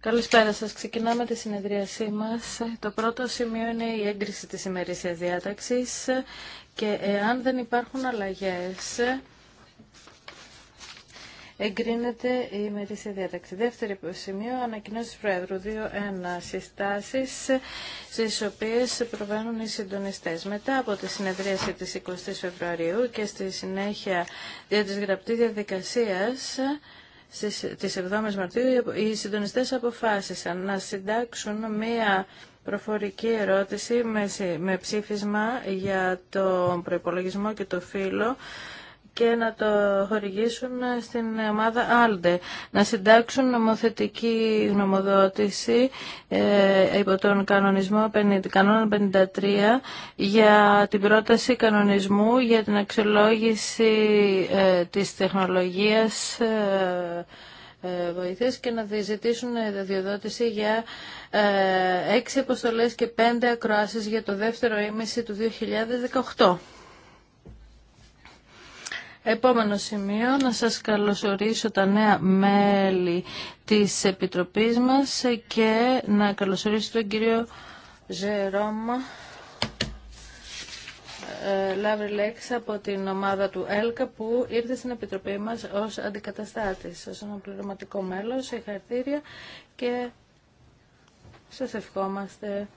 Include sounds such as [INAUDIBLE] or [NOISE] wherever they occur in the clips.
Καλησπέρα σας. Ξεκινάμε τη συνεδρίασή μας. Το πρώτο σημείο είναι η έγκριση της ημερήσιας διάταξης και εάν δεν υπάρχουν αλλαγές, εγκρίνεται η ημερήσια διάταξη. Δεύτερο σημείο, ανακοινώσει Προέδρου. 2-1. Συστάσει στι οποίε προβαίνουν οι συντονιστέ. Μετά από τη συνεδρίαση τη 20 Φεβρουαρίου και στη συνέχεια δια τη γραπτή διαδικασία στις 7 Μαρτίου οι συντονιστές αποφάσισαν να συντάξουν μία προφορική ερώτηση με, ψήφισμα για τον προϋπολογισμό και το φύλλο και να το χορηγήσουν στην ομάδα ALDE, να συντάξουν νομοθετική γνωμοδότηση ε, υπό τον κανονισμό κανόνα 53 για την πρόταση κανονισμού για την αξιολόγηση ε, της τεχνολογίας ε, ε βοηθές και να διζητήσουν διοδότηση για ε, έξι αποστολές και πέντε ακροάσεις για το δεύτερο ήμιση του 2018. Επόμενο σημείο, να σας καλωσορίσω τα νέα μέλη της Επιτροπής μας και να καλωσορίσω τον κύριο Ζερόμα ε, Λαύρη από την ομάδα του ΕΛΚΑ που ήρθε στην Επιτροπή μας ως αντικαταστάτης, ως πληρωματικό μέλος, σε χαρτίρια και σας ευχόμαστε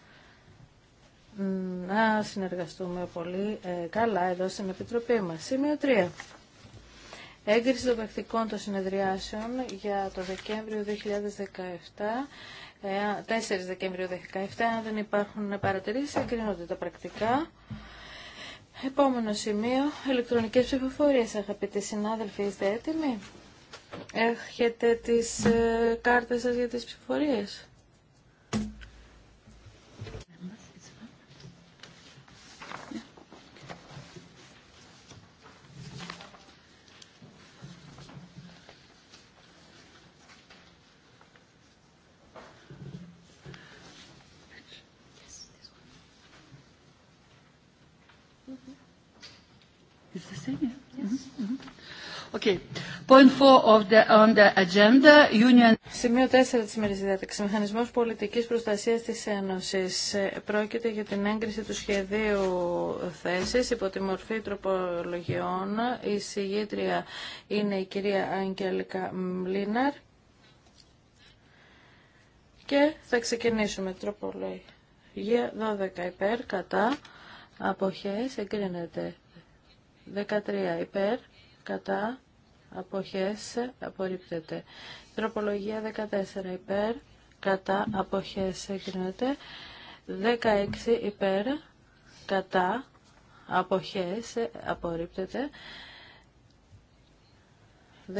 να συνεργαστούμε πολύ ε, καλά εδώ στην Επιτροπή μας. Σημείο 3. Έγκριση των πρακτικών των συνεδριάσεων για το Δεκέμβριο 2017, 4 Δεκέμβριο 2017, αν δεν υπάρχουν παρατηρήσεις, εγκρίνονται τα πρακτικά. Επόμενο σημείο, ηλεκτρονικές ψηφοφορίες, αγαπητοί συνάδελφοι, είστε έτοιμοι. Έχετε τις ε, κάρτες σας για τις ψηφοφορίες. Σημείο 4 της ημέρης διάταξης. Μηχανισμός πολιτικής προστασίας της Ένωσης. Ε, πρόκειται για την έγκριση του σχεδίου θέσης υπό τη μορφή τροπολογιών. Η συγγήτρια είναι η κυρία Αγγέλικα Μλίναρ. Και θα ξεκινήσουμε τροπολογία 12 υπέρ, κατά, αποχές, εγκρίνεται 13 υπέρ, κατά, αποχές, απορρίπτεται. Τροπολογία 14 υπέρ, κατά, αποχές, εγκρίνεται. 16 υπέρ, κατά, αποχές, απορρίπτεται. 15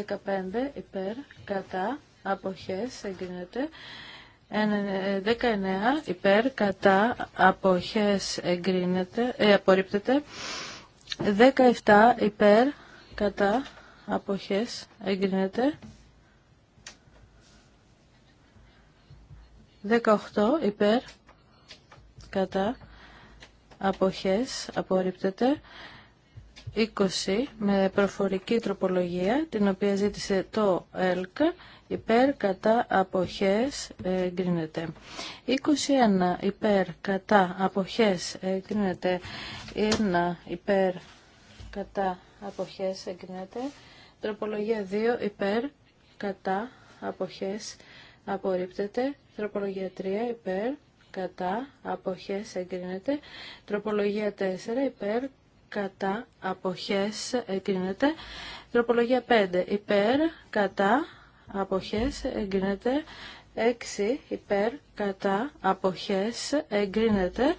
υπέρ, κατά, αποχές, εγκρίνεται. 19 ε, υπέρ, κατά, αποχές εγκρίνεται, ε, απορρίπτεται. 17 υπέρ, κατά αποχές εγκρίνεται 18 υπέρ κατά αποχές απορρίπτεται 20 με προφορική τροπολογία την οποία ζήτησε το ΕΛΚ υπέρ κατά αποχές εγκρίνεται 21 υπέρ κατά αποχές εγκρίνεται 1 υπέρ κατά αποχές εγκρίνεται. Τροπολογία 2 υπέρ κατά αποχές απορρίπτεται. Τροπολογία 3 υπέρ κατά αποχές εγκρίνεται. Τροπολογία 4 υπέρ κατά αποχές εγκρίνεται. Τροπολογία 5 υπέρ κατά αποχές εγκρίνεται. 6 υπέρ κατά αποχές εγκρίνεται.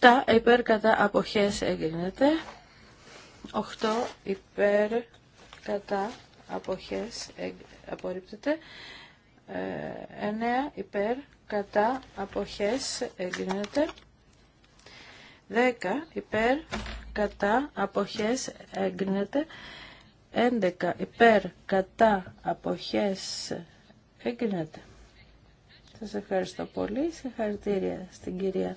7 υπέρ κατά αποχές εγκρίνεται. 8 υπέρ κατά αποχές απορρίπτεται 9 ε, υπέρ κατά αποχές εγκρίνεται 10 υπέρ κατά αποχές εγκρίνεται 11 υπέρ κατά αποχές εγκρίνεται σας ευχαριστώ πολύ. Συγχαρητήρια στην κυρία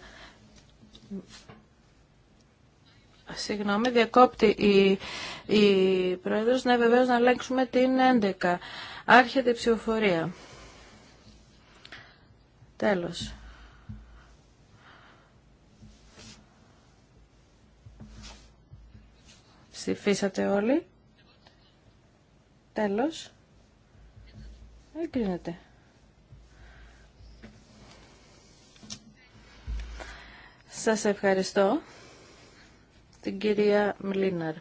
Συγγνώμη, διακόπτει η, η Πρόεδρος. Ναι, βεβαίως να αλλάξουμε την 11. Άρχεται η ψηφοφορία. Τέλος. Ψηφίσατε όλοι. Τέλος. Εγκρίνεται. Σας ευχαριστώ την κυρία Μλίναρ.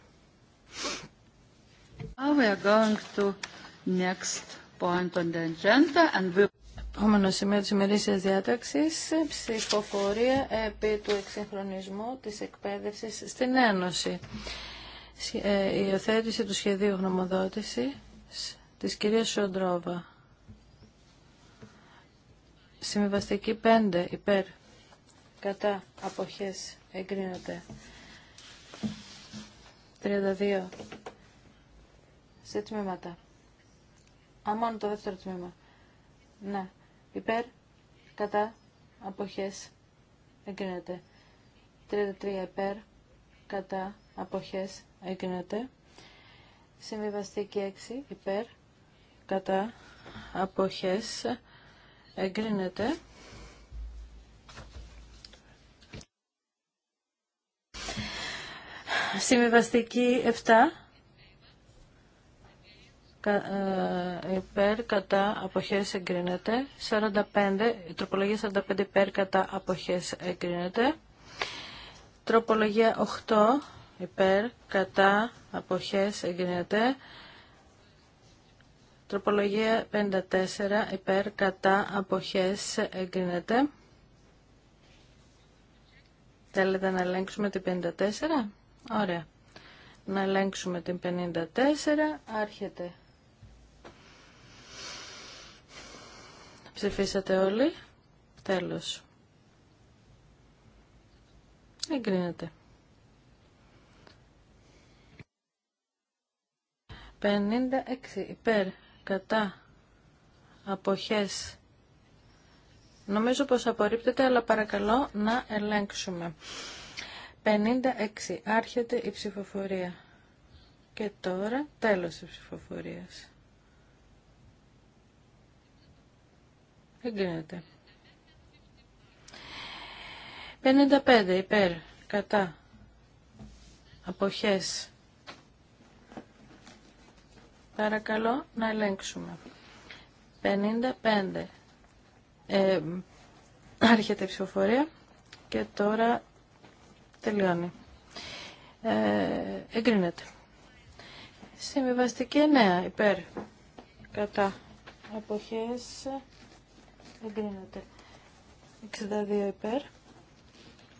Επόμενο σημείο της ημερήσιας διάταξης, ψηφοφορία επί του εξυγχρονισμού της εκπαίδευσης στην Ένωση. Η ε, υιοθέτηση του σχεδίου γνωμοδότησης της κυρίας Σοντρόβα. συμβαστική 5 υπέρ κατά αποχές εγκρίνεται. 32 σε τμήματα. Α, μόνο το δεύτερο τμήμα. Ναι. Υπέρ, κατά, αποχές, εγκρίνεται. 33 υπέρ, κατά, αποχές, εγκρίνεται. Συμβιβαστική 6 υπέρ, κατά, αποχές, εγκρίνεται. Συμβιβαστική 7 ε, υπέρ κατά αποχές εγκρίνεται 45, τροπολογία 45 υπέρ κατά αποχές εγκρίνεται τροπολογία 8 υπέρ κατά αποχές εγκρίνεται τροπολογία 54 υπέρ κατά αποχές εγκρίνεται θέλετε να ελέγξουμε την 54 Ωραία. Να ελέγξουμε την 54. Άρχεται. Ψηφίσατε όλοι. Τέλος. Εγκρίνεται. 56 υπέρ κατά αποχές. Νομίζω πως απορρίπτεται, αλλά παρακαλώ να ελέγξουμε. 56. Άρχεται η ψηφοφορία. Και τώρα τέλος της ψηφοφορίας. Εγκρίνεται. 55. Υπέρ. Κατά. Αποχές. Παρακαλώ να ελέγξουμε. 55. Ε, άρχεται η ψηφοφορία και τώρα Τελειώνει. Ε, εγκρίνεται. Συμβιβαστική 9. Υπέρ. Κατά. Αποχές. Εγκρίνεται. 62 υπέρ.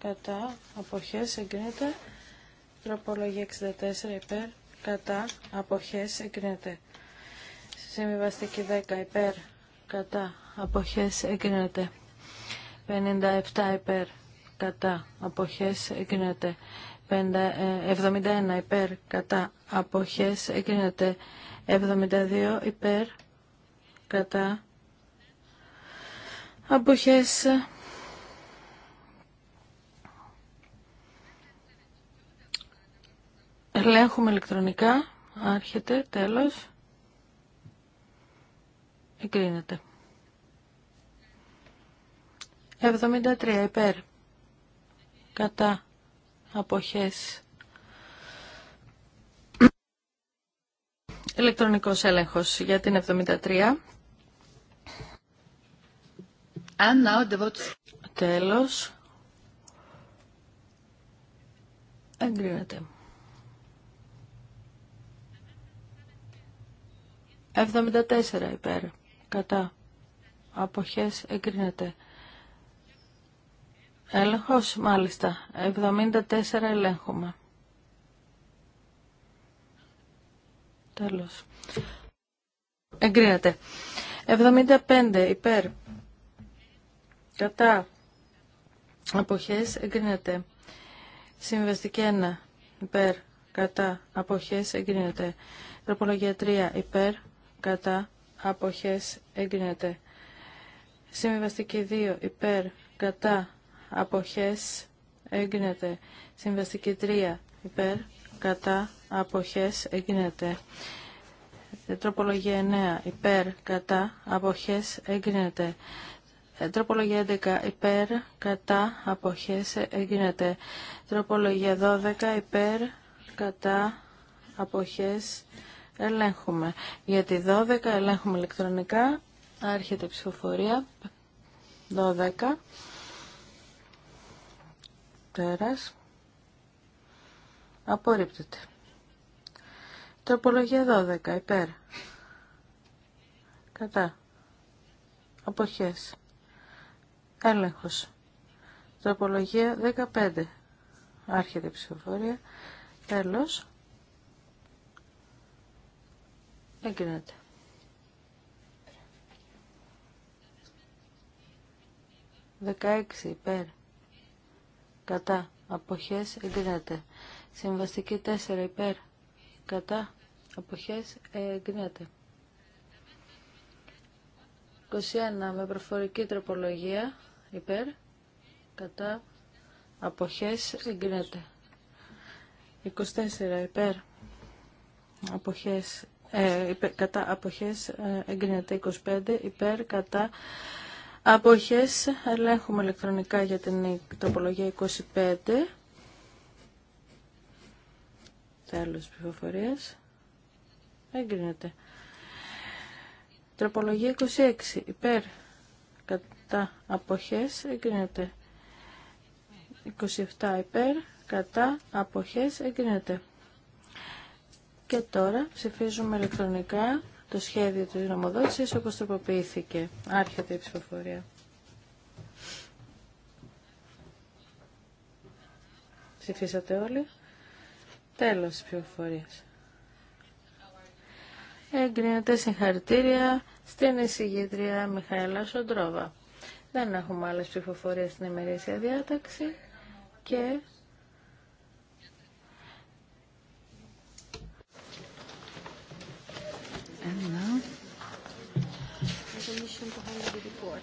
Κατά. Αποχές. Εγκρίνεται. Τροπολογία 64 υπέρ. Κατά. Αποχές. Εγκρίνεται. Συμβιβαστική 10 υπέρ. Κατά. Αποχές. Εγκρίνεται. 57 υπέρ κατά αποχές εγκρίνεται 71 ε, υπέρ κατά αποχές εγκρίνεται 72 υπέρ κατά αποχές ελέγχουμε ηλεκτρονικά άρχεται τέλος εγκρίνεται 73 υπέρ κατά αποχές. Ηλεκτρονικός έλεγχος για την 73. And now the Τέλος. Εγκρίνεται. 74 υπέρ. Κατά. Αποχές εγκρίνεται. Έλεγχος, μάλιστα. 74 ελέγχουμε. Τέλος. Εγκρίνεται. 75 υπέρ. Κατά. Αποχές εγκρίνεται. Συμβαστική 1 υπέρ. Κατά. Αποχές εγκρίνεται. Τροπολογία 3 υπέρ. Κατά. Αποχές εγκρίνεται. Συμβαστική 2 υπέρ. Κατά αποχές εγκρίνεται. Συμβαστική 3 ε, ε, υπέρ κατά αποχές εγκρίνεται. Τροπολογία 9 υπέρ κατά αποχές εγκρίνεται. Τροπολογία 11 υπέρ κατά αποχές εγκρίνεται. Τροπολογία 12 υπέρ κατά αποχές ελέγχουμε. Γιατί 12 ελέγχουμε ηλεκτρονικά. Άρχεται ψηφοφορία. 12. Πέρας. Απορρίπτεται. Τροπολογία 12. Υπέρ. Κατά. Αποχές. Έλεγχος. Τροπολογία 15. Άρχεται η ψηφοφορία. Τέλος. Εγκρίνεται. 16. υπέρ κατά αποχές εγκρίνεται. Συμβαστική 4 υπέρ κατά αποχές εγκρίνεται. 21 με προφορική τροπολογία υπέρ κατά αποχές εγκρίνεται. 24 υπέρ αποχές ε, κατά αποχές ε, εγκρίνεται 25 υπέρ κατά Αποχές ελέγχουμε ηλεκτρονικά για την τοπολογία 25. Τέλος πληροφορίας. Εγκρίνεται. Τροπολογία 26. Υπέρ. Κατά. Αποχές. Εγκρίνεται. 27. Υπέρ. Κατά. Αποχές. Εγκρίνεται. Και τώρα ψηφίζουμε ηλεκτρονικά το σχέδιο της νομοδότησης όπως τροποποιήθηκε. Άρχεται η ψηφοφορία. Ψηφίσατε όλοι. Τέλος της ψηφοφορίας. Εγκρίνεται συγχαρητήρια στην εισηγήτρια Μιχαέλα Σοντρόβα. Δεν έχουμε άλλες ψηφοφορίες στην ημερήσια διάταξη και And now, the report.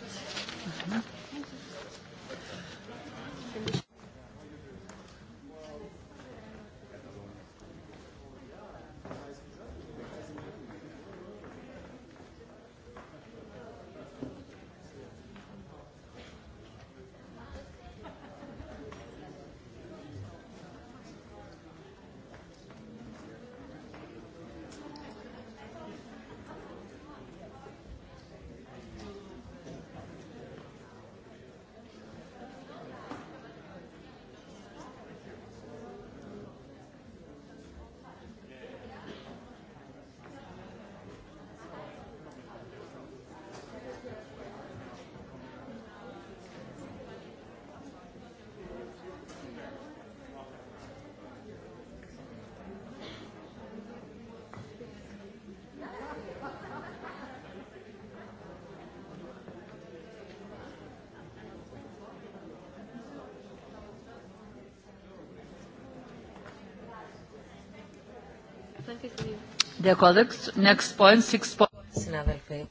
Συνάδελφοι,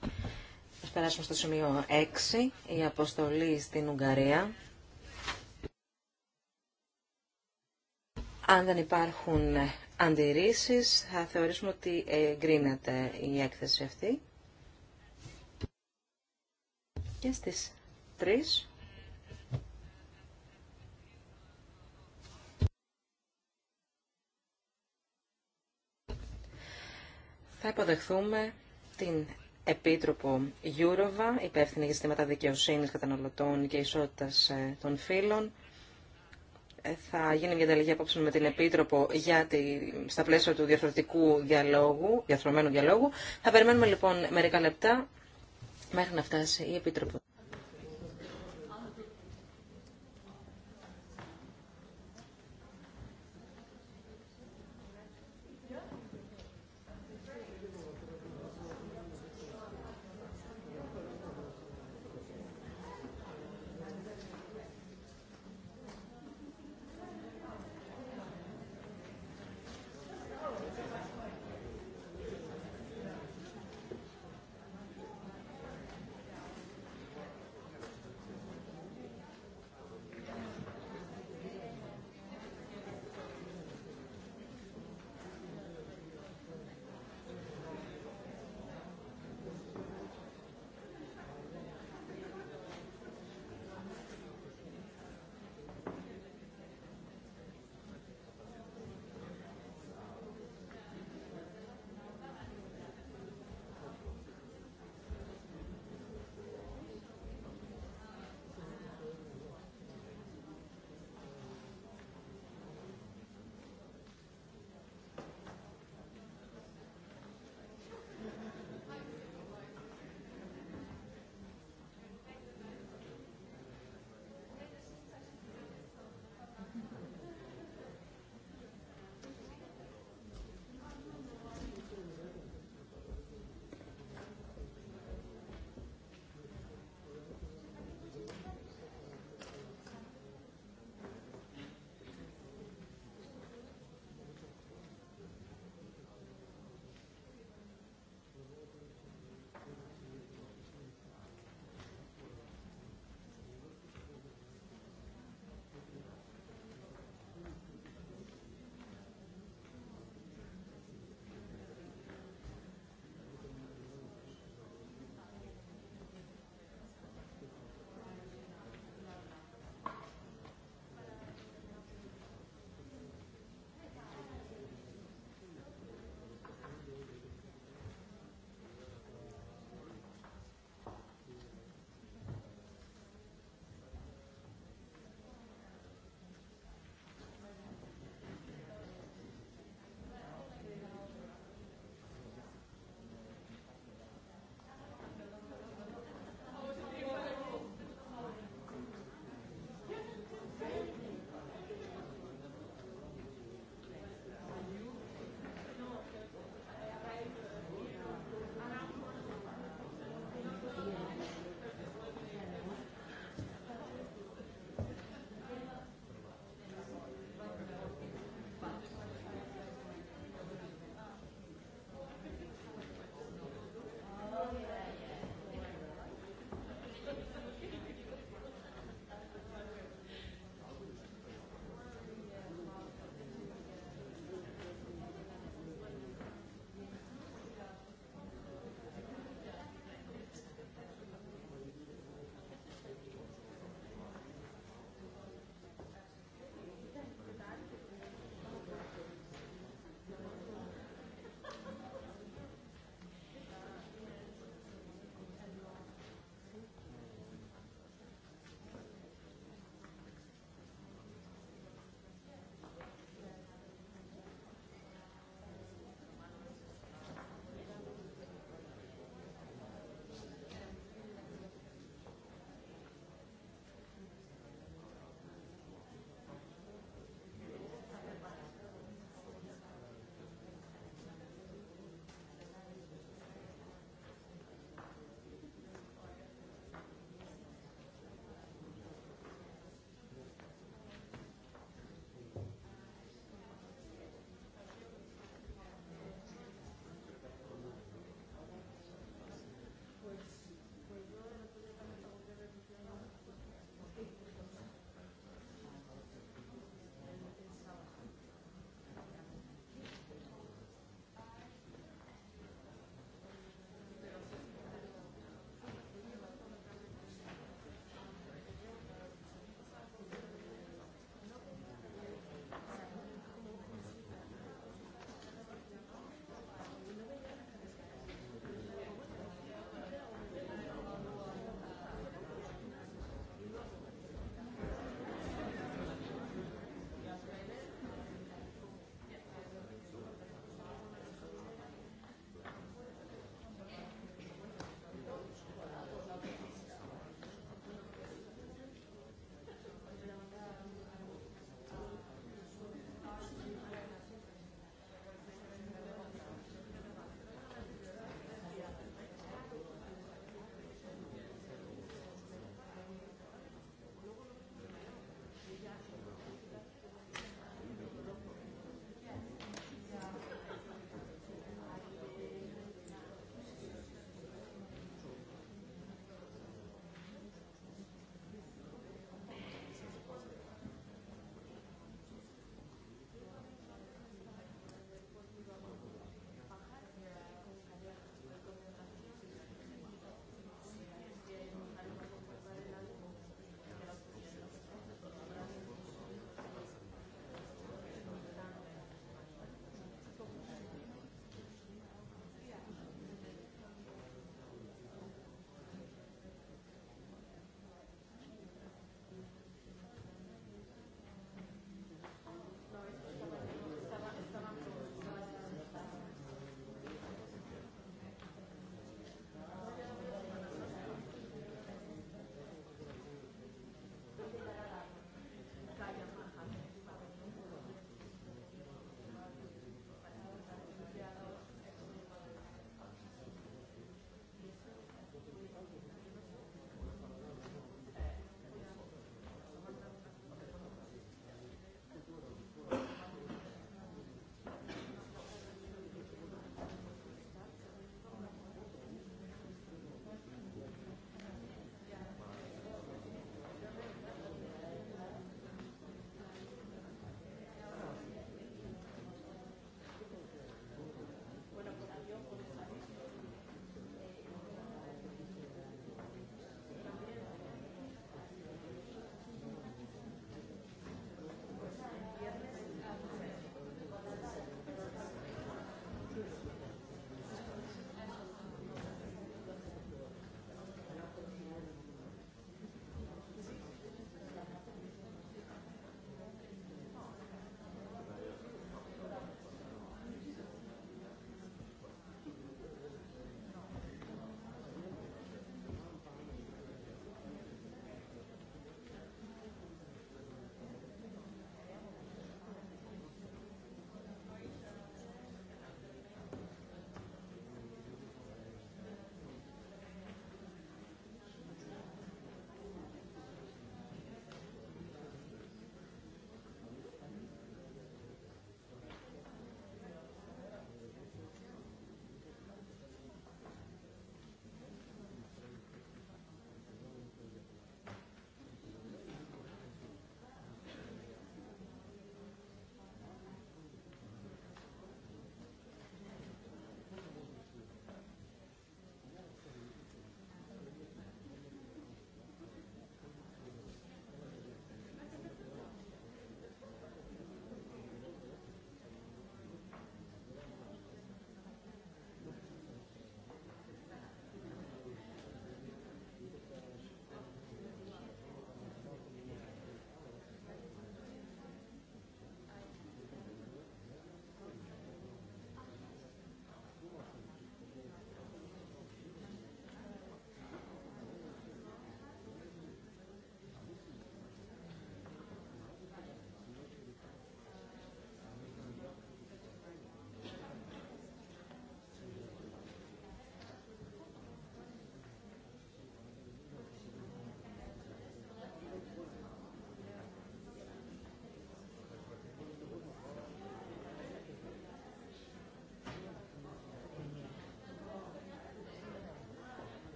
ας περάσουμε στο σημείο 6, η αποστολή στην Ουγγαρία. Αν δεν υπάρχουν αντιρρήσει, θα θεωρήσουμε ότι εγκρίνεται η έκθεση αυτή. Και στις 3 υποδεχθούμε την Επίτροπο Γιούροβα, υπεύθυνη για ζητήματα δικαιοσύνης καταναλωτών και ισότητας ε, των φύλων. Ε, θα γίνει μια ανταλλαγή απόψε με την Επίτροπο για στα πλαίσια του διαφορετικού διαλόγου, διαθρωμένου διαλόγου. Θα περιμένουμε λοιπόν μερικά λεπτά μέχρι να φτάσει η Επίτροπο.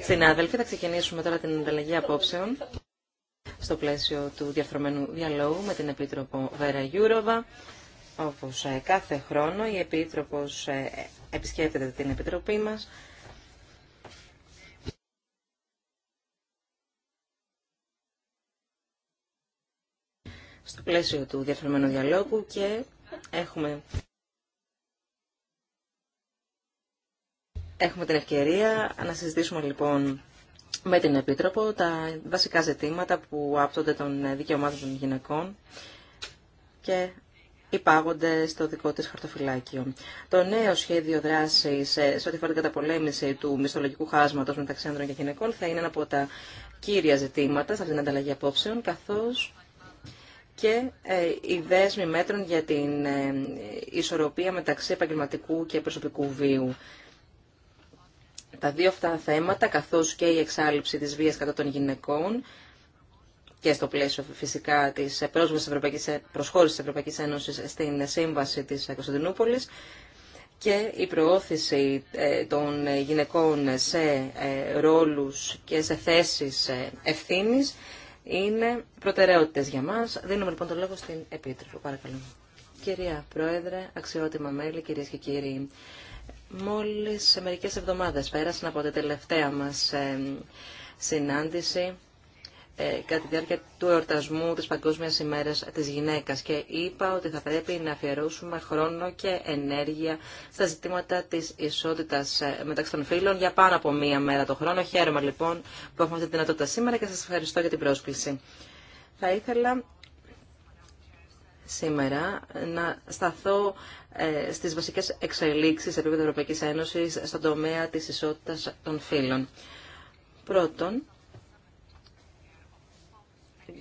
Συνάδελφοι, θα ξεκινήσουμε τώρα την ανταλλαγή απόψεων στο πλαίσιο του διαφθορμένου διαλόγου με την Επίτροπο Βέρα Γιούροβα. Όπως ε, κάθε χρόνο η Επίτροπος ε, επισκέπτεται την Επιτροπή μας στο πλαίσιο του διαφθορμένου διαλόγου και έχουμε Έχουμε την ευκαιρία να συζητήσουμε λοιπόν με την Επίτροπο τα βασικά ζητήματα που άπτονται των δικαιωμάτων των γυναικών και υπάγονται στο δικό της χαρτοφυλάκιο. Το νέο σχέδιο δράσης ε, σε ό,τι αφορά την καταπολέμηση του μισθολογικού χάσματος μεταξύ άντρων και γυναικών θα είναι ένα από τα κύρια ζητήματα σε αυτήν την ανταλλαγή απόψεων, καθώς και ε, οι δέσμοι μέτρων για την ε, ισορροπία μεταξύ επαγγελματικού και προσωπικού βίου. Τα δύο αυτά θέματα, καθώς και η εξάλληψη της βίας κατά των γυναικών και στο πλαίσιο φυσικά της πρόσβασης Ευρωπαϊκής, ε- προσχώρησης της Ευρωπαϊκής Ένωσης στην Σύμβαση της Κωνσταντινούπολης και η προώθηση ε, των γυναικών σε ε, ρόλους και σε θέσεις ευθύνης είναι προτεραιότητες για μας. Δίνουμε λοιπόν το λόγο στην Επίτροπο. Παρακαλώ. Κυρία Πρόεδρε, αξιότιμα μέλη, κυρίες και κύριοι. Μόλις σε μερικές εβδομάδες πέρασαν από την τελευταία μας ε, συνάντηση ε, κατά τη διάρκεια του εορτασμού της Παγκόσμιας ημέρας της γυναίκας και είπα ότι θα πρέπει να αφιερώσουμε χρόνο και ενέργεια στα ζητήματα της ισότητας ε, μεταξύ των φίλων για πάνω από μία μέρα το χρόνο. Χαίρομαι λοιπόν που έχουμε αυτή τη δυνατότητα σήμερα και σας ευχαριστώ για την πρόσκληση. Θα ήθελα σήμερα να σταθώ ε, στις βασικές εξελίξεις σε επίπεδο Ευρωπαϊκής Ένωσης στον τομέα της ισότητας των φύλων. Πρώτον,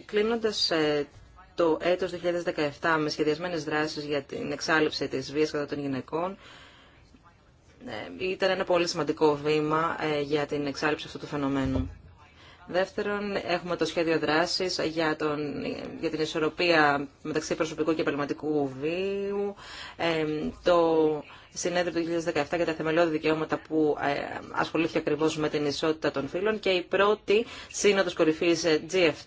κλείνοντας ε, το έτος 2017 με σχεδιασμένες δράσεις για την εξάλληψη της βίας κατά των γυναικών, ε, ήταν ένα πολύ σημαντικό βήμα για την εξάλληψη αυτού του φαινομένου. Δεύτερον, έχουμε το σχέδιο δράσης για, για την ισορροπία μεταξύ προσωπικού και επαγγελματικού βίου, το συνέδριο του 2017 για τα θεμελιώδη δικαιώματα που ε, ασχολήθηκε ακριβώ με την ισότητα των φύλων και η πρώτη σύνοδος κορυφής G7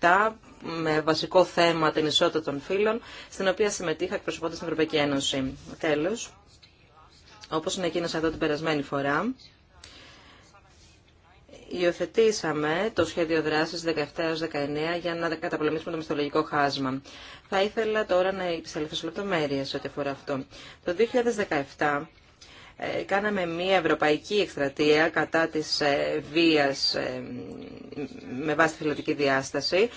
ε, με βασικό θέμα την ισότητα των φύλων, στην οποία συμμετείχα εκπροσωπώντα την Ευρωπαϊκή Ένωση. Τέλος, όπως ανακοίνωσα εδώ την περασμένη φορά, Υιοθετήσαμε το σχέδιο δράσης 17-19 για να καταπολεμήσουμε το μισθολογικό χάσμα. Θα ήθελα τώρα να επισέλθω σε ό,τι αφορά αυτό. Το 2017 ε, κάναμε μία ευρωπαϊκή εκστρατεία κατά της ε, βίας ε, με βάση τη φιλοτική διάσταση.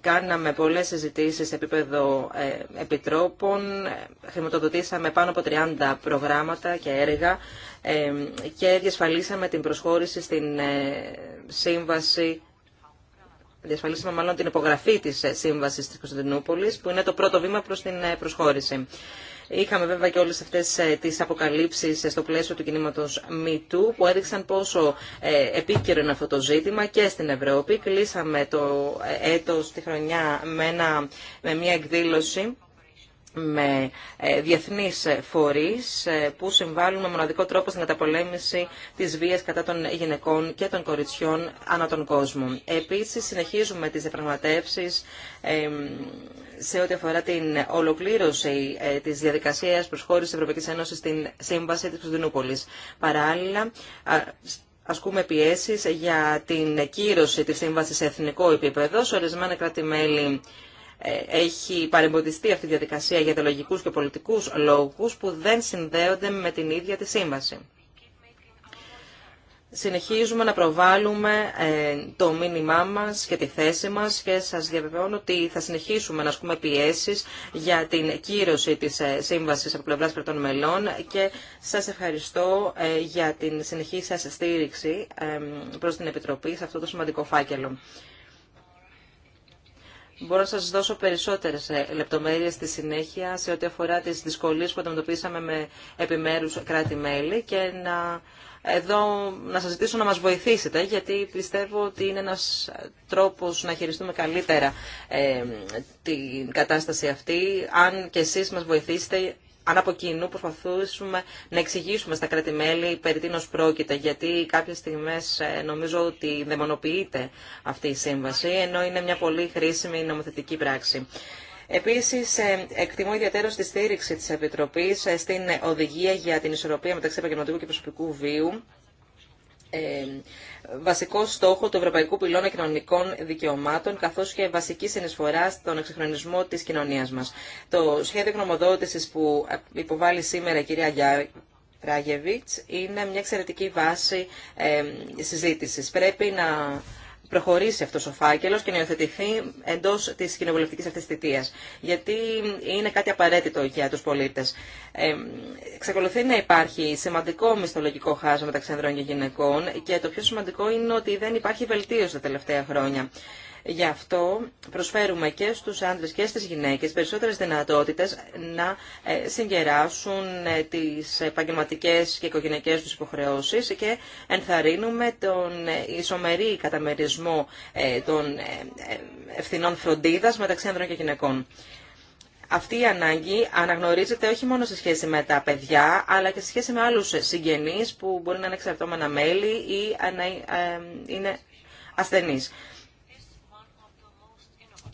Κάναμε πολλές συζητήσεις σε επίπεδο επιτρόπων, χρηματοδοτήσαμε πάνω από 30 προγράμματα και έργα και διασφαλίσαμε την προσχώρηση στην ε, σύμβαση διασφαλίσαμε μάλλον την υπογραφή της ε, σύμβασης της Κωνσταντινούπολης, που είναι το πρώτο βήμα προς την ε, προσχώρηση. Είχαμε βέβαια και όλες αυτές τις αποκαλύψεις στο πλαίσιο του κινήματος MeToo που έδειξαν πόσο επίκαιρο είναι αυτό το ζήτημα και στην Ευρώπη. Κλείσαμε το έτος, τη χρονιά με, με μια εκδήλωση με ε, διεθνείς φορείς ε, που συμβάλλουν με μοναδικό τρόπο στην καταπολέμηση της βίας κατά των γυναικών και των κοριτσιών ανά τον κόσμο. Επίσης, συνεχίζουμε τις διαπραγματεύσεις σε ό,τι αφορά την ολοκλήρωση ε, της διαδικασίας προσχώρησης της Ευρωπαϊκής Ένωσης στην Σύμβαση της Κωνσταντινούπολης. Παράλληλα, ασκούμε πιέσεις για την κύρωση της σύμβασης σε εθνικό επίπεδο. Σε ορισμένα κράτη-μέλη ε, έχει παρεμποδιστεί αυτή η διαδικασία για ιδεολογικούς και πολιτικούς λόγους που δεν συνδέονται με την ίδια τη σύμβαση. Συνεχίζουμε να προβάλλουμε ε, το μήνυμά μας και τη θέση μας και σας διαβεβαιώνω ότι θα συνεχίσουμε να ασκούμε πιέσεις για την κύρωση της ε, σύμβασης από πλευράς κρατών μελών και σας ευχαριστώ για την συνεχή σας στήριξη προς την Επιτροπή σε αυτό το σημαντικό φάκελο. Μπορώ να σας δώσω περισσότερες ε, λεπτομέρειες στη συνέχεια σε ό,τι αφορά τις δυσκολίες που αντιμετωπίσαμε με επιμέρους κράτη-μέλη και να, εδώ, να σας ζητήσω να μας βοηθήσετε γιατί πιστεύω ότι είναι ένας τρόπος να χειριστούμε καλύτερα ε, την κατάσταση αυτή αν και εσείς μας βοηθήσετε αν από κοινού προσπαθούσουμε να εξηγήσουμε στα κράτη-μέλη περί τίνος πρόκειται, γιατί κάποιες στιγμές ε, νομίζω ότι δαιμονοποιείται αυτή η σύμβαση, ενώ είναι μια πολύ χρήσιμη νομοθετική πράξη. Επίσης, ε, εκτιμώ ιδιαίτερα τη στήριξη της Επιτροπής ε, στην οδηγία για την ισορροπία μεταξύ επαγγελματικού και προσωπικού βίου, ε, βασικό στόχο του Ευρωπαϊκού Πυλώνα Κοινωνικών Δικαιωμάτων, καθώς και βασική συνεισφορά στον εξυγχρονισμό της κοινωνίας μας. Το σχέδιο γνωμοδότηση που υποβάλλει σήμερα η κυρία Ράγεβιτς είναι μια εξαιρετική βάση ε, συζήτησης. Πρέπει να προχωρήσει αυτό ο φάκελο και να υιοθετηθεί εντός της κοινοβουλευτική αυτής Γιατί είναι κάτι απαραίτητο για τους πολίτες. Ε, να υπάρχει σημαντικό μισθολογικό χάσμα μεταξύ ανδρών και γυναικών και το πιο σημαντικό είναι ότι δεν υπάρχει βελτίωση τα τελευταία χρόνια. Γι' αυτό προσφέρουμε και στους άντρες και στις γυναίκες περισσότερες δυνατότητες να ε, συγκεράσουν ε, τις επαγγελματικέ και οικογενειακές τους υποχρεώσεις και ενθαρρύνουμε τον ε, ισομερή καταμερισμό των ευθυνών φροντίδας μεταξύ άντρων και γυναικών. Αυτή η ανάγκη αναγνωρίζεται όχι μόνο σε σχέση με τα παιδιά, αλλά και σε σχέση με άλλους συγγενείς που μπορεί να είναι εξαρτώμενα μέλη ή να είναι ασθενείς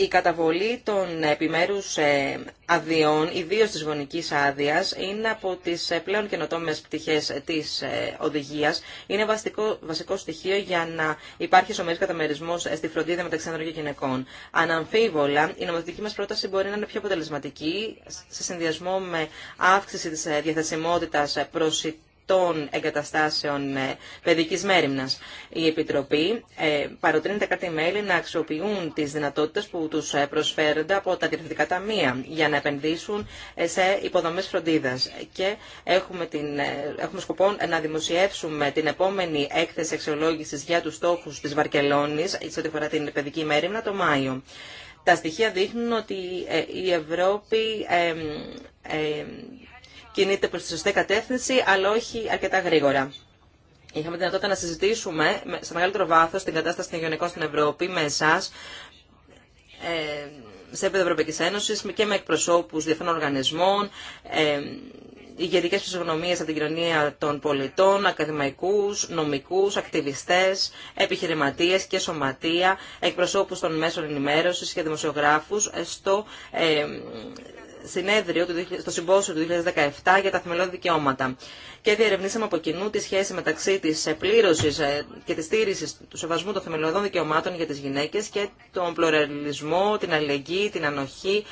η καταβολή των επιμέρους ε, αδειών, ιδίως της βονικής άδειας, είναι από τις ε, πλέον καινοτόμε πτυχές της ε, οδηγίας. Είναι βασικό, βασικό στοιχείο για να υπάρχει σωμερής καταμερισμός στη φροντίδα μεταξύ ανδρών και γυναικών. Αναμφίβολα, η νομοθετική μας πρόταση μπορεί να είναι πιο αποτελεσματική σε συνδυασμό με αύξηση της διαθεσιμότητας προσιτή των εγκαταστάσεων ε, παιδικής μέρημνας. Η Επιτροπή ε, παροτρύνει τα κράτη-μέλη να αξιοποιούν τις δυνατότητες που τους ε, προσφέρονται από τα διευθυντικά ταμεία για να επενδύσουν σε υποδομές φροντίδας. Και έχουμε, την, έχουμε σκοπό να δημοσιεύσουμε την επόμενη έκθεση αξιολόγηση για τους στόχους της Βαρκελόνης σε ό,τι αφορά την παιδική μέρημνα το Μάιο. Τα στοιχεία δείχνουν ότι η Ευρώπη κινείται προς τη σωστή κατεύθυνση, αλλά όχι αρκετά γρήγορα. Είχαμε τη δυνατότητα να συζητήσουμε σε μεγαλύτερο βάθος την κατάσταση των γεωνικών στην Ευρώπη με εσά, ε, σε επίπεδο Ευρωπαϊκή Ένωση και με εκπροσώπους διεθνών οργανισμών, ε, ηγετικέ φυσιογνωμίε από την κοινωνία των πολιτών, ακαδημαϊκού, νομικού, ακτιβιστέ, επιχειρηματίε και σωματεία, εκπροσώπους των μέσων ενημέρωση και δημοσιογράφου. στο ε, συνέδριο στο συμπόσιο του 2017 για τα θεμελιώδη δικαιώματα και διερευνήσαμε από κοινού τη σχέση μεταξύ τη ε, πλήρωση ε, και τη στήριξη του σεβασμού των θεμελιωδών δικαιωμάτων για τι γυναίκε και τον πλουραλισμό, την αλληλεγγύη, την ανοχή,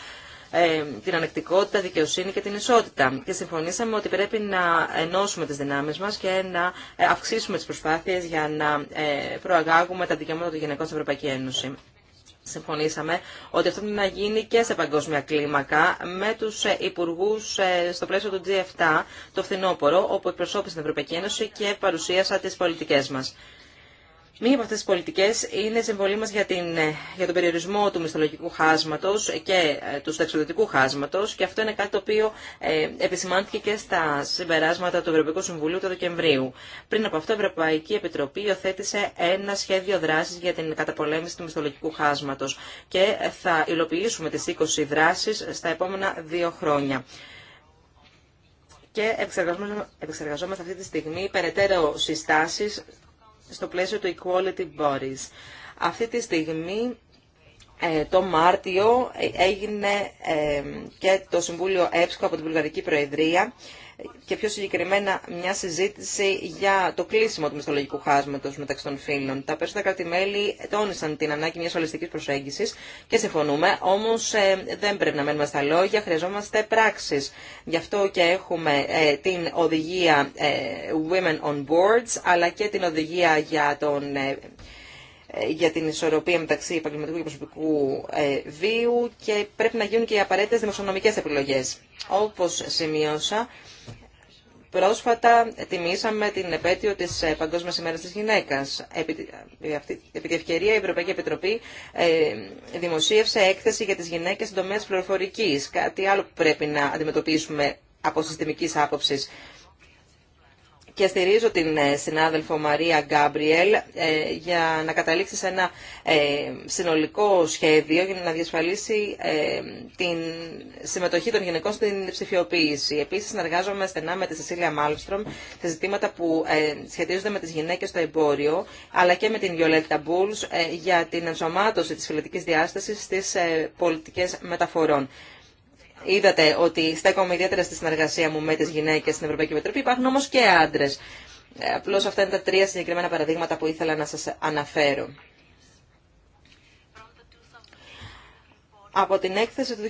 ε, την ανεκτικότητα, δικαιοσύνη και την ισότητα. Και συμφωνήσαμε ότι πρέπει να ενώσουμε τι δυνάμει μα και να αυξήσουμε τι προσπάθειε για να προαγάγουμε τα δικαιώματα των γυναικών στην Ευρωπαϊκή Ένωση συμφωνήσαμε ότι αυτό πρέπει να γίνει και σε παγκόσμια κλίμακα με του ε, υπουργού ε, στο πλαίσιο του G7 το φθινόπωρο, όπου εκπροσώπησε την Ευρωπαϊκή Ένωση και παρουσίασα τι πολιτικέ μα. Μία από αυτές τις πολιτικές είναι η συμβολή μας για, την, ε, για τον περιορισμό του μισθολογικού χάσματος και ε, του συνταξιδοτικού χάσματος και αυτό είναι κάτι το οποίο ε, επισημάνθηκε και στα συμπεράσματα του Ευρωπαϊκού Συμβουλίου του Δεκεμβρίου. Πριν από αυτό η Ευρωπαϊκή Επιτροπή υιοθέτησε ένα σχέδιο δράσης για την καταπολέμηση του μισθολογικού χάσματος και θα υλοποιήσουμε τις 20 δράσεις στα επόμενα δύο χρόνια και επεξεργαζόμαστε αυτή τη στιγμή περαιτέρω συστάσεις στο πλαίσιο του Equality Bodies. Αυτή τη στιγμή ε, το Μάρτιο ε, έγινε ε, και το Συμβούλιο ΕΠΣΚΟ από την Βουλγαρική Προεδρία και πιο συγκεκριμένα μια συζήτηση για το κλείσιμο του μισθολογικού χάσματο μεταξύ των φίλων. Τα περισσότερα κράτη-μέλη τόνισαν την ανάγκη μια ολιστική προσέγγιση και συμφωνούμε, όμω ε, δεν πρέπει να μένουμε στα λόγια, χρειαζόμαστε πράξει. Γι' αυτό και έχουμε ε, την οδηγία ε, Women on Boards, αλλά και την οδηγία για τον για την ισορροπία μεταξύ επαγγελματικού και προσωπικού βίου και πρέπει να γίνουν και οι απαραίτητες δημοσιονομικές επιλογές. Όπως σημείωσα, Πρόσφατα τιμήσαμε την επέτειο της ε, παγκόσμια ημέρας της γυναίκας. Ε, επί, τη ευκαιρία η Ευρωπαϊκή Επιτροπή ε, δημοσίευσε έκθεση για τις γυναίκες στον τομέα της πληροφορικής. Κάτι άλλο που πρέπει να αντιμετωπίσουμε από συστημική άποψη και στηρίζω την ε, συνάδελφο Μαρία Γκάμπριελ ε, για να καταλήξει σε ένα ε, συνολικό σχέδιο για να διασφαλίσει την συμμετοχή των γυναικών στην ψηφιοποίηση. Επίσης, συνεργάζομαι στενά με τη Σεσίλια Μάλστρομ σε ζητήματα που σχετίζονται με τις γυναίκες στο εμπόριο, αλλά και με την Βιολέτα Μπούλς για την ενσωμάτωση της φιλετικής διάστασης στις πολιτικές μεταφορών. Είδατε ότι στέκομαι ιδιαίτερα στη συνεργασία μου με τι γυναίκες στην Ευρωπαϊκή Επιτροπή. Υπάρχουν όμω και άντρε. Ε, απλώς αυτά είναι τα τρία συγκεκριμένα παραδείγματα που ήθελα να σας αναφέρω. Από την έκθεση του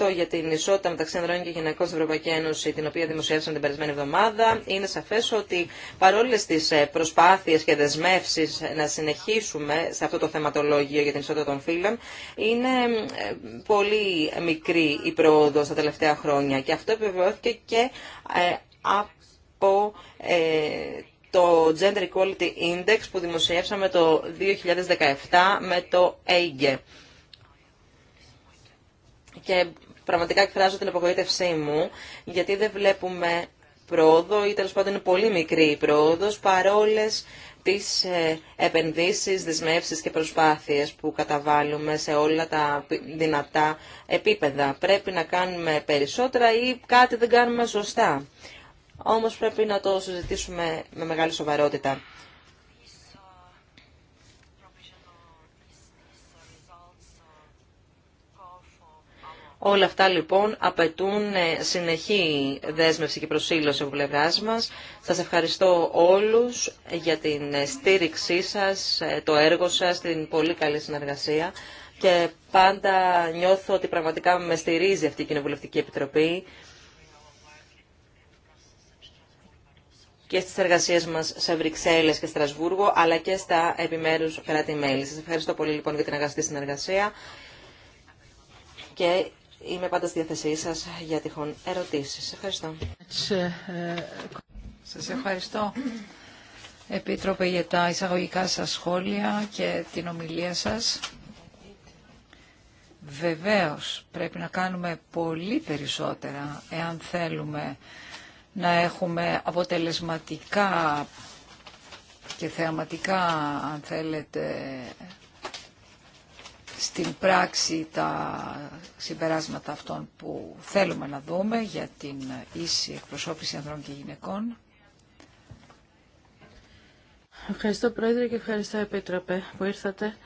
2018 για την ισότητα μεταξύ ανδρών και γυναικών στην Ευρωπαϊκή Ένωση, την οποία δημοσιεύσαμε την περασμένη εβδομάδα, είναι σαφέ ότι παρόλε τι ε, προσπάθειε και δεσμεύσει ε, να συνεχίσουμε σε αυτό το θεματολόγιο για την ισότητα των φύλων, είναι ε, πολύ μικρή η πρόοδο τα τελευταία χρόνια. Και αυτό επιβεβαιώθηκε και από το Gender Equality Index που δημοσιεύσαμε το 2017 με το AGE και πραγματικά εκφράζω την απογοήτευσή μου, γιατί δεν βλέπουμε πρόοδο ή τέλο πάντων είναι πολύ μικρή η πρόοδο παρόλε τι ε, επενδύσει, δεσμεύσει και προσπάθειε που καταβάλουμε σε όλα τα δυνατά επίπεδα. Πρέπει να κάνουμε περισσότερα ή κάτι δεν κάνουμε σωστά. Όμω πρέπει να το συζητήσουμε με μεγάλη σοβαρότητα. Όλα αυτά λοιπόν απαιτούν ε, συνεχή δέσμευση και προσήλωση από πλευρά μα. Σα ευχαριστώ όλους για την ε, στήριξή σας, ε, το έργο σας, την πολύ καλή συνεργασία και πάντα νιώθω ότι πραγματικά με στηρίζει αυτή η Κοινοβουλευτική Επιτροπή και στις εργασίες μας σε Βρυξέλλες και Στρασβούργο, αλλά και στα επιμέρους κράτη-μέλη. Σας ευχαριστώ πολύ λοιπόν για την αγαστή συνεργασία και Είμαι πάντα στη διάθεσή σας για τυχόν ερωτήσεις. Ευχαριστώ. Σας ευχαριστώ. Επίτροπε για τα εισαγωγικά σας σχόλια και την ομιλία σας. Βεβαίως πρέπει να κάνουμε πολύ περισσότερα εάν θέλουμε να έχουμε αποτελεσματικά και θεαματικά αν θέλετε στην πράξη τα συμπεράσματα αυτών που θέλουμε να δούμε για την ίση εκπροσώπηση ανδρών και γυναικών. Ευχαριστώ Πρόεδρε και ευχαριστώ Επίτροπε που ήρθατε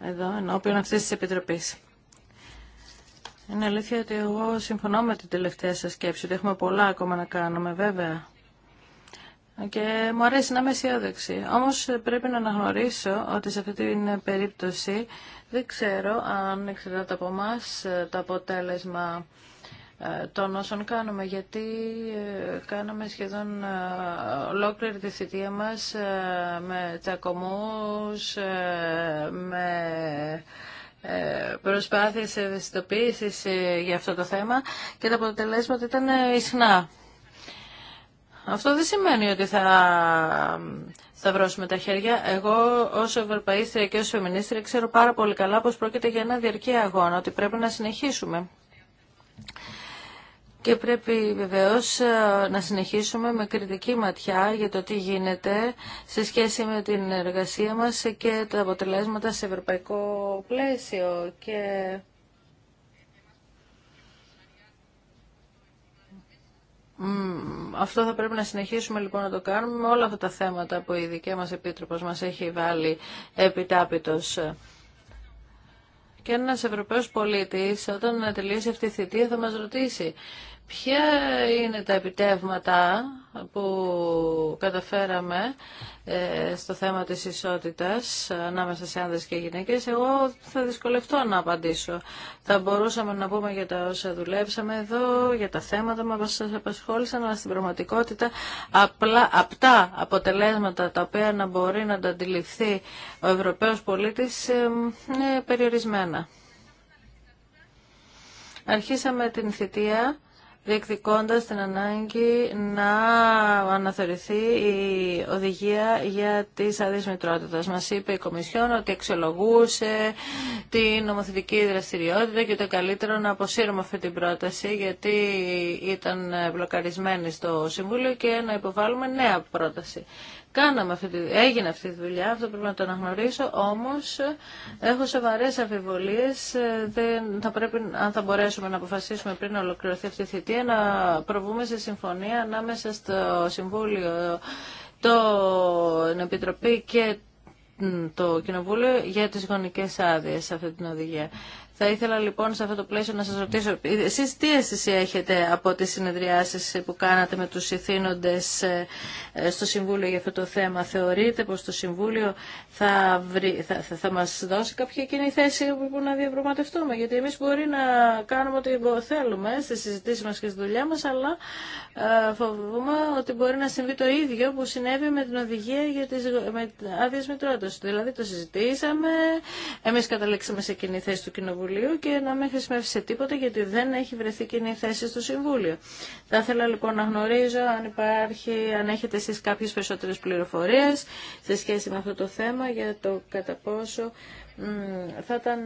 εδώ ενώπιον αυτής της Επιτροπής. Είναι αλήθεια ότι εγώ συμφωνώ με την τελευταία σας σκέψη ότι έχουμε πολλά ακόμα να κάνουμε βέβαια και μου αρέσει να είμαι αισιόδοξη. Όμως ε, πρέπει να αναγνωρίσω ότι σε αυτή την ε, περίπτωση δεν ξέρω αν εξαρτάται από εμά ε, το αποτέλεσμα των όσων κάνουμε, γιατί κάναμε σχεδόν ολόκληρη τη θητεία μας με τσακωμούς, με προσπάθειες ευαισθητοποίησης για αυτό το θέμα και τα αποτελέσματα ήταν ισχνά. Αυτό δεν σημαίνει ότι θα βρώσουμε τα χέρια. Εγώ ως Ευρωπαίστρια και ως Φεμινίστρια ξέρω πάρα πολύ καλά πως πρόκειται για ένα διαρκή αγώνα, ότι πρέπει να συνεχίσουμε. Και πρέπει βεβαίως ε, να συνεχίσουμε με κριτική ματιά για το τι γίνεται σε σχέση με την εργασία μας και τα αποτελέσματα σε ευρωπαϊκό πλαίσιο. Και αυτό θα πρέπει να συνεχίσουμε λοιπόν να το κάνουμε με όλα αυτά τα θέματα που η δικιά μας Επίτροπος μας έχει βάλει επιτάπητος. Και ένας Ευρωπαίος πολίτης όταν τελειώσει αυτή η θητεία θα μας ρωτήσει ποια είναι τα επιτεύγματα που καταφέραμε ε, στο θέμα της ισότητας ανάμεσα σε άνδρες και γυναίκες, εγώ θα δυσκολευτώ να απαντήσω. Θα μπορούσαμε να πούμε για τα όσα δουλέψαμε εδώ, για τα θέματα που μας απασχόλησαν, αλλά στην πραγματικότητα απλά, απτά αποτελέσματα τα οποία να μπορεί να τα αντιληφθεί ο Ευρωπαίος πολίτης ε, είναι περιορισμένα. Αρχίσαμε την θητεία διεκδικώντας την ανάγκη να αναθεωρηθεί η οδηγία για τις άδειες Μα Μας είπε η Κομισιόν ότι αξιολογούσε την νομοθετική δραστηριότητα και το καλύτερο να αποσύρουμε αυτή την πρόταση γιατί ήταν μπλοκαρισμένη στο Συμβούλιο και να υποβάλουμε νέα πρόταση. Κάναμε αυτή, έγινε αυτή τη δουλειά, αυτό πρέπει να το αναγνωρίσω, όμως ε, έχω σοβαρές αμφιβολίες, ε, δεν θα πρέπει, αν θα μπορέσουμε να αποφασίσουμε πριν ολοκληρωθεί αυτή η θητεία, να προβούμε σε συμφωνία ανάμεσα στο Συμβούλιο, το, την Επιτροπή και το Κοινοβούλιο για τις γονικές άδειες σε αυτή την οδηγία. Θα ήθελα λοιπόν σε αυτό το πλαίσιο να σας ρωτήσω, εσείς τι αίσθηση έχετε από τις συνεδριάσεις που κάνατε με τους ηθήνοντες ε, ε, στο Συμβούλιο για αυτό το θέμα. Θεωρείτε πως το Συμβούλιο θα, βρει, θα, θα, μας δώσει κάποια κοινή θέση που να διαπραγματευτούμε. Γιατί εμείς μπορεί να κάνουμε ό,τι θέλουμε στις συζητήσεις μας και στη δουλειά μας, αλλά ε, φοβούμε ότι μπορεί να συμβεί το ίδιο που συνέβη με την οδηγία για τις με, άδειες Δηλαδή το συζητήσαμε, εμείς καταλήξαμε σε κοινή θέση του Κοινοβουλίου και να μην χρησιμεύσει σε τίποτα γιατί δεν έχει βρεθεί κοινή θέση στο Συμβούλιο. Θα ήθελα λοιπόν να γνωρίζω αν υπάρχει, αν έχετε εσείς κάποιες περισσότερες πληροφορίες σε σχέση με αυτό το θέμα για το κατά πόσο θα ήταν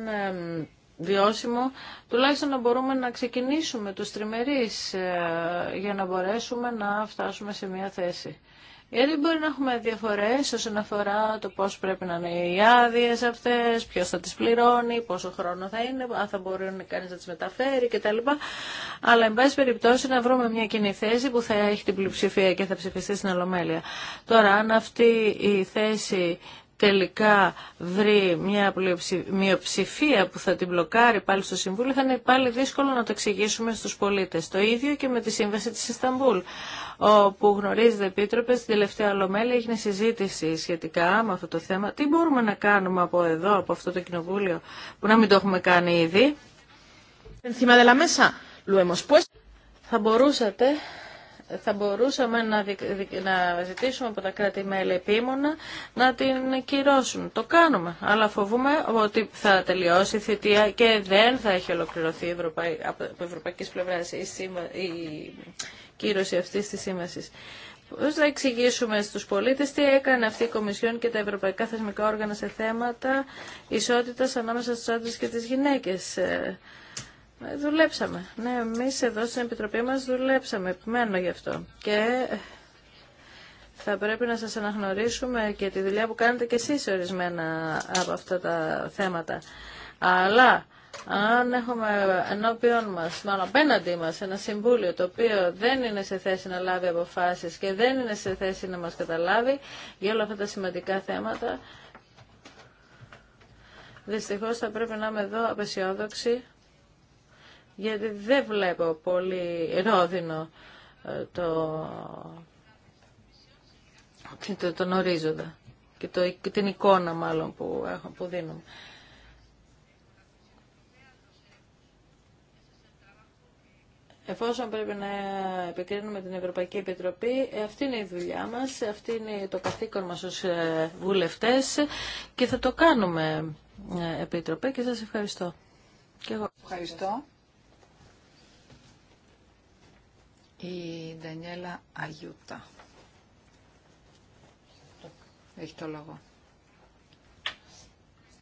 βιώσιμο, τουλάχιστον να μπορούμε να ξεκινήσουμε του τριμερεί ε, για να μπορέσουμε να φτάσουμε σε μια θέση. Γιατί μπορεί να έχουμε διαφορές όσον αφορά το πώ πρέπει να είναι οι άδειε αυτές, ποιο θα τις πληρώνει, πόσο χρόνο θα είναι, αν θα μπορεί κανείς να τι μεταφέρει κτλ. Αλλά, εν πάση περιπτώσει, να βρούμε μια κοινή θέση που θα έχει την πλειοψηφία και θα ψηφιστεί στην Ολομέλεια. Τώρα, αν αυτή η θέση τελικά βρει μια μειοψηφία που θα την μπλοκάρει πάλι στο Συμβούλιο, θα είναι πάλι δύσκολο να το εξηγήσουμε στους πολίτες. Το ίδιο και με τη Σύμβαση της Ισταμπούλ, όπου γνωρίζετε, Επίτροπε, στην τελευταία ολομέλη έγινε συζήτηση σχετικά με αυτό το θέμα. Τι μπορούμε να κάνουμε από εδώ, από αυτό το Κοινοβούλιο, που να μην το έχουμε κάνει ήδη. Θα μπορούσατε θα μπορούσαμε να, να ζητήσουμε από τα κράτη-μέλη επίμονα να την κυρώσουν. Το κάνουμε, αλλά φοβούμε ότι θα τελειώσει η θητεία και δεν θα έχει ολοκληρωθεί η από ευρωπαϊκής πλευράς η, η κύρωση αυτής της σύμβασης. Πώς θα εξηγήσουμε στους πολίτες τι έκανε αυτή η Κομισιόν και τα ευρωπαϊκά θεσμικά όργανα σε θέματα ισότητας ανάμεσα στους άντρες και τις γυναίκες. Ε, ε, δουλέψαμε. Ναι, εμείς εδώ στην Επιτροπή μας δουλέψαμε, επιμένω γι' αυτό. Και ε, θα πρέπει να σας αναγνωρίσουμε και τη δουλειά που κάνετε και εσείς ορισμένα από αυτά τα θέματα. Αλλά αν έχουμε ενώπιον μας, μάλλον απέναντί μα, ένα συμβούλιο το οποίο δεν είναι σε θέση να λάβει αποφάσεις και δεν είναι σε θέση να μας καταλάβει για όλα αυτά τα σημαντικά θέματα, δυστυχώς θα πρέπει να είμαι εδώ απεσιόδοξη γιατί δεν βλέπω πολύ ρόδινο ε, το, το, τον ορίζοντα και το, την εικόνα μάλλον που, έχω, που δίνουμε. Εφόσον πρέπει να επικρίνουμε την Ευρωπαϊκή Επιτροπή, ε, αυτή είναι η δουλειά μας, ε, αυτή είναι το καθήκον μας ως βουλευτές και θα το κάνουμε, Επίτροπε, και σας ευχαριστώ. Και εγώ. Ευχαριστώ. Η Ντανιέλα Αγιούτα. Έχει το λόγο.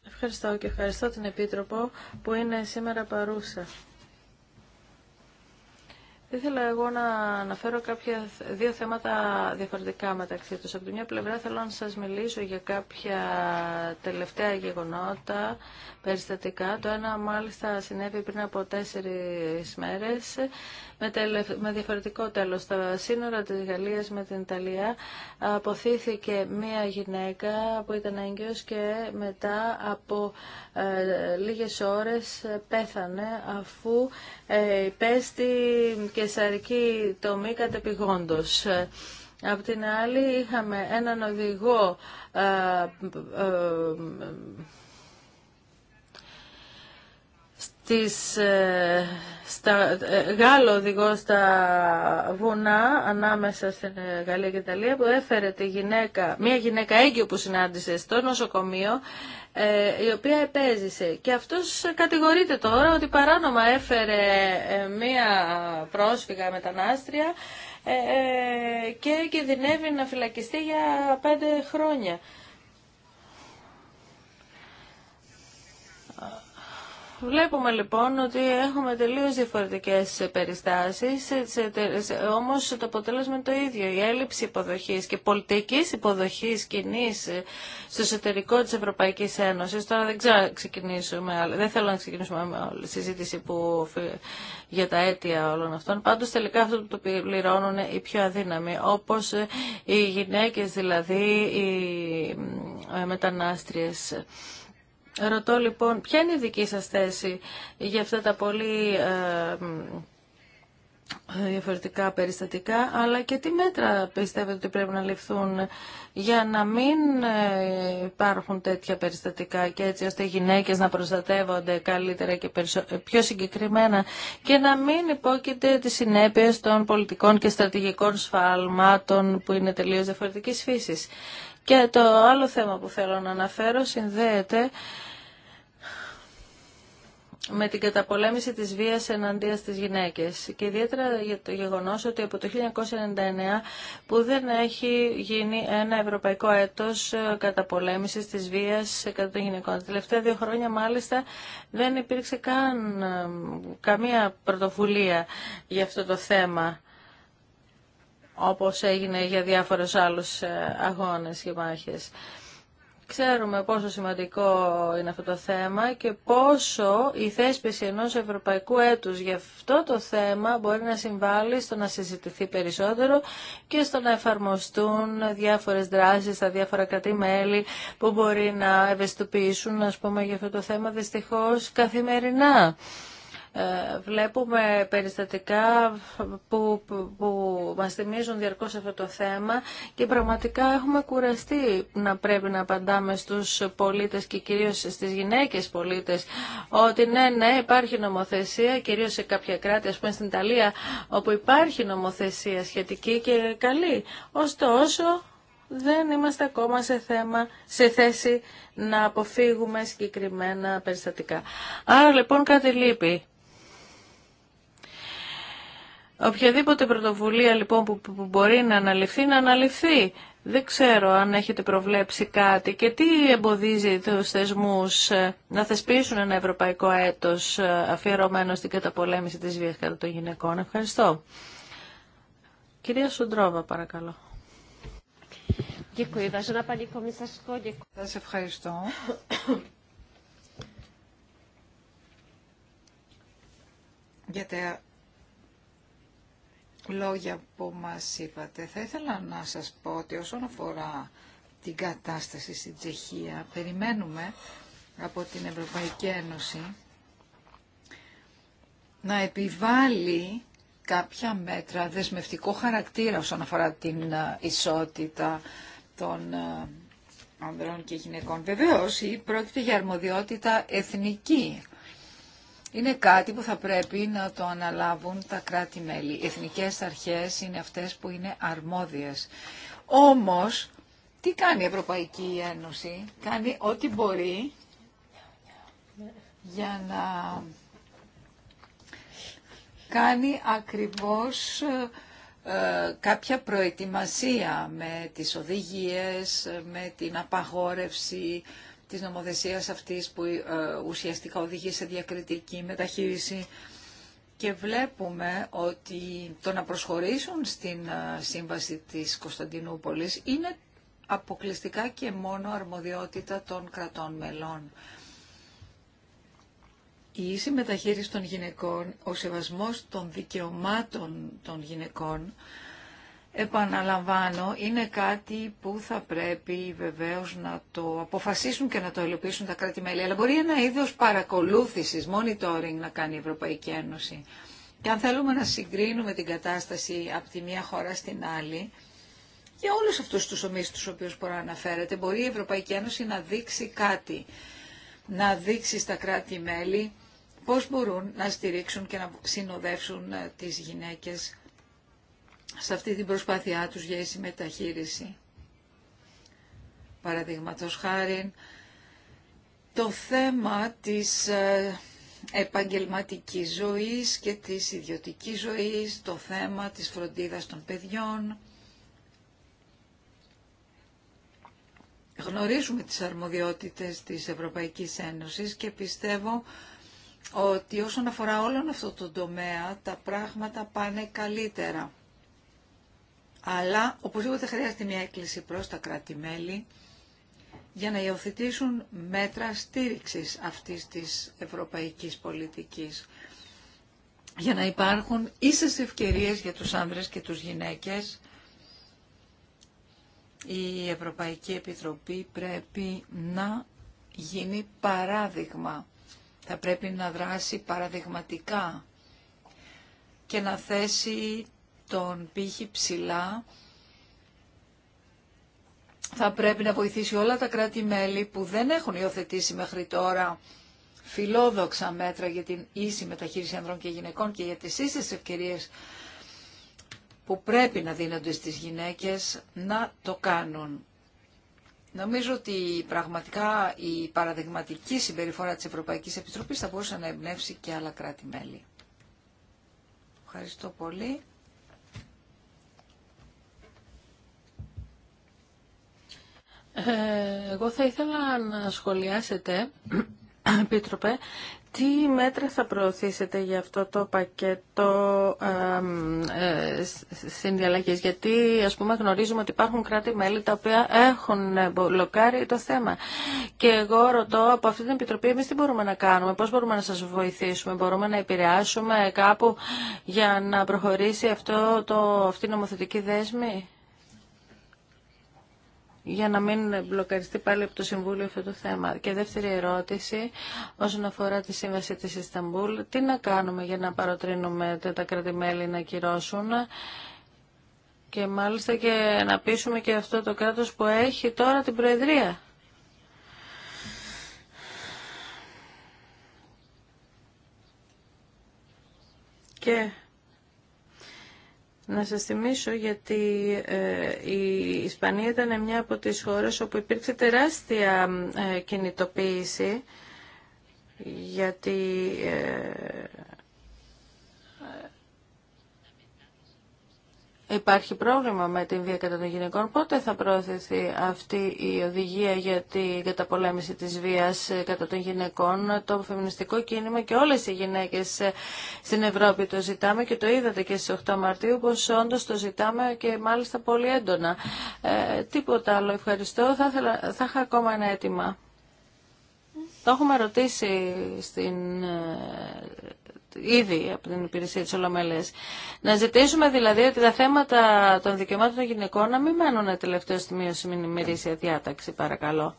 Ευχαριστώ και ευχαριστώ την Επίτροπο που είναι σήμερα παρούσα. Ήθελα εγώ να αναφέρω κάποια δύο θέματα διαφορετικά μεταξύ τους. Από τη μια πλευρά θέλω να σας μιλήσω για κάποια τελευταία γεγονότα περιστατικά. Το ένα μάλιστα συνέβη πριν από τέσσερις μέρες με διαφορετικό τέλος. Στα σύνορα της Γαλλίας με την Ιταλία αποθήθηκε μία γυναίκα που ήταν έγκυος και μετά από ε, λίγες ώρες πέθανε αφού ε, υπέστη κεσαρική τομή κατεπηγόντως. Απ' την άλλη είχαμε έναν οδηγό ε, της, ε, στα, ε, Γάλλο οδηγό στα βουνά ανάμεσα στην ε, Γαλλία και Ιταλία που έφερε τη γυναίκα, μια γυναίκα έγκυο που συνάντησε στο νοσοκομείο η οποία επέζησε και αυτός κατηγορείται τώρα ότι παράνομα έφερε μια πρόσφυγα μετανάστρια και κινδυνεύει να φυλακιστεί για πέντε χρόνια. Βλέπουμε λοιπόν ότι έχουμε τελείως διαφορετικές περιστάσεις, όμως το αποτέλεσμα είναι το ίδιο. Η έλλειψη υποδοχής και πολιτικής υποδοχής κοινή ε, στο εσωτερικό της Ευρωπαϊκής Ένωσης. Τώρα δεν ξέρω ξεκινήσουμε, δεν θέλω να ξεκινήσουμε με όλη συζήτηση που, για τα αίτια όλων αυτών. Πάντως τελικά αυτό που το πληρώνουν οι πιο αδύναμοι, όπως ε, οι γυναίκες δηλαδή, οι ε, μετανάστριες. Ρωτώ λοιπόν, ποια είναι η δική σας θέση για αυτά τα πολύ ε, διαφορετικά περιστατικά, αλλά και τι μέτρα πιστεύετε ότι πρέπει να ληφθούν για να μην ε, υπάρχουν τέτοια περιστατικά και έτσι ώστε οι γυναίκες να προστατεύονται καλύτερα και πιο συγκεκριμένα και να μην υπόκειται τις συνέπειες των πολιτικών και στρατηγικών σφαλμάτων που είναι τελείως διαφορετικής φύσης. Και το άλλο θέμα που θέλω να αναφέρω συνδέεται με την καταπολέμηση της βίας εναντίον στις γυναίκες και ιδιαίτερα για το γεγονός ότι από το 1999 που δεν έχει γίνει ένα ευρωπαϊκό έτος ε, καταπολέμησης της βίας κατά των γυναικών. Τα τελευταία δύο χρόνια μάλιστα δεν υπήρξε καν ε, καμία πρωτοβουλία για αυτό το θέμα όπως έγινε για διάφορους άλλους ε, αγώνες και μάχες. Ξέρουμε πόσο σημαντικό είναι αυτό το θέμα και πόσο η θέσπιση ενός ευρωπαϊκού έτους για αυτό το θέμα μπορεί να συμβάλλει στο να συζητηθεί περισσότερο και στο να εφαρμοστούν διάφορες δράσεις στα διάφορα κρατή-μέλη που μπορεί να ευαισθητοποιήσουν, ας πούμε, για αυτό το θέμα δυστυχώς καθημερινά. Ε, βλέπουμε περιστατικά που, που, που μας θυμίζουν διαρκώς αυτό το θέμα και πραγματικά έχουμε κουραστεί να πρέπει να απαντάμε στους πολίτες και κυρίως στις γυναίκες πολίτες ότι ναι, ναι, υπάρχει νομοθεσία, κυρίως σε κάποια κράτη, ας πούμε στην Ιταλία, όπου υπάρχει νομοθεσία σχετική και καλή. Ωστόσο, δεν είμαστε ακόμα σε, θέμα, σε θέση να αποφύγουμε συγκεκριμένα περιστατικά. Άρα λοιπόν κάτι λείπει. Οποιαδήποτε πρωτοβουλία λοιπόν που, μπορεί να αναλυφθεί, να αναλυφθεί. Δεν ξέρω αν έχετε προβλέψει κάτι και τι εμποδίζει τους θεσμούς ε, να θεσπίσουν ένα ευρωπαϊκό έτος ε, αφιερωμένο στην καταπολέμηση της βίας κατά των γυναικών. Ευχαριστώ. Κυρία Σουντρόβα, παρακαλώ. Σας ευχαριστώ. [COUGHS] Γιατί λόγια που μας είπατε. Θα ήθελα να σας πω ότι όσον αφορά την κατάσταση στην Τσεχία, περιμένουμε από την Ευρωπαϊκή Ένωση να επιβάλλει κάποια μέτρα δεσμευτικό χαρακτήρα όσον αφορά την ε, ισότητα των ε, ανδρών και γυναικών. Βεβαίως, πρόκειται για αρμοδιότητα εθνική είναι κάτι που θα πρέπει να το αναλάβουν τα κράτη-μέλη. Οι εθνικές αρχές είναι αυτές που είναι αρμόδιες. Όμως, τι κάνει η Ευρωπαϊκή Ένωση. Κάνει ό,τι μπορεί για να κάνει ακριβώς ε, κάποια προετοιμασία με τις οδηγίες, με την απαγόρευση της νομοθεσίας αυτής που ε, ουσιαστικά οδηγεί σε διακριτική μεταχείριση και βλέπουμε ότι το να προσχωρήσουν στην ε, σύμβαση της Κωνσταντινούπολης είναι αποκλειστικά και μόνο αρμοδιότητα των κρατών μελών. Η ίση μεταχείριση των γυναικών, ο σεβασμός των δικαιωμάτων των γυναικών επαναλαμβάνω, είναι κάτι που θα πρέπει βεβαίως να το αποφασίσουν και να το ελοπίσουν τα κράτη-μέλη. Αλλά μπορεί ένα είδος παρακολούθησης, monitoring να κάνει η Ευρωπαϊκή Ένωση. Και αν θέλουμε να συγκρίνουμε την κατάσταση από τη μία χώρα στην άλλη, για όλους αυτούς τους ομίλους μπορεί οποίους προαναφέρετε, μπορεί η Ευρωπαϊκή Ένωση να δείξει κάτι. Να δείξει στα κράτη-μέλη πώς μπορούν να στηρίξουν και να συνοδεύσουν ε, τις γυναίκες σε αυτή την προσπάθειά τους για ίση μεταχείριση. Παραδείγματος χάρη, το θέμα της ε, επαγγελματικής ζωής και της ιδιωτικής ζωής, το θέμα της φροντίδας των παιδιών. Γνωρίζουμε τις αρμοδιότητες της Ευρωπαϊκής Ένωσης και πιστεύω ότι όσον αφορά όλον αυτό το τομέα τα πράγματα πάνε καλύτερα αλλά οπωσδήποτε χρειάζεται μια έκκληση προς τα κράτη-μέλη για να υιοθετήσουν μέτρα στήριξης αυτής της ευρωπαϊκής πολιτικής για να υπάρχουν ίσες ευκαιρίες για τους άνδρες και τους γυναίκες. Η Ευρωπαϊκή Επιτροπή πρέπει να γίνει παράδειγμα. Θα πρέπει να δράσει παραδειγματικά και να θέσει τον πύχη ψηλά θα πρέπει να βοηθήσει όλα τα κράτη-μέλη που δεν έχουν υιοθετήσει μέχρι τώρα φιλόδοξα μέτρα για την ίση μεταχείριση ανδρών και γυναικών και για τις ίσες ευκαιρίες που πρέπει να δίνονται στις γυναίκες να το κάνουν. Νομίζω ότι πραγματικά η παραδειγματική συμπεριφορά της Ευρωπαϊκής Επιτροπής θα μπορούσε να εμπνεύσει και άλλα κράτη-μέλη. Ευχαριστώ πολύ. Ε, εγώ θα ήθελα να σχολιάσετε, [CLEARS THROAT] Επίτροπε, τι μέτρα θα προωθήσετε για αυτό το πακέτο ε, συνδιαλλαγής. Γιατί, ας πούμε, γνωρίζουμε ότι υπάρχουν κράτη-μέλη τα οποία έχουν ε, μπλοκάρει το θέμα. Και εγώ ρωτώ από αυτή την Επιτροπή, εμείς τι μπορούμε να κάνουμε, πώς μπορούμε να σας βοηθήσουμε, μπορούμε να επηρεάσουμε κάπου για να προχωρήσει αυτό το, αυτή η νομοθετική δέσμη για να μην μπλοκαριστεί πάλι από το Συμβούλιο αυτό το θέμα. Και δεύτερη ερώτηση, όσον αφορά τη Σύμβαση της Ισταμπούλ, τι να κάνουμε για να παροτρύνουμε τα κράτη-μέλη να κυρώσουν και μάλιστα και να πείσουμε και αυτό το κράτος που έχει τώρα την Προεδρία. Και να σας θυμίσω γιατί ε, η Ισπανία ήταν μια από τις χώρες όπου υπήρξε τεράστια ε, κινητοποίηση γιατί ε, υπάρχει πρόβλημα με την βία κατά των γυναικών, πότε θα προωθηθεί αυτή η οδηγία για την καταπολέμηση της βίας ε, κατά των γυναικών, το φεμινιστικό κίνημα και όλες οι γυναίκες ε, στην Ευρώπη το ζητάμε και το είδατε και στις 8 Μαρτίου πως όντως το ζητάμε και μάλιστα πολύ έντονα. Ε, τίποτα άλλο, ευχαριστώ. Θα, θα είχα ακόμα ένα αίτημα. Το έχουμε ρωτήσει στην ήδη από την υπηρεσία της Ολομέλειας. Να ζητήσουμε δηλαδή ότι τα θέματα των δικαιωμάτων των γυναικών να μην μένουν τελευταίο στιγμή στην ημερήσια διάταξη, παρακαλώ.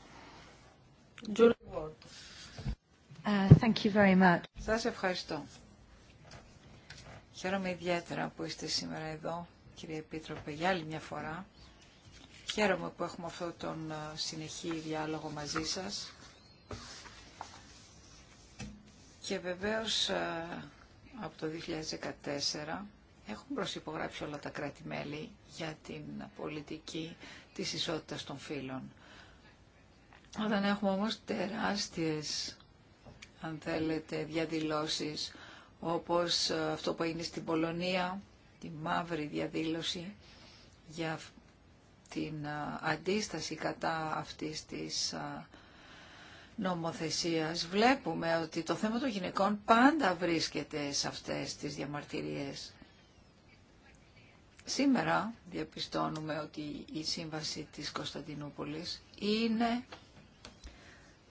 Ε, thank you very much. Σας ευχαριστώ. Χαίρομαι ιδιαίτερα που είστε σήμερα εδώ, κύριε Επίτροπε, για άλλη μια φορά. Χαίρομαι που έχουμε αυτόν τον ε, συνεχή διάλογο μαζί σας. Και βεβαίως ε, από το 2014 έχουν προσυπογράψει όλα τα κράτη-μέλη για την πολιτική της ισότητας των φύλων. Όταν έχουμε όμως τεράστιες, αν θέλετε, διαδηλώσεις, όπως αυτό που έγινε στην Πολωνία, τη μαύρη διαδήλωση για την ε, αντίσταση κατά αυτής της ε, νομοθεσίας βλέπουμε ότι το θέμα των γυναικών πάντα βρίσκεται σε αυτές τις διαμαρτυρίες. Σήμερα διαπιστώνουμε ότι η σύμβαση της Κωνσταντινούπολης είναι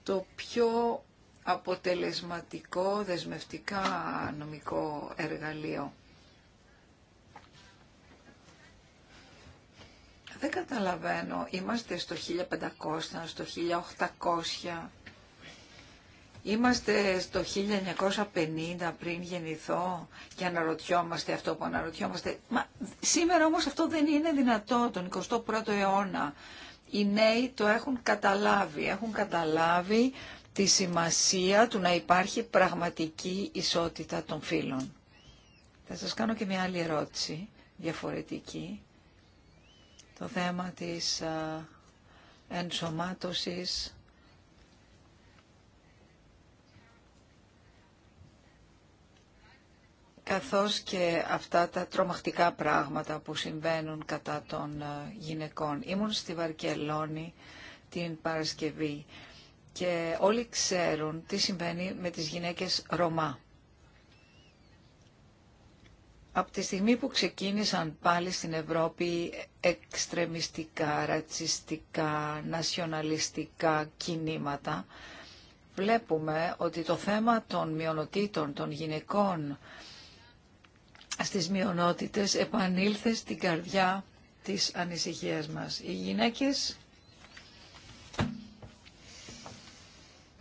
το πιο αποτελεσματικό δεσμευτικά νομικό εργαλείο. Δεν καταλαβαίνω, είμαστε στο 1500, στο 1800, Είμαστε στο 1950 πριν γεννηθώ και αναρωτιόμαστε αυτό που αναρωτιόμαστε. Μα σήμερα όμως αυτό δεν είναι δυνατό τον 21ο αιώνα. Οι νέοι το έχουν καταλάβει. Έχουν καταλάβει τη σημασία του να υπάρχει πραγματική ισότητα των φίλων. Θα σας κάνω και μια άλλη ερώτηση διαφορετική. Το θέμα της ενσωμάτωσης καθώς και αυτά τα τρομακτικά πράγματα που συμβαίνουν κατά των ε, γυναικών. Ήμουν στη Βαρκελόνη την Παρασκευή και όλοι ξέρουν τι συμβαίνει με τις γυναίκες Ρωμά. Από τη στιγμή που ξεκίνησαν πάλι στην Ευρώπη εξτρεμιστικά, ρατσιστικά, νασιοναλιστικά κινήματα, βλέπουμε ότι το θέμα των μειονοτήτων, των γυναικών, στις μειονότητες επανήλθε στην καρδιά της ανησυχίας μας. Οι γυναίκες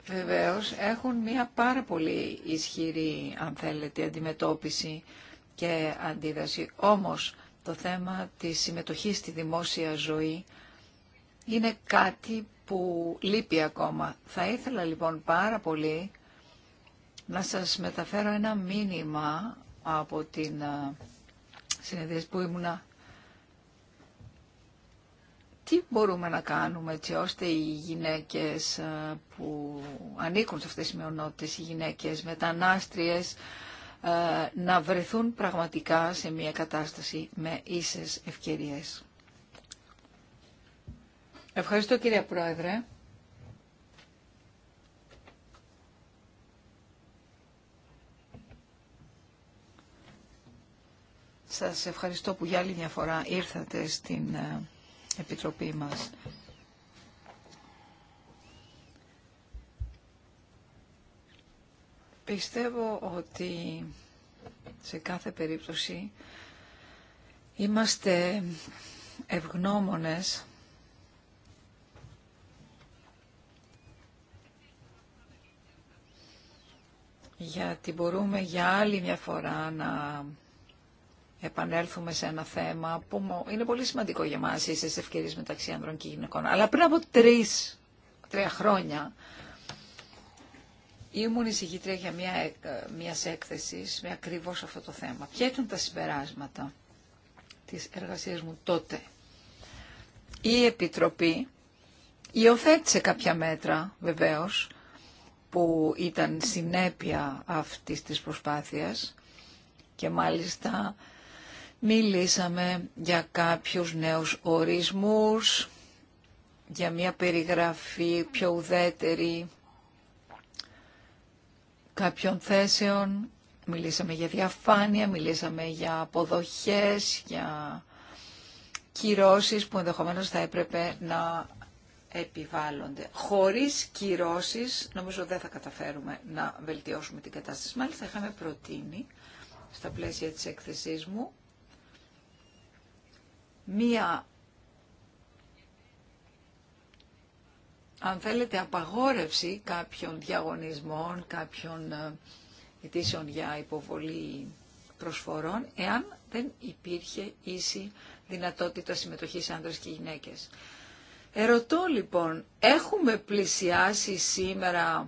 βεβαίως έχουν μία πάρα πολύ ισχυρή, αν θέλετε, αντιμετώπιση και αντίδραση. Όμως το θέμα της συμμετοχής στη δημόσια ζωή είναι κάτι που λείπει ακόμα. Θα ήθελα λοιπόν πάρα πολύ να σας μεταφέρω ένα μήνυμα από την ε, συνεδρία που ήμουνα. Τι μπορούμε να κάνουμε έτσι ώστε οι γυναίκες ε, που ανήκουν σε αυτές τις μειονότητες, οι γυναίκες μετανάστριες, ε, να βρεθούν πραγματικά σε μια κατάσταση με ίσες ευκαιρίες. Ευχαριστώ κύριε Πρόεδρε. Σας ευχαριστώ που για άλλη μια φορά ήρθατε στην ε, Επιτροπή μας. Πιστεύω ότι σε κάθε περίπτωση είμαστε ευγνώμονες γιατί μπορούμε για άλλη μια φορά να επανέλθουμε σε ένα θέμα που είναι πολύ σημαντικό για μας, ίσες ευκαιρίες μεταξύ ανδρών και γυναικών. Αλλά πριν από τρεις, τρία χρόνια, ήμουν εισηγήτρια για μια, μια έκθεση με ακριβώς αυτό το θέμα. Ποια ήταν τα συμπεράσματα της εργασίας μου τότε. Η Επιτροπή υιοθέτησε κάποια μέτρα, βεβαίως, που ήταν συνέπεια αυτής της προσπάθειας και μάλιστα Μιλήσαμε για κάποιους νέους ορισμούς, για μια περιγραφή πιο ουδέτερη κάποιων θέσεων. Μιλήσαμε για διαφάνεια, μιλήσαμε για αποδοχές, για κυρώσεις που ενδεχομένως θα έπρεπε να επιβάλλονται. Χωρίς κυρώσεις νομίζω δεν θα καταφέρουμε να βελτιώσουμε την κατάσταση. Μάλιστα είχαμε προτείνει στα πλαίσια της έκθεσής μου μία αν θέλετε απαγόρευση κάποιων διαγωνισμών, κάποιων ειτήσεων για υποβολή προσφορών, εάν δεν υπήρχε ίση δυνατότητα συμμετοχής άντρες και γυναίκες. Ερωτώ λοιπόν, έχουμε πλησιάσει σήμερα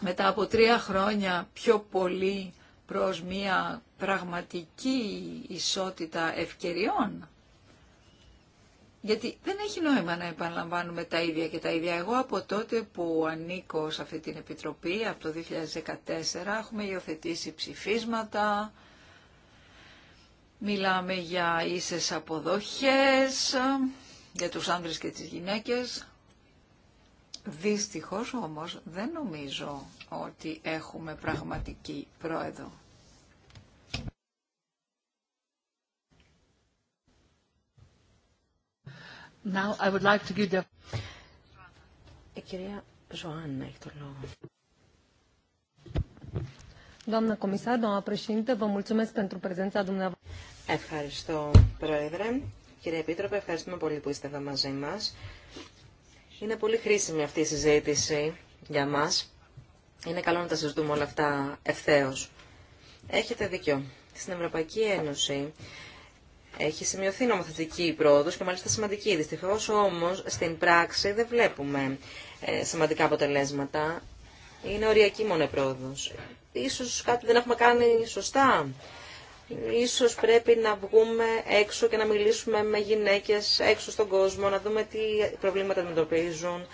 μετά από τρία χρόνια πιο πολύ προς μια πραγματική ισότητα ευκαιριών. Γιατί δεν έχει νόημα να επαναλαμβάνουμε τα ίδια και τα ίδια. Εγώ από τότε που ανήκω σε αυτή την Επιτροπή, από το 2014, έχουμε υιοθετήσει ψηφίσματα, μιλάμε για ίσες αποδοχές, για τους άνδρες και τις γυναίκες. Δυστυχώς όμως δεν νομίζω ότι έχουμε πραγματική πρόεδρο. Η κυρία Ζωάννα έχει το λόγο. Ευχαριστώ, Πρόεδρε. Κύριε Επίτροπε, ευχαριστούμε πολύ που είστε εδώ μαζί μας. Είναι πολύ χρήσιμη αυτή η συζήτηση για μας. Είναι καλό να τα συζητούμε όλα αυτά ευθέως. Έχετε δίκιο. Στην Ευρωπαϊκή Ένωση έχει σημειωθεί νομοθετική πρόοδος και μάλιστα σημαντική. Δυστυχώς όμως στην πράξη δεν βλέπουμε ε, σημαντικά αποτελέσματα. Είναι οριακή μόνο πρόοδος. Ίσως κάτι δεν έχουμε κάνει σωστά. Ίσως πρέπει να βγούμε έξω και να μιλήσουμε με γυναίκες έξω στον κόσμο, να δούμε τι προβλήματα αντιμετωπίζουν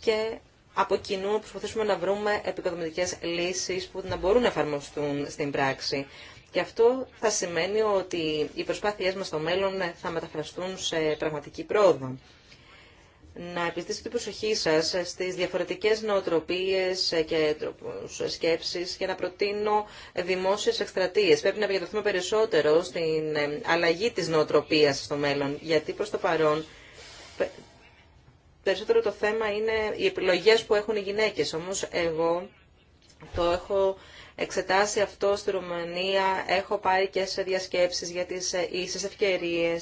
και από κοινού προσπαθήσουμε να βρούμε επικοδομητικές λύσεις που να μπορούν να εφαρμοστούν στην πράξη. Και αυτό θα σημαίνει ότι οι προσπάθειές μας στο μέλλον θα μεταφραστούν σε πραγματική πρόοδο. Να επιστήσετε την προσοχή σας στις διαφορετικές νοοτροπίες και τρόπους σκέψης και να προτείνω δημόσιες εκστρατείες. Πρέπει να επικεντρωθούμε περισσότερο στην αλλαγή της νοοτροπίας στο μέλλον, γιατί προς το παρόν περισσότερο το θέμα είναι οι επιλογές που έχουν οι γυναίκες. Όμως εγώ το έχω εξετάσει αυτό στη Ρουμανία. Έχω πάει και σε διασκέψεις για τι ε, ίσες ευκαιρίε,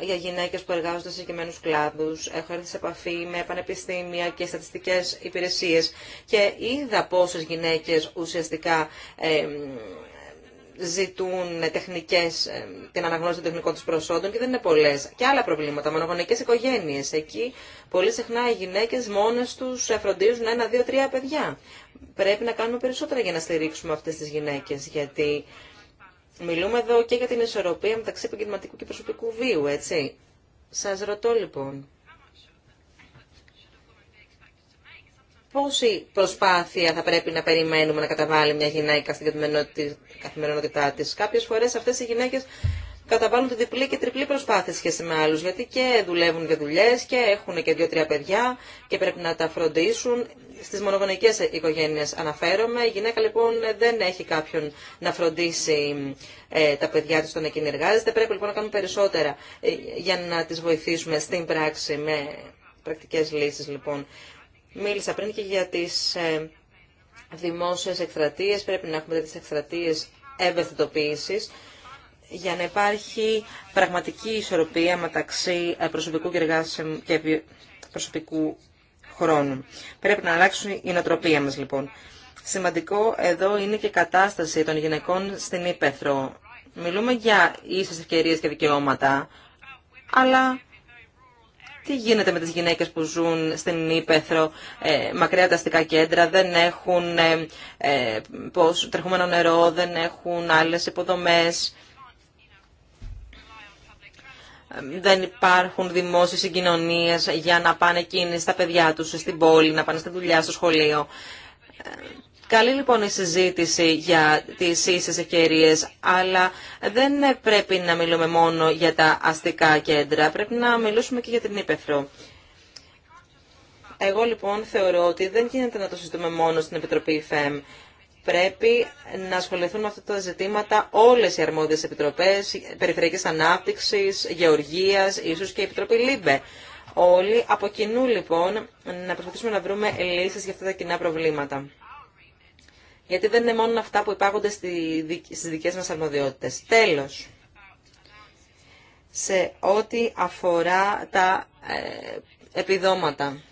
ε, για γυναίκε που εργάζονται σε συγκεκριμένου κλάδου, Έχω έρθει σε επαφή με πανεπιστήμια και στατιστικέ υπηρεσίε και είδα πόσε γυναίκε ουσιαστικά ε, ζητούν τεχνικές, ε, την αναγνώριση των τεχνικών τους προσόντων και δεν είναι πολλές. Και άλλα προβλήματα, μονογονικές οικογένειες. Εκεί πολύ συχνά οι γυναίκες μόνες τους φροντίζουν ένα, δύο, τρία παιδιά πρέπει να κάνουμε περισσότερα για να στηρίξουμε αυτές τις γυναίκες, γιατί μιλούμε εδώ και για την ισορροπία μεταξύ επαγγελματικού και προσωπικού βίου, έτσι. Σας ρωτώ λοιπόν, πόση προσπάθεια θα πρέπει να περιμένουμε να καταβάλει μια γυναίκα στην καθημερινότητά της. Κάποιες φορές αυτές οι γυναίκες καταβάλουν τη διπλή και τριπλή προσπάθεια σχέση με άλλους, γιατί και δουλεύουν για δουλειές και έχουν και δύο-τρία παιδιά και πρέπει να τα φροντίσουν στις μονογονικές οικογένειες αναφέρομαι. Η γυναίκα λοιπόν δεν έχει κάποιον να φροντίσει ε, τα παιδιά της όταν εκείνη εργάζεται. Πρέπει λοιπόν να κάνουμε περισσότερα ε, για να τις βοηθήσουμε στην πράξη με πρακτικές λύσεις λοιπόν. Μίλησα πριν και για τις ε, δημόσιες εκστρατείε, Πρέπει να έχουμε τις εκστρατείες ευαισθητοποίησης για να υπάρχει πραγματική ισορροπία μεταξύ προσωπικού και, και προσωπικού χρόνου. Πρέπει να αλλάξουν η νοοτροπία μας λοιπόν. Σημαντικό εδώ είναι και η κατάσταση των γυναικών στην Ήπεθρο. Μιλούμε για ίσες ευκαιρίες και δικαιώματα, αλλά τι γίνεται με τις γυναίκες που ζουν στην Ήπεθρο, ε, μακριά τα αστικά κέντρα, δεν έχουν ε, ε, πώς, τρεχούμενο νερό, δεν έχουν άλλες υποδομές δεν υπάρχουν δημόσιες συγκοινωνίες για να πάνε εκείνοι στα παιδιά τους, στην πόλη, να πάνε στη δουλειά, στο σχολείο. Ε, καλή λοιπόν η συζήτηση για τις ίσες ευκαιρίε, αλλά δεν πρέπει να μιλούμε μόνο για τα αστικά κέντρα, πρέπει να μιλήσουμε και για την Ήπεθρο. Εγώ λοιπόν θεωρώ ότι δεν γίνεται να το συζητούμε μόνο στην Επιτροπή ΦΕΜ πρέπει να ασχοληθούν με αυτά τα ζητήματα όλε οι αρμόδιες επιτροπέ, περιφερειακή ανάπτυξης, γεωργίας, ίσως και η Επιτροπή ΛΥΜΠΕ. Όλοι από κοινού λοιπόν να προσπαθήσουμε να βρούμε λύσεις για αυτά τα κοινά προβλήματα. Γιατί δεν είναι μόνο αυτά που υπάγονται στις δικέ μας αρμοδιότητες. Τέλος, σε ό,τι αφορά τα ε, επιδόματα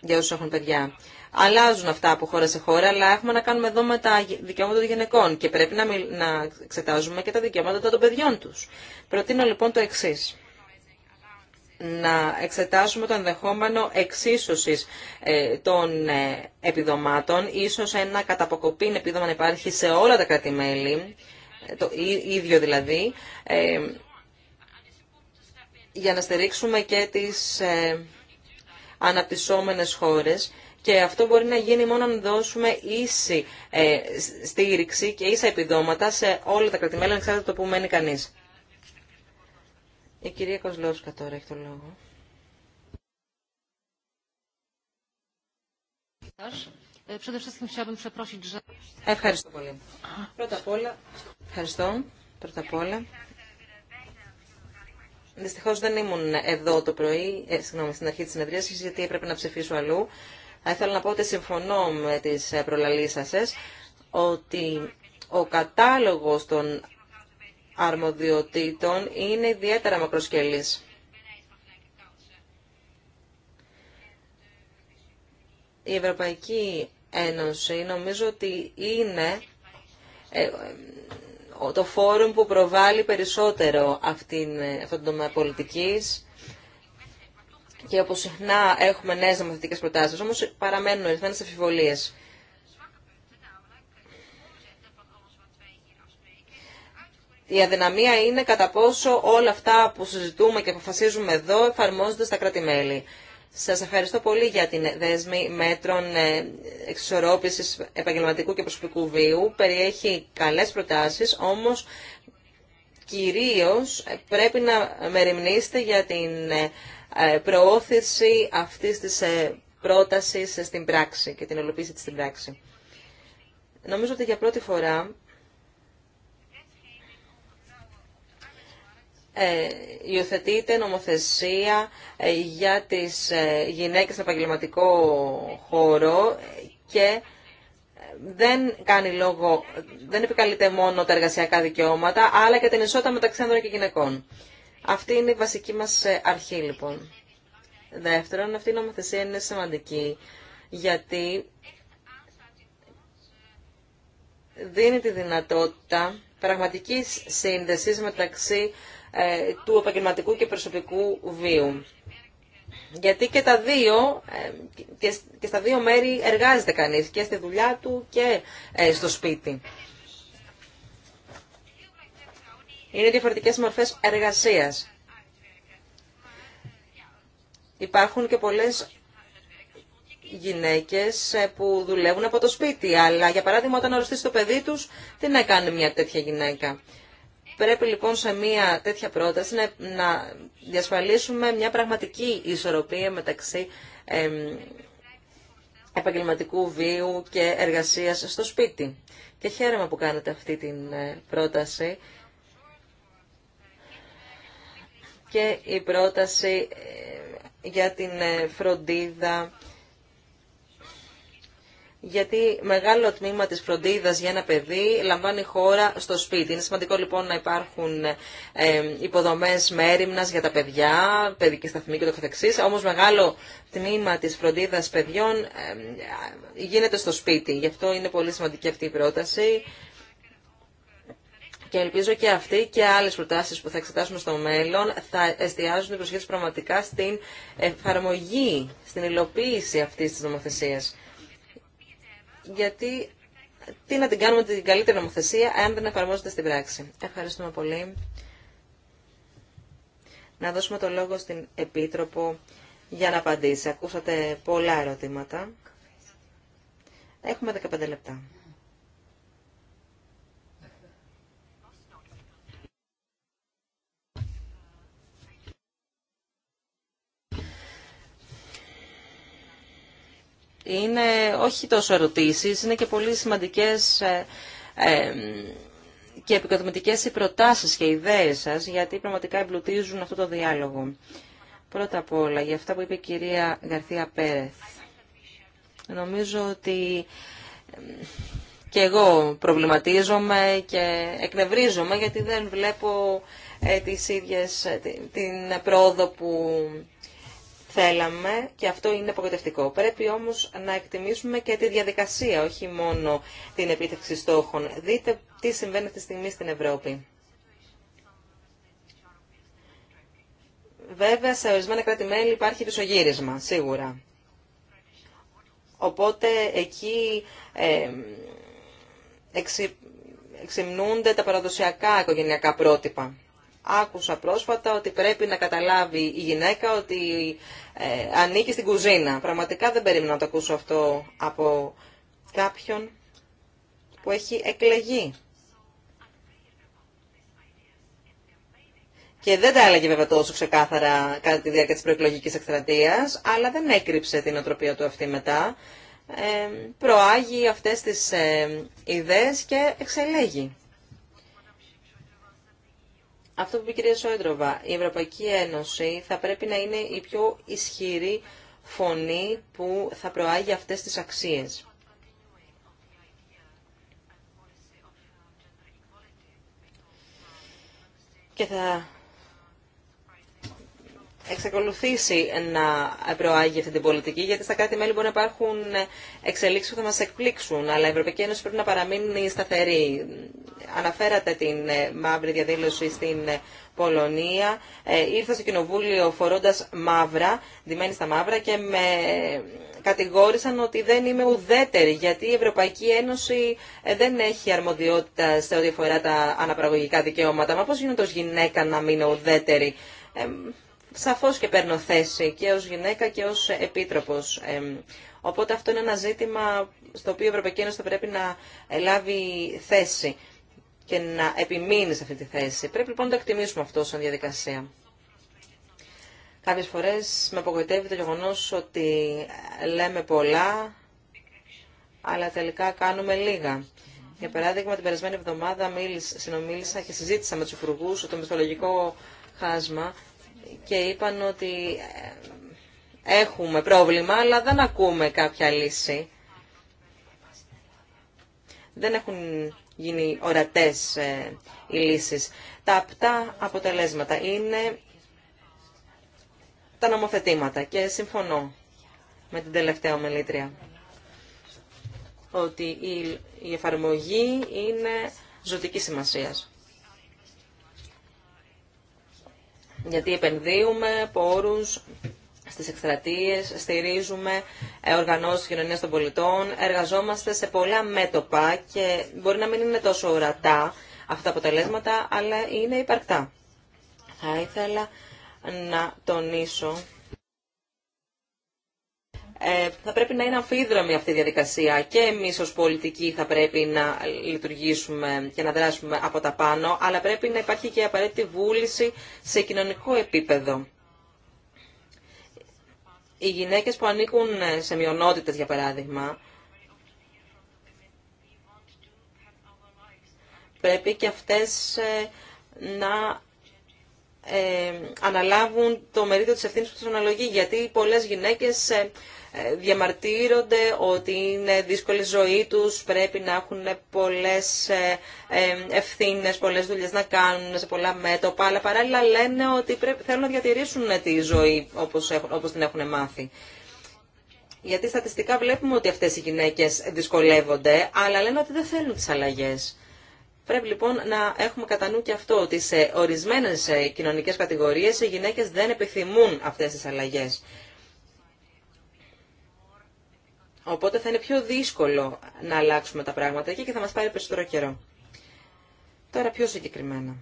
για όσου έχουν παιδιά αλλάζουν αυτά από χώρα σε χώρα, αλλά έχουμε να κάνουμε εδώ με τα δικαιώματα των γυναικών και πρέπει να, να εξετάζουμε και τα δικαιώματα των παιδιών τους. Προτείνω λοιπόν το εξή. Να εξετάσουμε το ενδεχόμενο εξίσωσης ε, των ε, επιδομάτων, ίσως ένα καταποκοπήν επίδομα να υπάρχει σε όλα τα κράτη-μέλη, ε, το ίδιο δηλαδή, για να στηρίξουμε και τις αναπτυσσόμενες χώρες και αυτό μπορεί να γίνει μόνο αν δώσουμε ίση ε, στήριξη και ίσα επιδόματα σε όλα τα κρατημέλα, εξάρτητα το που μένει κανεί. Η κυρία Κοσλόσκα τώρα έχει το λόγο. Ευχαριστώ πολύ. Πρώτα απ' όλα, ευχαριστώ. Πρώτα απ' όλα. Δυστυχώ δεν ήμουν εδώ το πρωί, ε, συγγνώμη, στην αρχή τη συνεδρία, γιατί έπρεπε να ψηφίσω αλλού. Θα ήθελα να πω ότι συμφωνώ με τις ε, προλαλήσασες ότι ο κατάλογος των αρμοδιοτήτων είναι ιδιαίτερα μακροσκελής. Η Ευρωπαϊκή Ένωση νομίζω ότι είναι ε, ε, το φόρουμ που προβάλλει περισσότερο αυτήν, αυτόν τον τομέα πολιτικής και όπως συχνά έχουμε νέες νομοθετικές προτάσεις, όμως παραμένουν ορισμένες αφιβολίες. Η αδυναμία είναι κατά πόσο όλα αυτά που συζητούμε και αποφασίζουμε εδώ εφαρμόζονται στα κράτη-μέλη. Σας ευχαριστώ πολύ για την δέσμη μέτρων ε, εξισορρόπησης επαγγελματικού και προσωπικού βίου. Περιέχει καλές προτάσεις, όμως κυρίως πρέπει να μεριμνήσετε για την ε, ε, προώθηση αυτής της ε, πρότασης στην πράξη και την ολοποίηση της στην πράξη. Νομίζω ότι για πρώτη φορά ε, υιοθετείται νομοθεσία για τις γυναίκες στον επαγγελματικό χώρο και δεν κάνει λόγο, δεν επικαλείται μόνο τα εργασιακά δικαιώματα, αλλά και την ισότητα μεταξύ άνδρων και γυναικών. Αυτή είναι η βασική μας ε, αρχή λοιπόν. Δεύτερον, αυτή η νομοθεσία είναι σημαντική γιατί δίνει τη δυνατότητα πραγματικής σύνδεσης μεταξύ ε, του επαγγελματικού και προσωπικού βίου. Γιατί και, τα δύο, ε, και στα δύο μέρη εργάζεται κανείς, και στη δουλειά του και στο σπίτι. είναι διαφορετικές μορφές εργασίας. Υπάρχουν και πολλές γυναίκες ε, που δουλεύουν από το σπίτι, αλλά για παράδειγμα όταν αρρωστήσει το παιδί τους, τι να κάνει μια τέτοια γυναίκα. Πρέπει λοιπόν σε μια τέτοια πρόταση να, διασφαλίσουμε μια πραγματική ισορροπία μεταξύ επαγγελματικού βίου και εργασίας στο σπίτι. Και χαίρομαι που κάνετε αυτή την ε, πρόταση και η πρόταση ε, για την ε, φροντίδα γιατί μεγάλο τμήμα της φροντίδας για ένα παιδί λαμβάνει χώρα στο σπίτι. Είναι σημαντικό λοιπόν να υπάρχουν ε, υποδομές μέρημνας για τα παιδιά, παιδική σταθμή και το καθεξής, όμως μεγάλο τμήμα της φροντίδας παιδιών γίνεται στο σπίτι. Γι' αυτό είναι πολύ σημαντική αυτή η πρόταση. Και ελπίζω και αυτοί και άλλες προτάσεις που θα εξετάσουμε στο μέλλον θα εστιάζουν την προσοχή πραγματικά στην εφαρμογή, στην υλοποίηση αυτής της νομοθεσίας. Γιατί τι να την κάνουμε την καλύτερη νομοθεσία αν δεν εφαρμόζεται στην πράξη. Ευχαριστούμε πολύ. Να δώσουμε το λόγο στην Επίτροπο για να απαντήσει. Ακούσατε πολλά ερωτήματα. Έχουμε 15 λεπτά. είναι όχι τόσο ερωτήσεις, είναι και πολύ σημαντικές ε, ε, και επικοδομητικές οι προτάσεις και οι ιδέες σας, γιατί πραγματικά εμπλουτίζουν αυτό το διάλογο. Πρώτα απ' όλα, για αυτά που είπε η κυρία Γαρθία Πέρεθ. Νομίζω ότι ε, και εγώ προβληματίζομαι και εκνευρίζομαι γιατί δεν βλέπω τις ίδιες, την πρόοδο που θέλαμε και αυτό είναι απογοητευτικό. Πρέπει όμως να εκτιμήσουμε και τη διαδικασία, όχι μόνο την επίτευξη στόχων. Δείτε τι συμβαίνει αυτή τη στιγμή στην Ευρώπη. Βέβαια, σε ορισμένα κράτη-μέλη υπάρχει πισωγύρισμα, σίγουρα. Οπότε εκεί ε, εξυμνούνται τα παραδοσιακά οικογενειακά πρότυπα. Άκουσα πρόσφατα ότι πρέπει να καταλάβει η γυναίκα ότι ε, ανήκει στην κουζίνα. Πραγματικά δεν περίμενα να το ακούσω αυτό από κάποιον που έχει εκλεγεί. Και δεν τα έλεγε βέβαια τόσο ξεκάθαρα κατά τη διάρκεια της προεκλογικής εκστρατείας, αλλά δεν έκρυψε την οτροπία του αυτή μετά. Ε, προάγει αυτές τις ε, ιδέες και εξελέγει αυτό που είπε η κυρία Σόιντροβα, η Ευρωπαϊκή Ένωση θα πρέπει να είναι η πιο ισχυρή φωνή που θα προάγει αυτές τις αξίες. Και θα εξακολουθήσει να προάγει αυτή την πολιτική, γιατί στα κράτη-μέλη μπορεί να υπάρχουν εξελίξει που θα μα εκπλήξουν, αλλά η Ευρωπαϊκή Ένωση πρέπει να παραμείνει σταθερή. Αναφέρατε την ε, μαύρη διαδήλωση στην ε, Πολωνία. Ε, Ήρθα στο Κοινοβούλιο φορώντα μαύρα, ντυμένη στα μαύρα και με κατηγόρησαν ότι δεν είμαι ουδέτερη, γιατί η Ευρωπαϊκή Ένωση δεν έχει αρμοδιότητα σε ό,τι αφορά τα αναπαραγωγικά δικαιώματα. Μα πώ γίνεται ω γυναίκα να μείνω ουδέτερη σαφώς και παίρνω θέση και ως γυναίκα και ως επίτροπος. Οπότε αυτό είναι ένα ζήτημα στο οποίο η Ευρωπαϊκή Ένωση θα πρέπει να λάβει θέση και να επιμείνει σε αυτή τη θέση. Πρέπει λοιπόν να το εκτιμήσουμε αυτό σαν διαδικασία. Κάποιες φορές με απογοητεύει το γεγονός ότι λέμε πολλά, αλλά τελικά κάνουμε λίγα. Για παράδειγμα, την περασμένη εβδομάδα συνομίλησα και συζήτησα με του υπουργού το μισθολογικό χάσμα και είπαν ότι ε, έχουμε πρόβλημα, αλλά δεν ακούμε κάποια λύση. Δεν έχουν γίνει ορατές ε, οι λύσεις. Τα απτά αποτελέσματα είναι τα νομοθετήματα και συμφωνώ με την τελευταία ομιλήτρια ότι η εφαρμογή είναι ζωτική σημασίας. γιατί επενδύουμε πόρους στις εκστρατείες, στηρίζουμε ε, οργανώσεις κοινωνίας των πολιτών, εργαζόμαστε σε πολλά μέτωπα και μπορεί να μην είναι τόσο ορατά αυτά τα αποτελέσματα, αλλά είναι υπαρκτά. Θα ήθελα να τονίσω ε, θα πρέπει να είναι αμφίδρομη αυτή η διαδικασία και εμεί ω πολιτικοί θα πρέπει να λειτουργήσουμε και να δράσουμε από τα πάνω, αλλά πρέπει να υπάρχει και απαραίτητη βούληση σε κοινωνικό επίπεδο. Οι γυναίκες που ανήκουν σε μειονότητες, για παράδειγμα, πρέπει και αυτές ε, να ε, αναλάβουν το μερίδιο της ευθύνης που τους αναλογεί, γιατί πολλές γυναίκες ε, διαμαρτύρονται ότι είναι δύσκολη ζωή τους, πρέπει να έχουν πολλές ε, ε, ευθύνες, πολλές δουλειές να κάνουν σε πολλά μέτωπα, αλλά παράλληλα λένε ότι πρέπει, θέλουν να διατηρήσουν τη ζωή όπως, όπως την έχουν μάθει. Γιατί στατιστικά βλέπουμε ότι αυτές οι γυναίκες δυσκολεύονται, αλλά λένε ότι δεν θέλουν τις αλλαγές. Πρέπει λοιπόν να έχουμε κατά νου και αυτό, ότι σε ορισμένες κοινωνικές κατηγορίες οι γυναίκες δεν επιθυμούν αυτές τις αλλαγές. Οπότε θα είναι πιο δύσκολο να αλλάξουμε τα πράγματα εκεί και θα μας πάρει περισσότερο καιρό. Τώρα πιο συγκεκριμένα.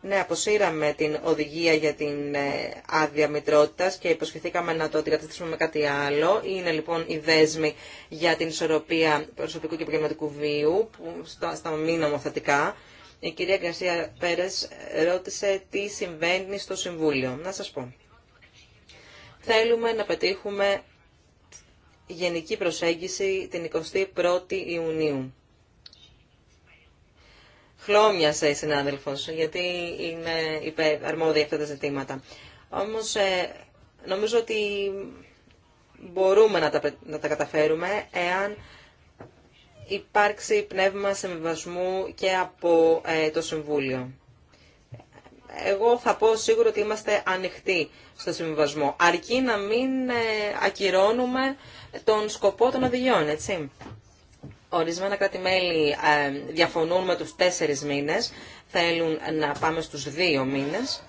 Ναι, αποσύραμε την οδηγία για την ε, άδεια μητρότητα και υποσχεθήκαμε να το αντικαταστήσουμε με κάτι άλλο. Είναι λοιπόν η δέσμη για την ισορροπία προσωπικού και επαγγελματικού βίου στα μη νομοθετικά. Η κυρία Γκαρσία Πέρες ρώτησε τι συμβαίνει στο Συμβούλιο. Να σας πω θέλουμε να πετύχουμε γενική προσέγγιση την 21η Ιουνίου. Χλώμιασε η συνάδελφος, γιατί είναι υπέρ, αρμοδια αυτά τα ζητήματα. Όμως ε, νομίζω ότι μπορούμε να τα, καταφέρουμε εάν υπάρξει πνεύμα συμβιβασμού και από ε, το Συμβούλιο εγώ θα πω σίγουρο ότι είμαστε ανοιχτοί στο συμβιβασμό, αρκεί να μην ε, ακυρώνουμε τον σκοπό των οδηγιών, έτσι. Ορισμένα κράτη-μέλη ε, διαφωνούν με τους τέσσερις μήνες, θέλουν να πάμε στους δύο μήνες.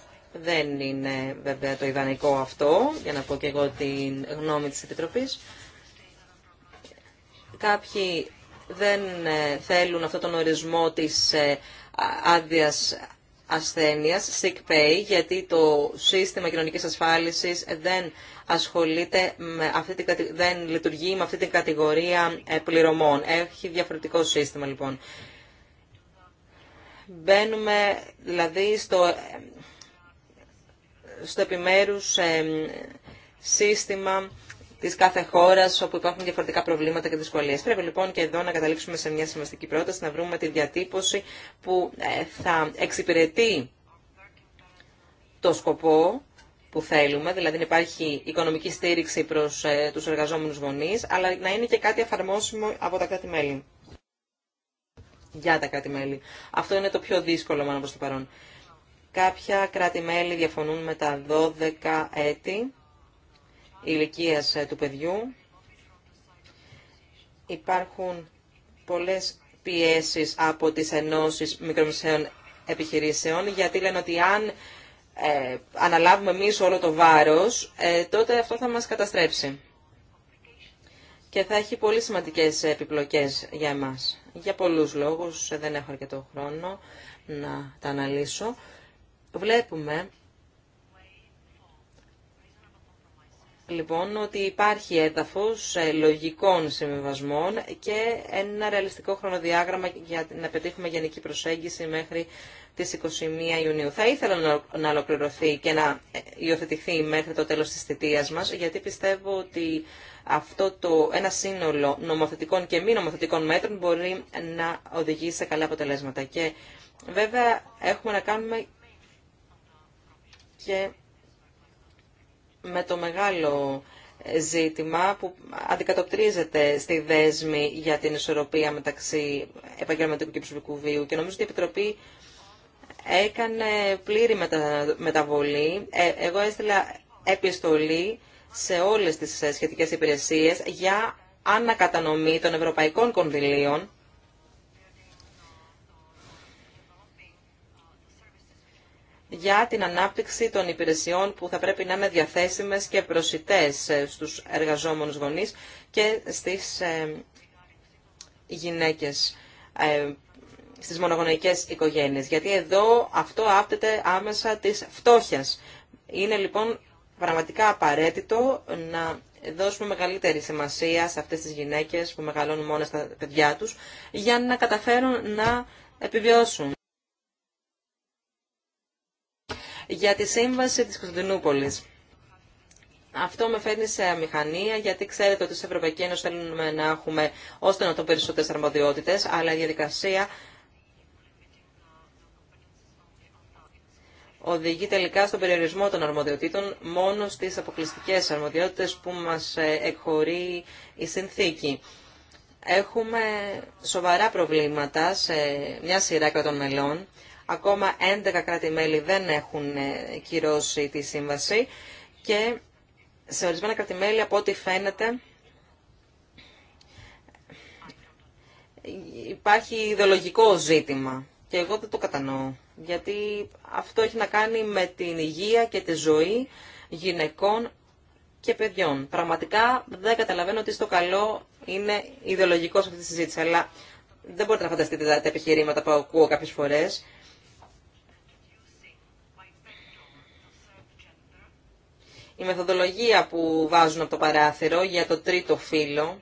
Δεν είναι βέβαια το ιδανικό αυτό, για να πω και εγώ την γνώμη της Επιτροπής. Κάποιοι δεν ε, θέλουν αυτόν τον ορισμό της άδειας ασθένειας, sick pay, γιατί το σύστημα κοινωνικής ασφάλισης δεν ασχολείται με αυτή την, δεν λειτουργεί με αυτή την κατηγορία ε, πληρωμών. Έχει διαφορετικό σύστημα λοιπόν. Μπαίνουμε δηλαδή στο, ε, στο επιμέρους ε, σύστημα τη κάθε χώρα όπου υπάρχουν διαφορετικά προβλήματα και δυσκολίε. Πρέπει λοιπόν και εδώ να καταλήξουμε σε μια σημαντική πρόταση, να βρούμε τη διατύπωση που ε, θα εξυπηρετεί το σκοπό που θέλουμε, δηλαδή να υπάρχει οικονομική στήριξη προς ε, του εργαζόμενου γονεί, αλλά να είναι και κάτι εφαρμόσιμο από τα κράτη-μέλη. Για τα κράτη-μέλη. Αυτό είναι το πιο δύσκολο μάλλον προ το παρόν. Κάποια κράτη-μέλη διαφωνούν με τα 12 έτη ηλικίας ε, του παιδιού. Υπάρχουν πολλές πιέσεις από τις ενώσεις μικρομεσαίων επιχειρήσεων, γιατί λένε ότι αν ε, αναλάβουμε εμεί όλο το βάρος, ε, τότε αυτό θα μας καταστρέψει. Και θα έχει πολύ σημαντικές επιπλοκές για εμάς. Για πολλούς λόγους, δεν έχω αρκετό χρόνο να τα αναλύσω. Βλέπουμε λοιπόν ότι υπάρχει έδαφος λογικών συμβιβασμών και ένα ρεαλιστικό χρονοδιάγραμμα για να πετύχουμε γενική προσέγγιση μέχρι τις 21 Ιουνίου. Θα ήθελα να ολοκληρωθεί και να ε, υιοθετηθεί μέχρι το τέλος της θητείας μας, γιατί πιστεύω ότι αυτό το ένα σύνολο νομοθετικών και μη νομοθετικών μέτρων μπορεί να οδηγήσει σε καλά αποτελέσματα. Και βέβαια έχουμε να κάνουμε και με το μεγάλο ε, ζήτημα που αντικατοπτρίζεται στη δέσμη για την ισορροπία μεταξύ επαγγελματικού και προσωπικού βίου και νομίζω ότι η Επιτροπή έκανε πλήρη μεταβολή. Ε, εγώ έστειλα επιστολή σε όλες τις ε, σχετικές υπηρεσίες για ανακατανομή των ευρωπαϊκών κονδυλίων για την ανάπτυξη των υπηρεσιών που θα πρέπει να είναι διαθέσιμες και προσιτές ε, στους εργαζόμενους γονείς και στις ε, γυναίκες, ε, στις μονογονεϊκές οικογένειες. Γιατί εδώ αυτό άπτεται άμεσα της φτώχειας. Είναι λοιπόν πραγματικά απαραίτητο να δώσουμε μεγαλύτερη σημασία σε αυτές τις γυναίκες που μεγαλώνουν μόνο τα παιδιά τους για να καταφέρουν να επιβιώσουν. για τη σύμβαση της Κωνσταντινούπολης. Αυτό με φέρνει σε αμηχανία, γιατί ξέρετε ότι στην Ευρωπαϊκή Ένωση θέλουμε να έχουμε ώστε να το περισσότερες αρμοδιότητες αλλά η διαδικασία οδηγεί τελικά στον περιορισμό των αρμοδιοτήτων μόνο στις αποκλειστικές αρμοδιότητες που μας ε, εκχωρεί η συνθήκη. Έχουμε σοβαρά προβλήματα σε μια σειρά κρατών μελών, Ακόμα 11 κράτη-μέλη δεν έχουν ε, κυρώσει τη σύμβαση και σε ορισμένα κράτη-μέλη από ό,τι φαίνεται υπάρχει ιδεολογικό ζήτημα και εγώ δεν το κατανοώ γιατί αυτό έχει να κάνει με την υγεία και τη ζωή γυναικών και παιδιών. Πραγματικά δεν καταλαβαίνω ότι στο καλό είναι ιδεολογικό σε αυτή τη συζήτηση, αλλά δεν μπορείτε να φανταστείτε τα επιχειρήματα που ακούω κάποιες φορές. Η μεθοδολογία που βάζουν από το παράθυρο για το τρίτο φύλλο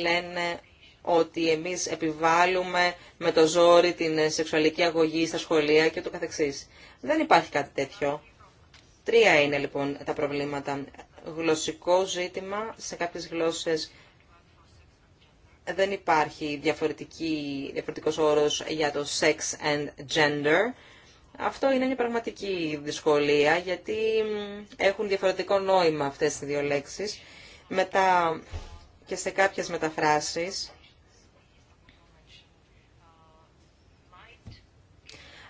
λένε ότι εμείς επιβάλλουμε με το ζόρι την σεξουαλική αγωγή στα σχολεία και το καθεξής. Δεν υπάρχει κάτι τέτοιο. Τρία είναι λοιπόν τα προβλήματα. Γλωσσικό ζήτημα, σε κάποιες γλώσσες δεν υπάρχει διαφορετική, διαφορετικός όρος για το sex and gender. Αυτό είναι μια πραγματική δυσκολία γιατί έχουν διαφορετικό νόημα αυτές οι δύο λέξεις. Μετά και σε κάποιες μεταφράσεις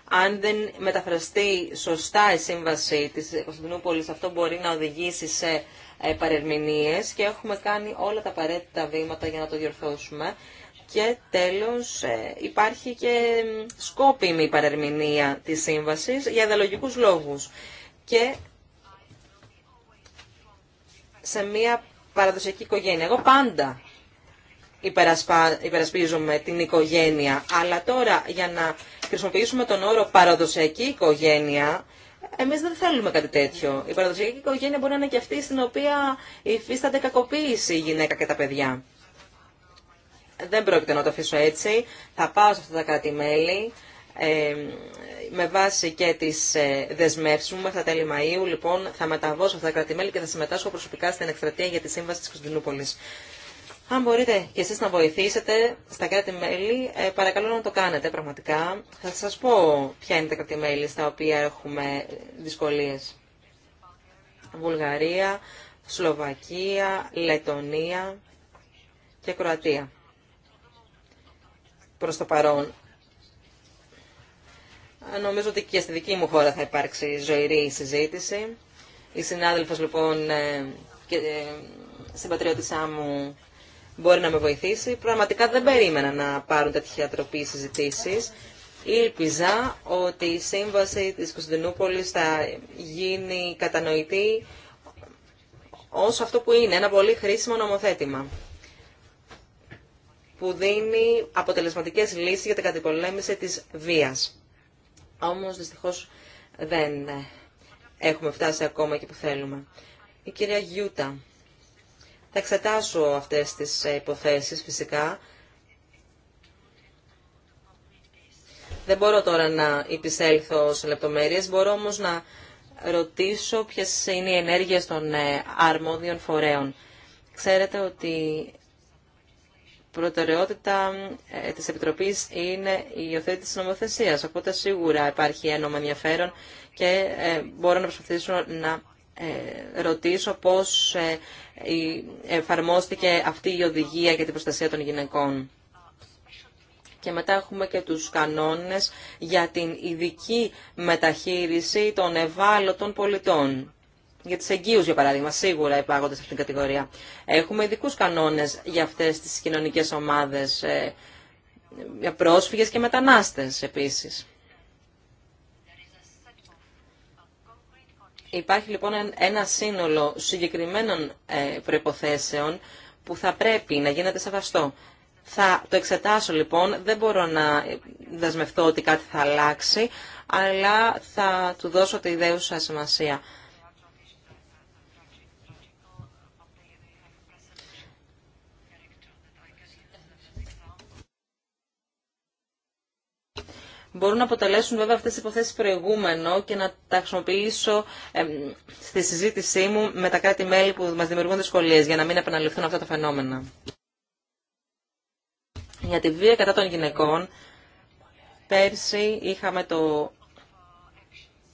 αν δεν μεταφραστεί σωστά η σύμβαση της Κωνσταντινούπολης, αυτό μπορεί να οδηγήσει σε ε, παρερμηνίες και έχουμε κάνει όλα τα απαραίτητα βήματα για να το διορθώσουμε. Και τέλος ε, υπάρχει και σκόπιμη παρερμηνία της σύμβασης για ιδεολογικούς λόγους. Και σε μια παραδοσιακή οικογένεια. Εγώ πάντα υπερασπίζομαι την οικογένεια, αλλά τώρα για να χρησιμοποιήσουμε τον όρο παραδοσιακή οικογένεια, Εμεί δεν θέλουμε κάτι τέτοιο. Η παραδοσιακή οικογένεια μπορεί να είναι και αυτή στην οποία υφίστανται κακοποίηση η γυναίκα και τα παιδιά δεν πρόκειται να το αφήσω έτσι. Θα πάω σε αυτά τα κράτη-μέλη ε, με βάση και τι δεσμεύσει δεσμεύσεις μου μέχρι τα τέλη Μαΐου. Λοιπόν, θα μεταβώ σε αυτά τα κράτη-μέλη και θα συμμετάσχω προσωπικά στην εκστρατεία για τη σύμβαση τη Κωνσταντινούπολης. Αν μπορείτε κι εσείς να βοηθήσετε στα κράτη-μέλη, ε, παρακαλώ να το κάνετε πραγματικά. Θα σας πω ποια είναι τα κράτη-μέλη στα οποία έχουμε δυσκολίες. Βουλγαρία, Σλοβακία, Λετωνία και Κροατία προς το παρόν. Νομίζω ότι και στη δική μου χώρα θα υπάρξει ζωηρή συζήτηση. Η συνάδελφος λοιπόν ε, και ε, συμπατριώτησά μου μπορεί να με βοηθήσει. Πραγματικά δεν περίμενα να πάρουν τέτοια τροπή συζητήσει. Ήλπιζα ότι η σύμβαση της Κωνσταντινούπολης θα γίνει κατανοητή ως αυτό που είναι, ένα πολύ χρήσιμο νομοθέτημα που δίνει αποτελεσματικές λύσεις για την κατηπολέμηση της βίας. Όμως δυστυχώς δεν ε, έχουμε φτάσει ακόμα εκεί που θέλουμε. Η κυρία Γιούτα. Θα εξετάσω αυτές τις ε, υποθέσεις φυσικά. Δεν μπορώ τώρα να υπησέλθω σε λεπτομέρειες, μπορώ όμως να ρωτήσω ποιες είναι οι ενέργειες των ε, αρμόδιων φορέων. Ξέρετε ότι προτεραιότητα ε, της Επιτροπής είναι η υιοθέτηση της νομοθεσίας. Οπότε σίγουρα υπάρχει ένομα ενδιαφέρον και ε, μπορώ να προσπαθήσω να ε, ρωτήσω πώς εφαρμόστηκε αυτή η οδηγία για την προστασία των γυναικών. Και μετά έχουμε και τους κανόνες για την ειδική μεταχείριση των ευάλωτων πολιτών. Για τις εγγύου, για παράδειγμα, σίγουρα υπάγονται σε αυτήν την κατηγορία. Έχουμε ειδικού κανόνες για αυτές τις κοινωνικές ομάδες, ε, για πρόσφυγες και μετανάστες επίσης. Υπάρχει λοιπόν ένα σύνολο συγκεκριμένων ε, προϋποθέσεων που θα πρέπει να γίνεται σεβαστό. Θα το εξετάσω λοιπόν, δεν μπορώ να δεσμευτώ ότι κάτι θα αλλάξει, αλλά θα του δώσω τη ιδέουσα σημασία. Μπορούν να αποτελέσουν βέβαια αυτές τις υποθέσεις προηγούμενο και να τα χρησιμοποιήσω στη συζήτησή μου με τα κράτη-μέλη που μας δημιουργούν δυσκολίες για να μην επαναληφθούν αυτά τα φαινόμενα. Για τη βία κατά των γυναικών, πέρσι είχαμε το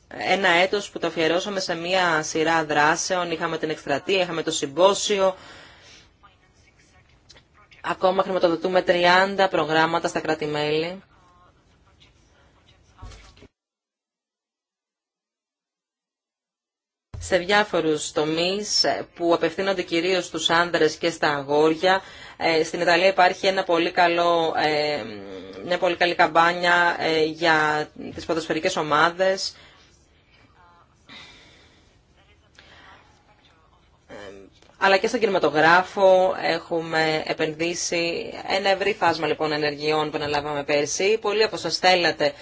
ένα έτος που το αφιερώσαμε σε μία σειρά δράσεων. Είχαμε την εκστρατεία, είχαμε το συμπόσιο. Ακόμα χρηματοδοτούμε 30 προγράμματα στα κράτη-μέλη σε διάφορους τομείς που απευθύνονται κυρίως στους άνδρες και στα αγόρια. Ε, στην Ιταλία υπάρχει ένα πολύ καλό, ε, μια πολύ καλή καμπάνια ε, για τις ποδοσφαιρικές ομάδες. αλλά και στον κινηματογράφο έχουμε επενδύσει ένα ευρύ φάσμα λοιπόν ενεργειών που αναλάβαμε πέρσι. Πολλοί από σας θέλατε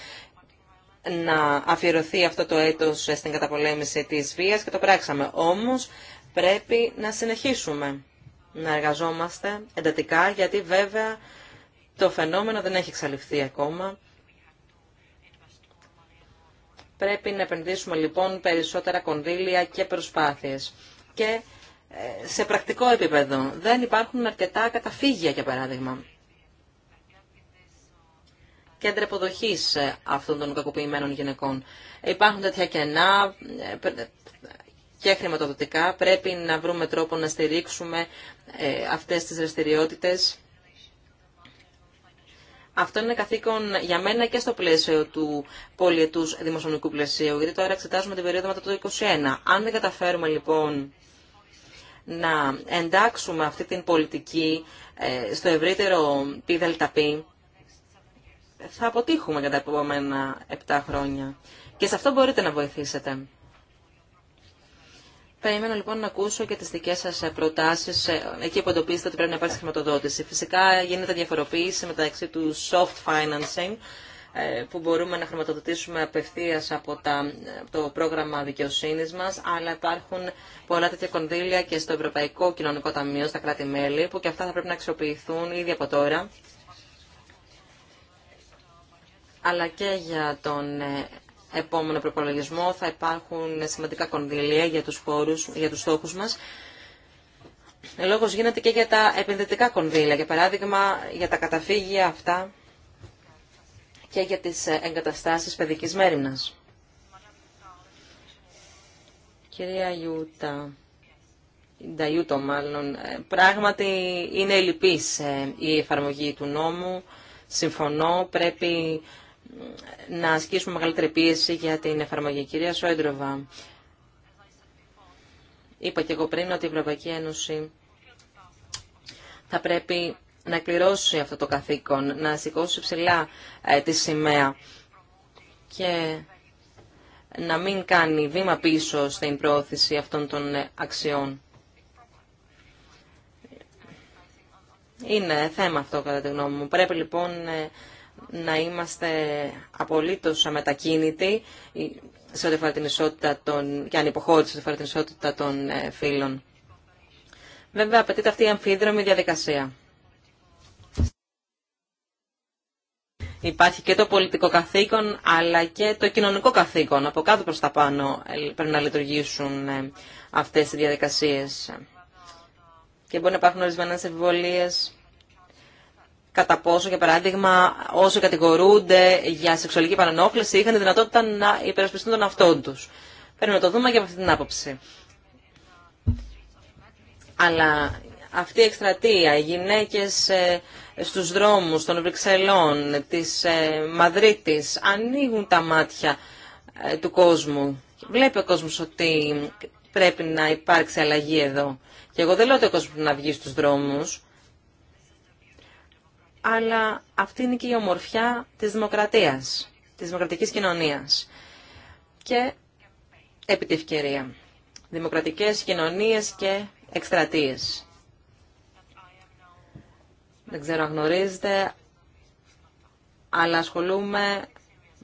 να αφιερωθεί αυτό το έτος στην καταπολέμηση της βίας και το πράξαμε. Όμως πρέπει να συνεχίσουμε να εργαζόμαστε εντατικά γιατί βέβαια το φαινόμενο δεν έχει εξαλειφθεί ακόμα. Πρέπει να επενδύσουμε λοιπόν περισσότερα κονδύλια και προσπάθειες. Και ε, σε πρακτικό επίπεδο δεν υπάρχουν αρκετά καταφύγια για παράδειγμα κέντρα υποδοχή ε, αυτών των κακοποιημένων γυναικών. Υπάρχουν τέτοια κενά ε, και χρηματοδοτικά. Πρέπει να βρούμε τρόπο να στηρίξουμε ε, αυτές τις δραστηριότητε. Αυτό είναι καθήκον για μένα και στο πλαίσιο του πολιετούς δημοσιονομικού πλαισίου, γιατί τώρα εξετάζουμε την περίοδο μετά το 2021. Αν δεν καταφέρουμε λοιπόν να εντάξουμε αυτή την πολιτική στο ευρύτερο ΠΔΠ, θα αποτύχουμε για τα επόμενα 7 χρόνια. Και σε αυτό μπορείτε να βοηθήσετε. Περιμένω λοιπόν να ακούσω και τις δικές σας προτάσεις ε, εκεί που εντοπίζετε ότι πρέπει να υπάρξει χρηματοδότηση. Φυσικά γίνεται διαφοροποίηση μεταξύ του soft financing ε, που μπορούμε να χρηματοδοτήσουμε απευθείας από, τα, το πρόγραμμα δικαιοσύνης μας, αλλά υπάρχουν πολλά τέτοια κονδύλια και στο Ευρωπαϊκό Κοινωνικό Ταμείο, στα κράτη-μέλη, που και αυτά θα πρέπει να αξιοποιηθούν ήδη από τώρα αλλά και για τον ε, επόμενο προπολογισμό θα υπάρχουν σημαντικά κονδύλια για τους, πόρους, για τους στόχους μας. Ε, λόγος γίνεται και για τα επενδυτικά κονδύλια, για παράδειγμα για τα καταφύγια αυτά και για τις ε, εγκαταστάσεις παιδικής μέρημνας. Κυρία Ιούτα, Νταϊούτο μάλλον, πράγματι είναι ελλειπής η εφαρμογή του νόμου. Συμφωνώ, πρέπει να ασκήσουμε μεγαλύτερη πίεση για την εφαρμογή. Κυρία Σόιντροβα, είπα και εγώ πριν ότι η Ευρωπαϊκή Ένωση θα πρέπει να εκπληρώσει αυτό το καθήκον, να σηκώσει ψηλά ε, τη σημαία και να μην κάνει βήμα πίσω στην πρόθεση αυτών των ε, αξιών. Είναι θέμα αυτό κατά τη γνώμη μου. Πρέπει λοιπόν ε, να είμαστε απολύτως αμετακίνητοι σε ό,τι αφορά την ισότητα των, και ανυποχώρηση σε ό,τι αφορά την ισότητα των ε, φίλων. Βέβαια, απαιτείται αυτή η αμφίδρομη διαδικασία. Υπάρχει και το πολιτικό καθήκον, αλλά και το κοινωνικό καθήκον. Από κάτω προς τα πάνω ε, πρέπει να λειτουργήσουν ε, αυτές οι διαδικασίες. Και μπορεί να υπάρχουν ορισμένες ευβολίες κατά πόσο, για παράδειγμα, όσοι κατηγορούνται για σεξουαλική παρανόχληση είχαν τη δυνατότητα να υπερασπιστούν τον αυτόν του. Πρέπει να το δούμε και από αυτή την άποψη. Αλλά αυτή η εκστρατεία, οι γυναίκες ε, στους δρόμους των Βρυξελών, της ε, Μαδρίτης, ανοίγουν τα μάτια ε, του κόσμου. Βλέπει ο κόσμος ότι πρέπει να υπάρξει αλλαγή εδώ. Και εγώ δεν λέω ότι ο κόσμος πρέπει να βγει στους δρόμους, αλλά αυτή είναι και η ομορφιά της δημοκρατίας, της δημοκρατικής κοινωνίας. Και επί τη ευκαιρία, δημοκρατικές κοινωνίες και εκστρατείες. Δεν ξέρω αν γνωρίζετε, αλλά ασχολούμαι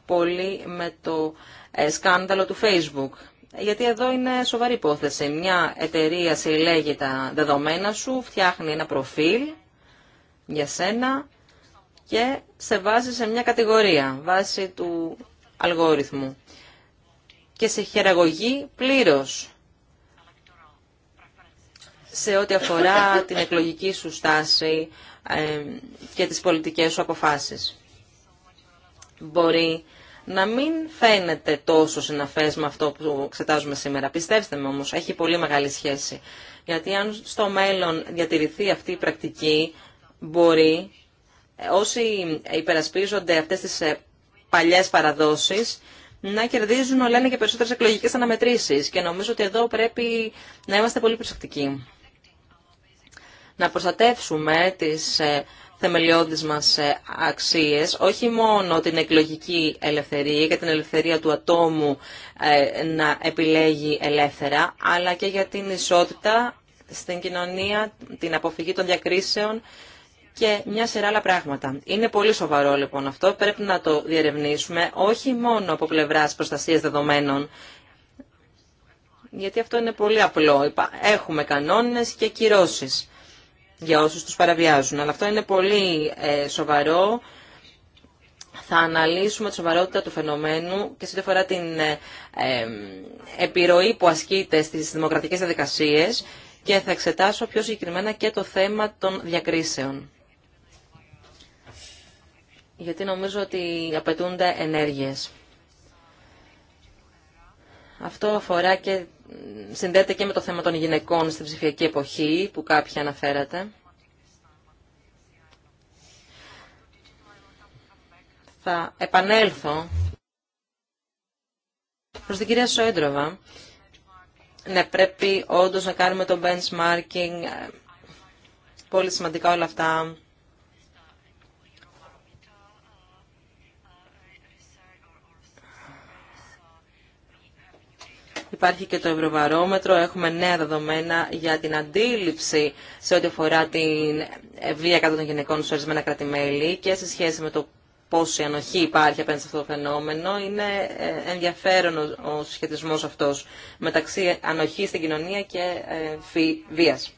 πολύ με το ε, σκάνδαλο του Facebook. Γιατί εδώ είναι σοβαρή υπόθεση. Μια εταιρεία συλλέγει τα δεδομένα σου, φτιάχνει ένα προφίλ για σένα και σε βάζει σε μια κατηγορία βάση του αλγόριθμου και σε χειραγωγεί πλήρως σε ό,τι αφορά [LAUGHS] την εκλογική σου στάση και τις πολιτικές σου αποφάσεις. Μπορεί να μην φαίνεται τόσο συναφές με αυτό που εξετάζουμε σήμερα. Πιστέψτε με όμως, έχει πολύ μεγάλη σχέση. Γιατί αν στο μέλλον διατηρηθεί αυτή η πρακτική, μπορεί όσοι υπερασπίζονται αυτές τις ε, παλιές παραδόσεις να κερδίζουν όλα και περισσότερες εκλογικές αναμετρήσεις και νομίζω ότι εδώ πρέπει να είμαστε πολύ προσεκτικοί. Να προστατεύσουμε τις ε, θεμελιώδεις μας ε, αξίες, όχι μόνο την εκλογική ελευθερία και την ελευθερία του ατόμου να επιλέγει ελεύθερα, αλλά και για την ισότητα στην κοινωνία, την αποφυγή των διακρίσεων και μια σειρά άλλα πράγματα. Είναι πολύ σοβαρό λοιπόν αυτό, πρέπει να το διερευνήσουμε όχι μόνο από πλευράς προστασία δεδομένων, γιατί αυτό είναι πολύ απλό. Έχουμε κανόνες και κυρώσεις για όσους τους παραβιάζουν, αλλά αυτό είναι πολύ ε, σοβαρό. Θα αναλύσουμε τη σοβαρότητα του φαινομένου και σε ό,τι αφορά την ε, ε, επιρροή που ασκείται στις δημοκρατικές διαδικασίες και θα εξετάσω πιο συγκεκριμένα και το θέμα των διακρίσεων γιατί νομίζω ότι απαιτούνται ενέργειες. Αυτό αφορά και συνδέεται και με το θέμα των γυναικών στην ψηφιακή εποχή που κάποιοι αναφέρατε. Θα επανέλθω προς την κυρία Σόιντροβα. Ναι, πρέπει όντως να κάνουμε το benchmarking. Ε, πολύ σημαντικά όλα αυτά. Υπάρχει και το ευρωβαρόμετρο, έχουμε νέα δεδομένα για την αντίληψη σε ό,τι αφορά την βία κατά των γυναικών σε ορισμένα κρατημέλη και σε σχέση με το πόση ανοχή υπάρχει απέναντι σε αυτό το φαινόμενο. Είναι ε, ενδιαφέρον ο σχετισμός αυτός μεταξύ ανοχής στην κοινωνία και ε, βίας.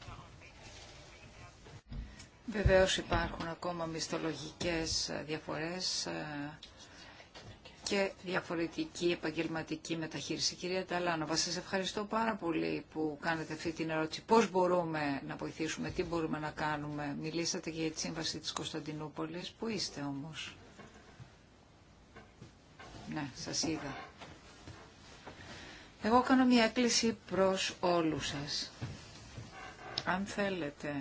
Βεβαίως υπάρχουν ακόμα μισθολογικές διαφορές ε, και διαφορετική επαγγελματική μεταχείριση. Κυρία Ταλάνοβα, σας ευχαριστώ πάρα πολύ που κάνετε αυτή την ερώτηση. Πώς μπορούμε να βοηθήσουμε, τι μπορούμε να κάνουμε. Μιλήσατε και για τη σύμβαση της Κωνσταντινούπολης. Πού είστε όμως. Ναι, σας είδα. Εγώ κάνω μια έκκληση προς όλους σας. Αν θέλετε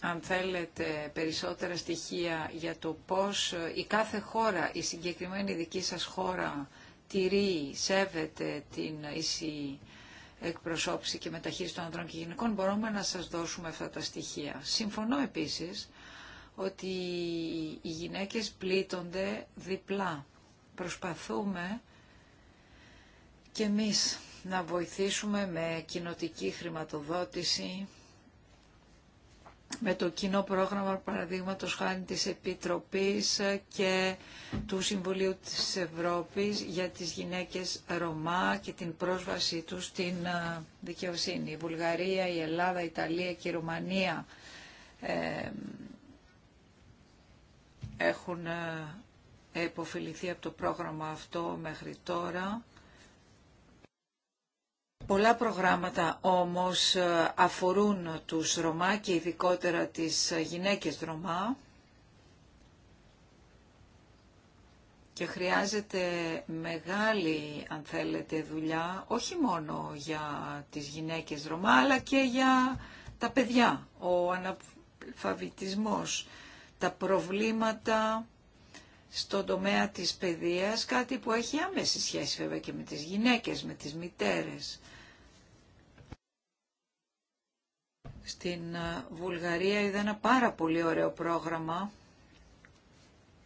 αν θέλετε, περισσότερα στοιχεία για το πώς η κάθε χώρα, η συγκεκριμένη δική σας χώρα, τηρεί, σέβεται την ίση εκπροσώπηση και μεταχείριση των ανδρών και γυναικών, μπορούμε να σας δώσουμε αυτά τα στοιχεία. Συμφωνώ επίσης ότι οι γυναίκες πλήττονται διπλά. Προσπαθούμε και εμείς να βοηθήσουμε με κοινοτική χρηματοδότηση με το κοινό πρόγραμμα παραδείγματο χάρη της Επιτροπής και του Συμβουλίου της Ευρώπης για τις γυναίκες Ρωμά και την πρόσβασή τους στην ε, δικαιοσύνη. Η Βουλγαρία, η Ελλάδα, η Ιταλία και η Ρουμανία ε, έχουν υποφεληθεί ε, από το πρόγραμμα αυτό μέχρι τώρα. Πολλά προγράμματα όμως ε, αφορούν τους Ρωμά και ειδικότερα τις ε, γυναίκες Ρωμά και χρειάζεται μεγάλη, αν θέλετε, δουλειά όχι μόνο για τις γυναίκες Ρωμά αλλά και για τα παιδιά, ο αναλφαβητισμός, τα προβλήματα στον τομέα της παιδείας, κάτι που έχει άμεση σχέση βέβαια και με τις γυναίκες, με τις μητέρες. Στην ε, Βουλγαρία είδα ένα πάρα πολύ ωραίο πρόγραμμα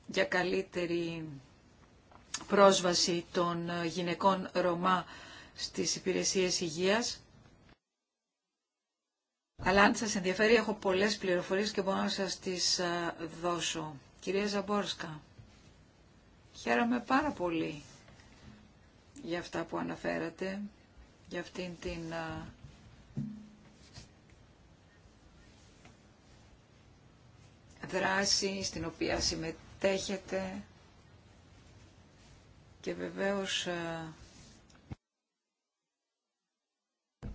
για καλύτερη πρόσβαση των ε, γυναικών Ρωμά στις υπηρεσίες υγείας. Αλλά αν σας ενδιαφέρει έχω πολλές πληροφορίες και μπορώ να σας τις ε, δώσω. Κυρία Ζαμπόρσκα, χαίρομαι πάρα πολύ για αυτά που αναφέρατε, για αυτήν την δράση στην οποία συμμετέχετε και βεβαίως ε,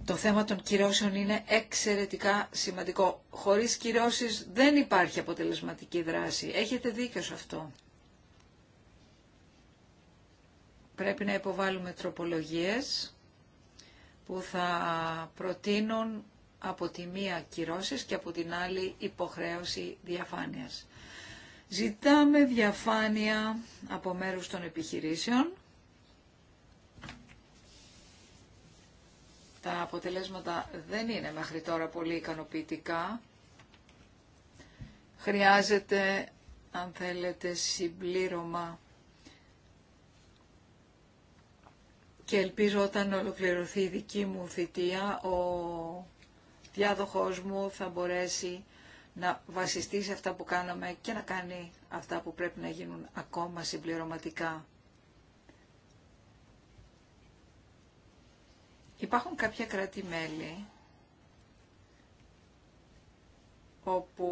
το θέμα των κυρώσεων είναι εξαιρετικά σημαντικό. Χωρίς κυρώσεις δεν υπάρχει αποτελεσματική δράση. Έχετε δίκιο σε αυτό. Πρέπει να υποβάλουμε τροπολογίες που θα προτείνουν από τη μία κυρώσεις και από την άλλη υποχρέωση διαφάνειας. Ζητάμε διαφάνεια από μέρους των επιχειρήσεων. Τα αποτελέσματα δεν είναι μέχρι τώρα πολύ ικανοποιητικά. Χρειάζεται, αν θέλετε, συμπλήρωμα και ελπίζω όταν ολοκληρωθεί η δική μου θητεία ο διάδοχός μου θα μπορέσει να βασιστεί σε αυτά που κάναμε και να κάνει αυτά που πρέπει να γίνουν ακόμα συμπληρωματικά. Υπάρχουν κάποια κράτη-μέλη όπου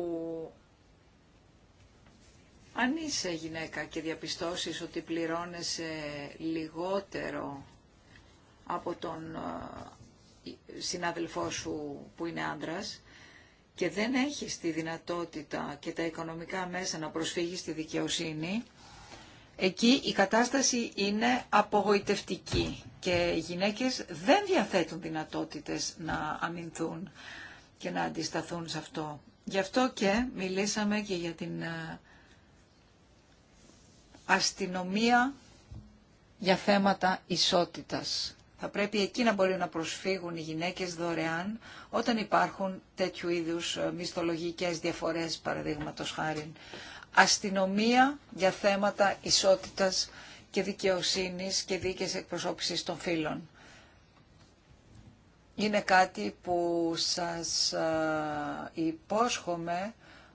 αν είσαι γυναίκα και διαπιστώσεις ότι πληρώνεσαι λιγότερο από τον ε, συνάδελφό σου που είναι άντρας και δεν έχει τη δυνατότητα και τα οικονομικά μέσα να προσφύγει στη δικαιοσύνη, εκεί η κατάσταση είναι απογοητευτική και οι γυναίκες δεν διαθέτουν δυνατότητες να αμυνθούν και να αντισταθούν σε αυτό. Γι' αυτό και μιλήσαμε και για την ε, αστυνομία για θέματα ισότητας. Θα πρέπει εκεί να μπορεί να προσφύγουν οι γυναίκες δωρεάν όταν υπάρχουν τέτοιου είδους ε, μισθολογικές διαφορές, παραδείγματο χάρη. Αστυνομία για θέματα ισότητας και δικαιοσύνης και δίκαιης εκπροσώπησης των φύλων. Είναι κάτι που σας ε, υπόσχομαι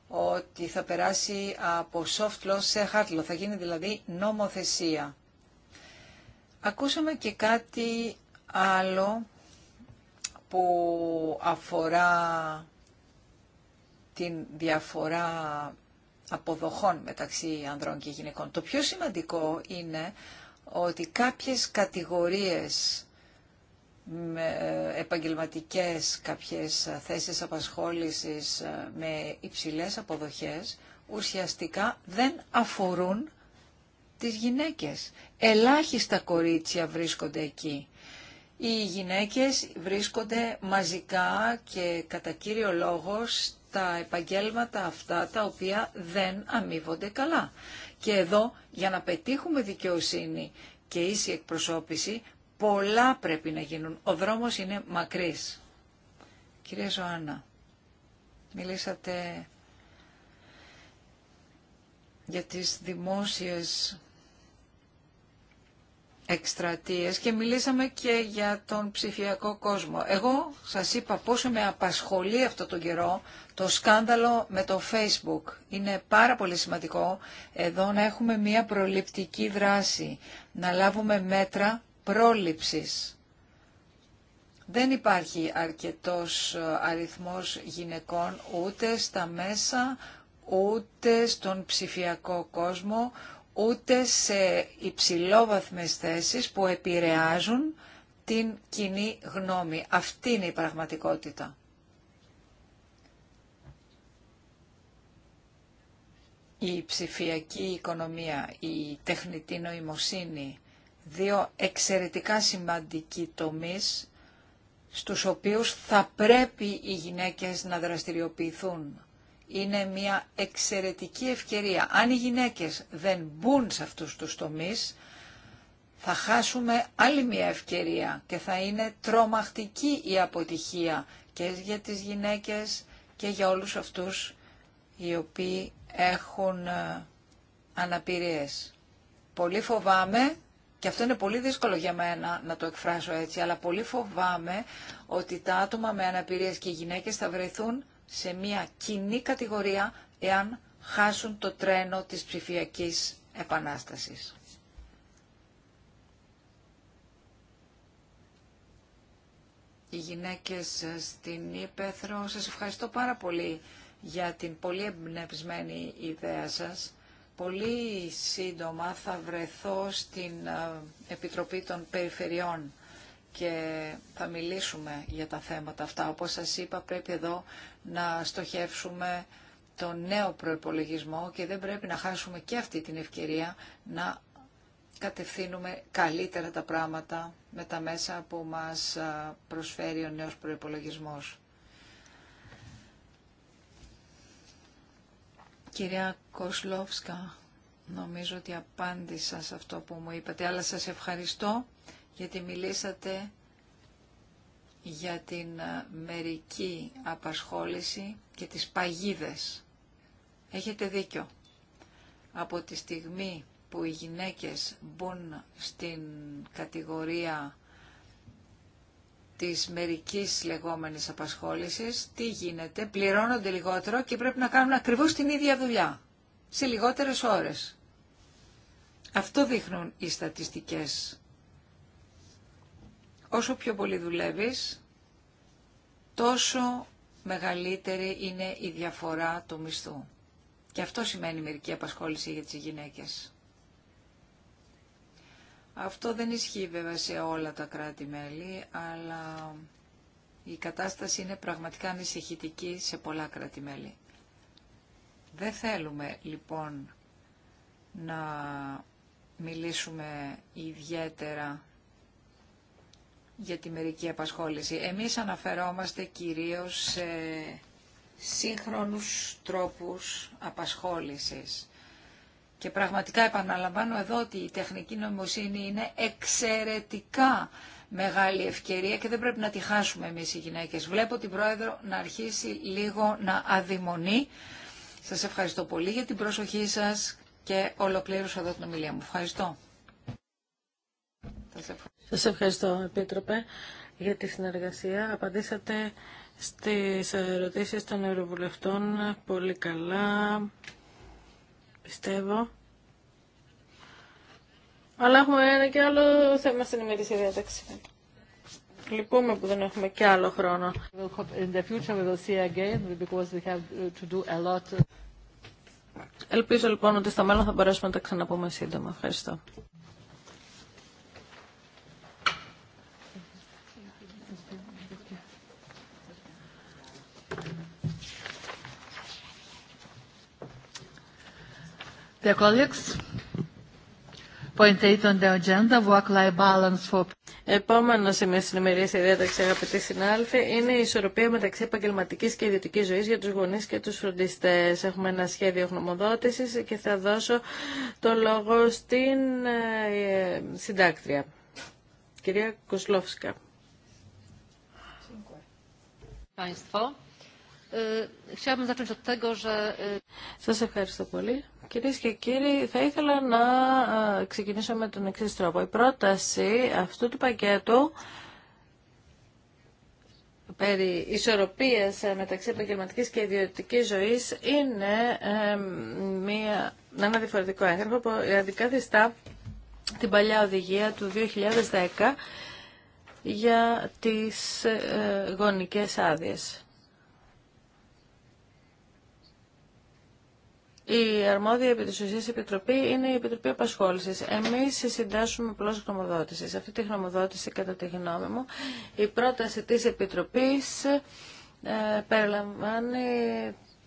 ότι θα περάσει από soft law σε hard law, θα γίνει δηλαδή νομοθεσία. Ακούσαμε και κάτι άλλο που αφορά την διαφορά αποδοχών μεταξύ ανδρών και γυναικών. Το πιο σημαντικό είναι ότι κάποιες κατηγορίες με επαγγελματικές, κάποιες θέσεις απασχόλησης ε, με υψηλές αποδοχές ουσιαστικά δεν αφορούν τις γυναίκες. Ελάχιστα κορίτσια βρίσκονται εκεί. Οι γυναίκες βρίσκονται μαζικά και κατά κύριο λόγο στα επαγγέλματα αυτά τα οποία δεν αμείβονται καλά. Και εδώ για να πετύχουμε δικαιοσύνη και ίση εκπροσώπηση πολλά πρέπει να γίνουν. Ο δρόμος είναι μακρύς. Κυρία Ζωάννα, μιλήσατε για τις δημόσιες εκστρατείες και μιλήσαμε και για τον ψηφιακό κόσμο. Εγώ σας είπα πόσο με απασχολεί αυτό τον καιρό το σκάνδαλο με το Facebook. Είναι πάρα πολύ σημαντικό εδώ να έχουμε μια προληπτική δράση, να λάβουμε μέτρα πρόληψης. Δεν υπάρχει αρκετός ε, αριθμός γυναικών ούτε στα μέσα, ούτε στον ψηφιακό κόσμο, ούτε σε υψηλόβαθμες θέσεις που επηρεάζουν την κοινή γνώμη. Αυτή είναι η πραγματικότητα. Η ψηφιακή οικονομία, η τεχνητή νοημοσύνη, δύο εξαιρετικά σημαντικοί τομείς στους οποίους θα πρέπει οι γυναίκες να δραστηριοποιηθούν είναι μια εξαιρετική ευκαιρία. Αν οι γυναίκες δεν μπουν σε αυτούς τους τομείς, θα χάσουμε άλλη μια ευκαιρία και θα είναι τρομακτική η αποτυχία και για τις γυναίκες και για όλους αυτούς οι οποίοι έχουν ε, αναπηρίες. Πολύ φοβάμαι, και αυτό είναι πολύ δύσκολο για μένα να το εκφράσω έτσι, αλλά πολύ φοβάμαι ότι τα άτομα με αναπηρίες και οι γυναίκες θα βρεθούν σε μια κοινή κατηγορία εάν χάσουν το τρένο της ψηφιακής επανάστασης. Οι γυναίκες ε, στην Ήπεθρο, σας ευχαριστώ πάρα πολύ για την πολύ εμπνευσμένη ιδέα σας. Πολύ σύντομα θα βρεθώ στην ε, Επιτροπή των Περιφερειών και θα μιλήσουμε για τα θέματα αυτά. Όπως σας είπα πρέπει εδώ να στοχεύσουμε το νέο προϋπολογισμό και δεν πρέπει να χάσουμε και αυτή την ευκαιρία να κατευθύνουμε καλύτερα τα πράγματα με τα μέσα που μας προσφέρει ο νέος προϋπολογισμός. Κυρία Κοσλόφσκα, νομίζω ότι απάντησα σε αυτό που μου είπατε, αλλά σας ευχαριστώ γιατί μιλήσατε για την ε, μερική απασχόληση και τις παγίδες. Έχετε δίκιο. Από τη στιγμή που οι γυναίκες μπουν στην κατηγορία της μερικής λεγόμενης απασχόλησης, τι γίνεται, πληρώνονται λιγότερο και πρέπει να κάνουν ακριβώς την ίδια δουλειά, σε λιγότερες ώρες. Αυτό δείχνουν οι στατιστικές Όσο πιο πολύ δουλεύεις, τόσο μεγαλύτερη είναι η διαφορά του μισθού. Και αυτό σημαίνει μερική απασχόληση για τις γυναίκες. Αυτό δεν ισχύει βέβαια σε όλα τα κράτη-μέλη, αλλά η κατάσταση είναι πραγματικά ανησυχητική σε πολλά κράτη-μέλη. Δεν θέλουμε λοιπόν να μιλήσουμε ιδιαίτερα για τη μερική απασχόληση. Εμείς αναφερόμαστε κυρίως σε σύγχρονους τρόπους απασχόλησης. Και πραγματικά επαναλαμβάνω εδώ ότι η τεχνική νομοσύνη είναι εξαιρετικά μεγάλη ευκαιρία και δεν πρέπει να τη χάσουμε εμείς οι γυναίκες. Βλέπω την Πρόεδρο να αρχίσει λίγο να αδειμονεί. Σας ευχαριστώ πολύ για την προσοχή σας και ολοκλήρωσα εδώ την ομιλία μου. Ευχαριστώ. Σας ευχαριστώ, Επίτροπε, για τη συνεργασία. Απαντήσατε στις ερωτήσεις των Ευρωβουλευτών πολύ καλά, πιστεύω. Αλλά έχουμε ένα και άλλο θέμα στην ημερήσια διάταξη. Λυπούμε που δεν έχουμε και άλλο χρόνο. Ελπίζω λοιπόν ότι στο μέλλον θα μπορέσουμε να τα ξαναπούμε σύντομα. Ευχαριστώ. Επόμενο σημείο στην ημερήσια διάταξη, αγαπητοί συνάδελφοι, είναι η ισορροπία μεταξύ επαγγελματική και ιδιωτική ζωή για του γονεί και του φροντιστέ. Έχουμε ένα σχέδιο γνωμοδότηση και θα δώσω το λόγο στην ε, συντάκτρια, κυρία Κουσλόφσκα. E, e, Σα ευχαριστώ πολύ. Κυρίες και κύριοι, θα ήθελα να ξεκινήσω με τον εξή τρόπο. Η πρόταση αυτού του πακέτου περί ισορροπίας ε, μεταξύ επαγγελματική και ιδιωτικής ζωής είναι ε, μια, ένα διαφορετικό έγγραφο που αντικαθιστά την παλιά οδηγία του 2010 για τις ε, γονικές άδειες. Η αρμόδια επί της επιτροπή είναι η Επιτροπή απασχόληση. Εμείς συντάσσουμε απλώ γνωμοδότηση. Σε αυτή τη χρονοδότηση κατά τη γνώμη μου, η πρόταση της Επιτροπής ε, περιλαμβάνει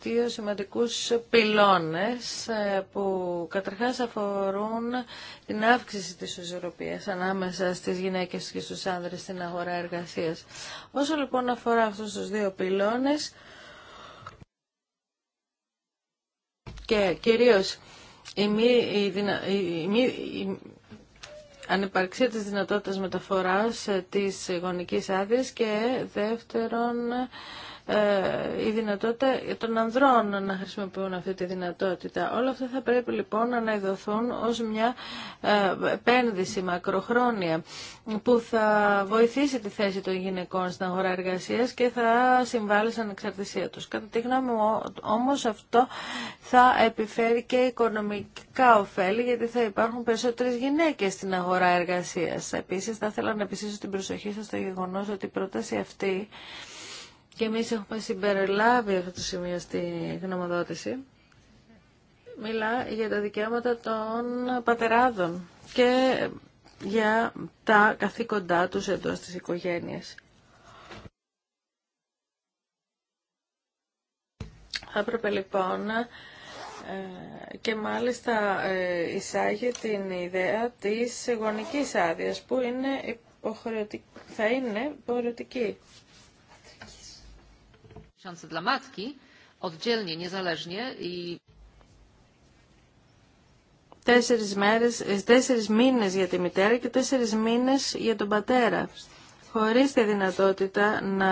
δύο σημαντικούς πυλώνες ε, που καταρχάς αφορούν την αύξηση της ισορροπίας ανάμεσα στις γυναίκες και στους άνδρες στην αγορά εργασίας. Όσο λοιπόν αφορά αυτούς τους δύο πυλώνες, και κυρίως η ανεπαρξία η η της δυνατότητας μεταφοράς ε, της γονικής άδειας και δεύτερον ε, η δυνατότητα των ανδρών να χρησιμοποιούν αυτή τη δυνατότητα. Όλα αυτά θα πρέπει λοιπόν να αναδοθούν ως μια ε, επένδυση μακροχρόνια που θα βοηθήσει τη θέση των γυναικών στην αγορά εργασίας και θα συμβάλλει στην ανεξαρτησία τους. Κατά τη γνώμη μου όμως αυτό θα επιφέρει και οικονομικά ωφέλη γιατί θα υπάρχουν περισσότερες γυναίκες στην αγορά εργασίας. Επίσης θα ήθελα να επισήσω την προσοχή σας στο γεγονός ότι η πρόταση αυτή και εμείς έχουμε συμπεριλάβει αυτό το σημείο στη γνωμοδότηση, μιλά για τα δικαιώματα των πατεράδων και για τα καθήκοντά τους εντός της οικογένειας. Θα έπρεπε λοιπόν ε, και μάλιστα ε, εισάγει την ιδέα της γονικής άδειας που είναι υποχρεωτική, θα είναι υποχρεωτική miesiące dla matki, Τέσσερις, μέρες, ε, τέσσερις μήνες για τη μητέρα και τέσσερις μήνες για τον πατέρα χωρίς τη δυνατότητα να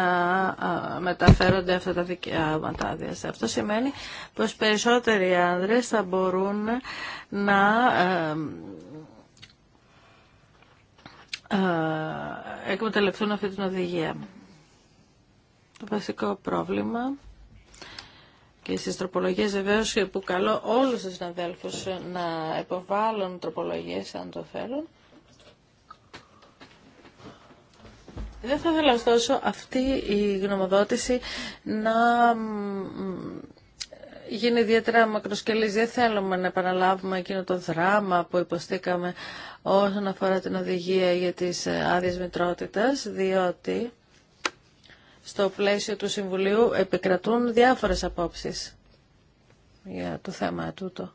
μεταφέρονται αυτά τα δικαιώματα. Αυτό σημαίνει πως περισσότεροι άνδρες θα μπορούν να ε, ε, εκμεταλλευτούν αυτή την οδηγία. Το βασικό πρόβλημα και στις τροπολογίες βεβαίω που καλώ όλους τους συναδέλφους να υποβάλλουν τροπολογίες αν το θέλουν. Δεν θα ήθελα ωστόσο αυτή η γνωμοδότηση να γίνει ιδιαίτερα μακροσκελής. Δεν θέλουμε να επαναλάβουμε εκείνο το δράμα που υποστήκαμε όσον αφορά την οδηγία για τις ε, άδειες μητρότητας, διότι στο πλαίσιο του Συμβουλίου επικρατούν διάφορες απόψεις για το θέμα τούτο.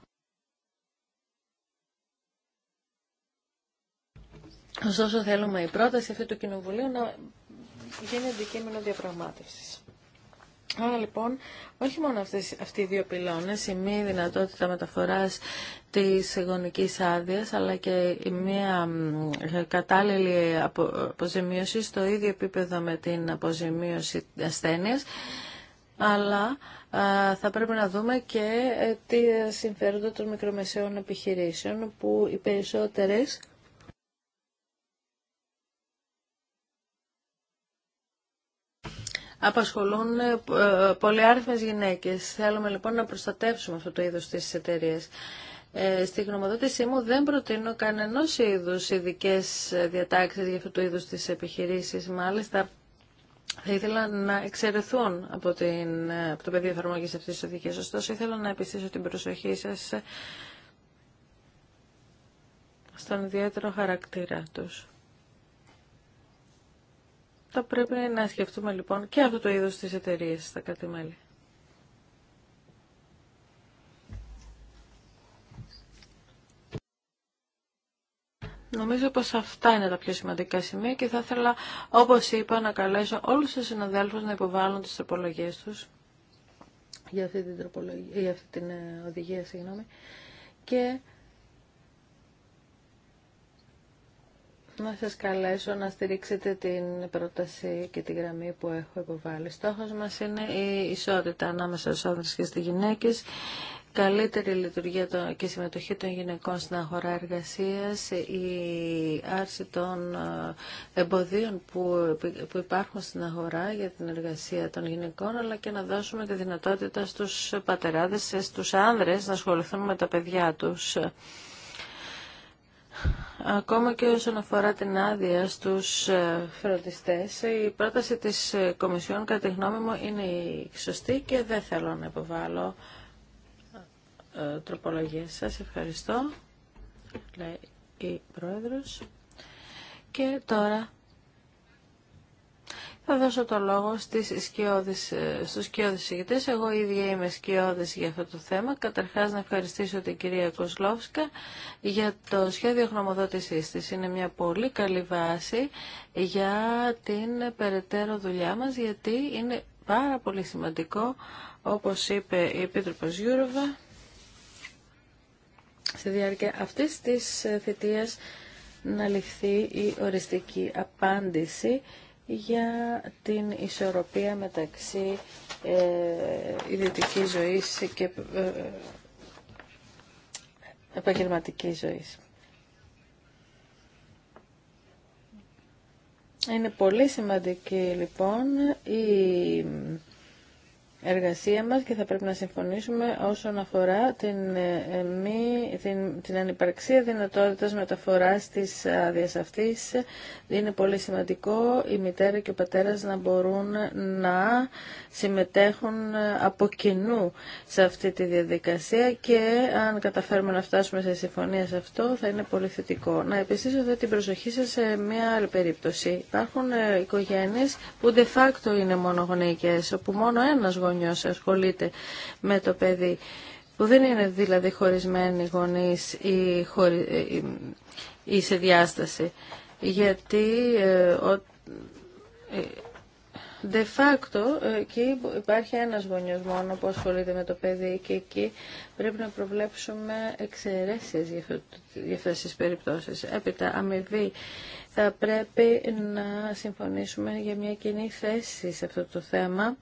Ωστόσο θέλουμε η πρόταση αυτή του Κοινοβουλίου να γίνει αντικείμενο διαπραγμάτευσης. Άρα λοιπόν, όχι μόνο αυτές, αυτοί οι δύο πυλώνες, η μη δυνατότητα μεταφοράς της γονικής άδεια, αλλά και η μία κατάλληλη αποζημίωση στο ίδιο επίπεδο με την αποζημίωση ασθένειας, αλλά θα πρέπει να δούμε και ε, τι ε, συμφέροντα των μικρομεσαίων επιχειρήσεων, που οι περισσότερες απασχολούν ε, πολυάριθμες γυναίκες. Θέλουμε λοιπόν να προστατεύσουμε αυτό το είδος της Ε, στη γνωμοδότησή μου δεν προτείνω κανενός είδους ειδικέ διατάξεις για αυτό το είδος της επιχειρήσης. Μάλιστα θα ήθελα να εξαιρεθούν από, την, από το πεδίο εφαρμογή αυτής της οδηγία. Ωστόσο ήθελα να επιστήσω την προσοχή σας στον ιδιαίτερο χαρακτήρα τους. Θα πρέπει να σκεφτούμε λοιπόν και αυτό το είδος της εταιρείας στα κάτι μέλη. Νομίζω πως αυτά είναι τα πιο σημαντικά σημεία και θα ήθελα, όπως είπα, να καλέσω όλους τους συναδέλφους να υποβάλουν τις τροπολογίες τους για αυτή την, τροπολογία, για αυτή την ε, οδηγία, συγγνώμη, και να σας καλέσω να στηρίξετε την πρόταση και τη γραμμή που έχω υποβάλει. Στόχος μας είναι η ισότητα ανάμεσα στους άνδρες και στις γυναίκες, καλύτερη λειτουργία και συμμετοχή των γυναικών στην αγορά εργασίας, η άρση των ε, εμποδίων που υπάρχουν στην αγορά για την εργασία των γυναικών, αλλά και να δώσουμε τη δυνατότητα στους πατεράδες, στους άνδρες να ασχοληθούν με τα παιδιά τους. Ακόμα και όσον αφορά την άδεια στους ε, φροντιστές, η πρόταση της ε, Κομισιόν κατά τη γνώμη μου είναι η σωστή και δεν θέλω να υποβάλω ε, τροπολογίες. Σας ευχαριστώ, λέει η Πρόεδρος. Και τώρα θα δώσω το λόγο στις σκιώδεις, ε, στους σκιώδεις συγκεκριτές. Εγώ ίδια είμαι σκιώδης για αυτό το θέμα. Καταρχάς να ευχαριστήσω την κυρία Κοσλόφσκα για το σχέδιο γνωμοδότησής της. Είναι μια πολύ καλή βάση για την περαιτέρω δουλειά μας γιατί είναι πάρα πολύ σημαντικό όπως είπε η Επίτροπος Γιούροβα στη διάρκεια αυτής της θητείας να ληφθεί η οριστική απάντηση για την ισορροπία μεταξύ ε, ιδιωτικής ζωής και ε, επαγγελματικής ζωής. Είναι πολύ σημαντική λοιπόν η εργασία μας και θα πρέπει να συμφωνήσουμε όσον αφορά την, ε, ε, την, την ανυπαρξία δυνατότητας μεταφοράς της άδειας αυτής. Είναι πολύ σημαντικό η μητέρα και ο πατέρας να μπορούν να συμμετέχουν από κοινού σε αυτή τη διαδικασία και αν καταφέρουμε να φτάσουμε σε συμφωνία σε αυτό θα είναι πολύ θετικό. Να επιστήσω ότι την προσοχή σας σε μια άλλη περίπτωση. Υπάρχουν ε, οικογένειες που de facto είναι γονεϊκές, όπου μόνο ένας γονιός ασχολείται με το παιδί, που δεν είναι δηλαδή χωρισμένοι γονείς ή, χωρι... ή σε διάσταση. Γιατί ε, ο... Ε, de facto, εκεί υπάρχει ένας γονιός μόνο που ασχολείται με το παιδί και εκεί πρέπει να προβλέψουμε εξαιρέσεις για αυτές τις περιπτώσεις. Έπειτα, αμοιβή, θα πρέπει να συμφωνήσουμε για μια κοινή θέση σε αυτό το θέμα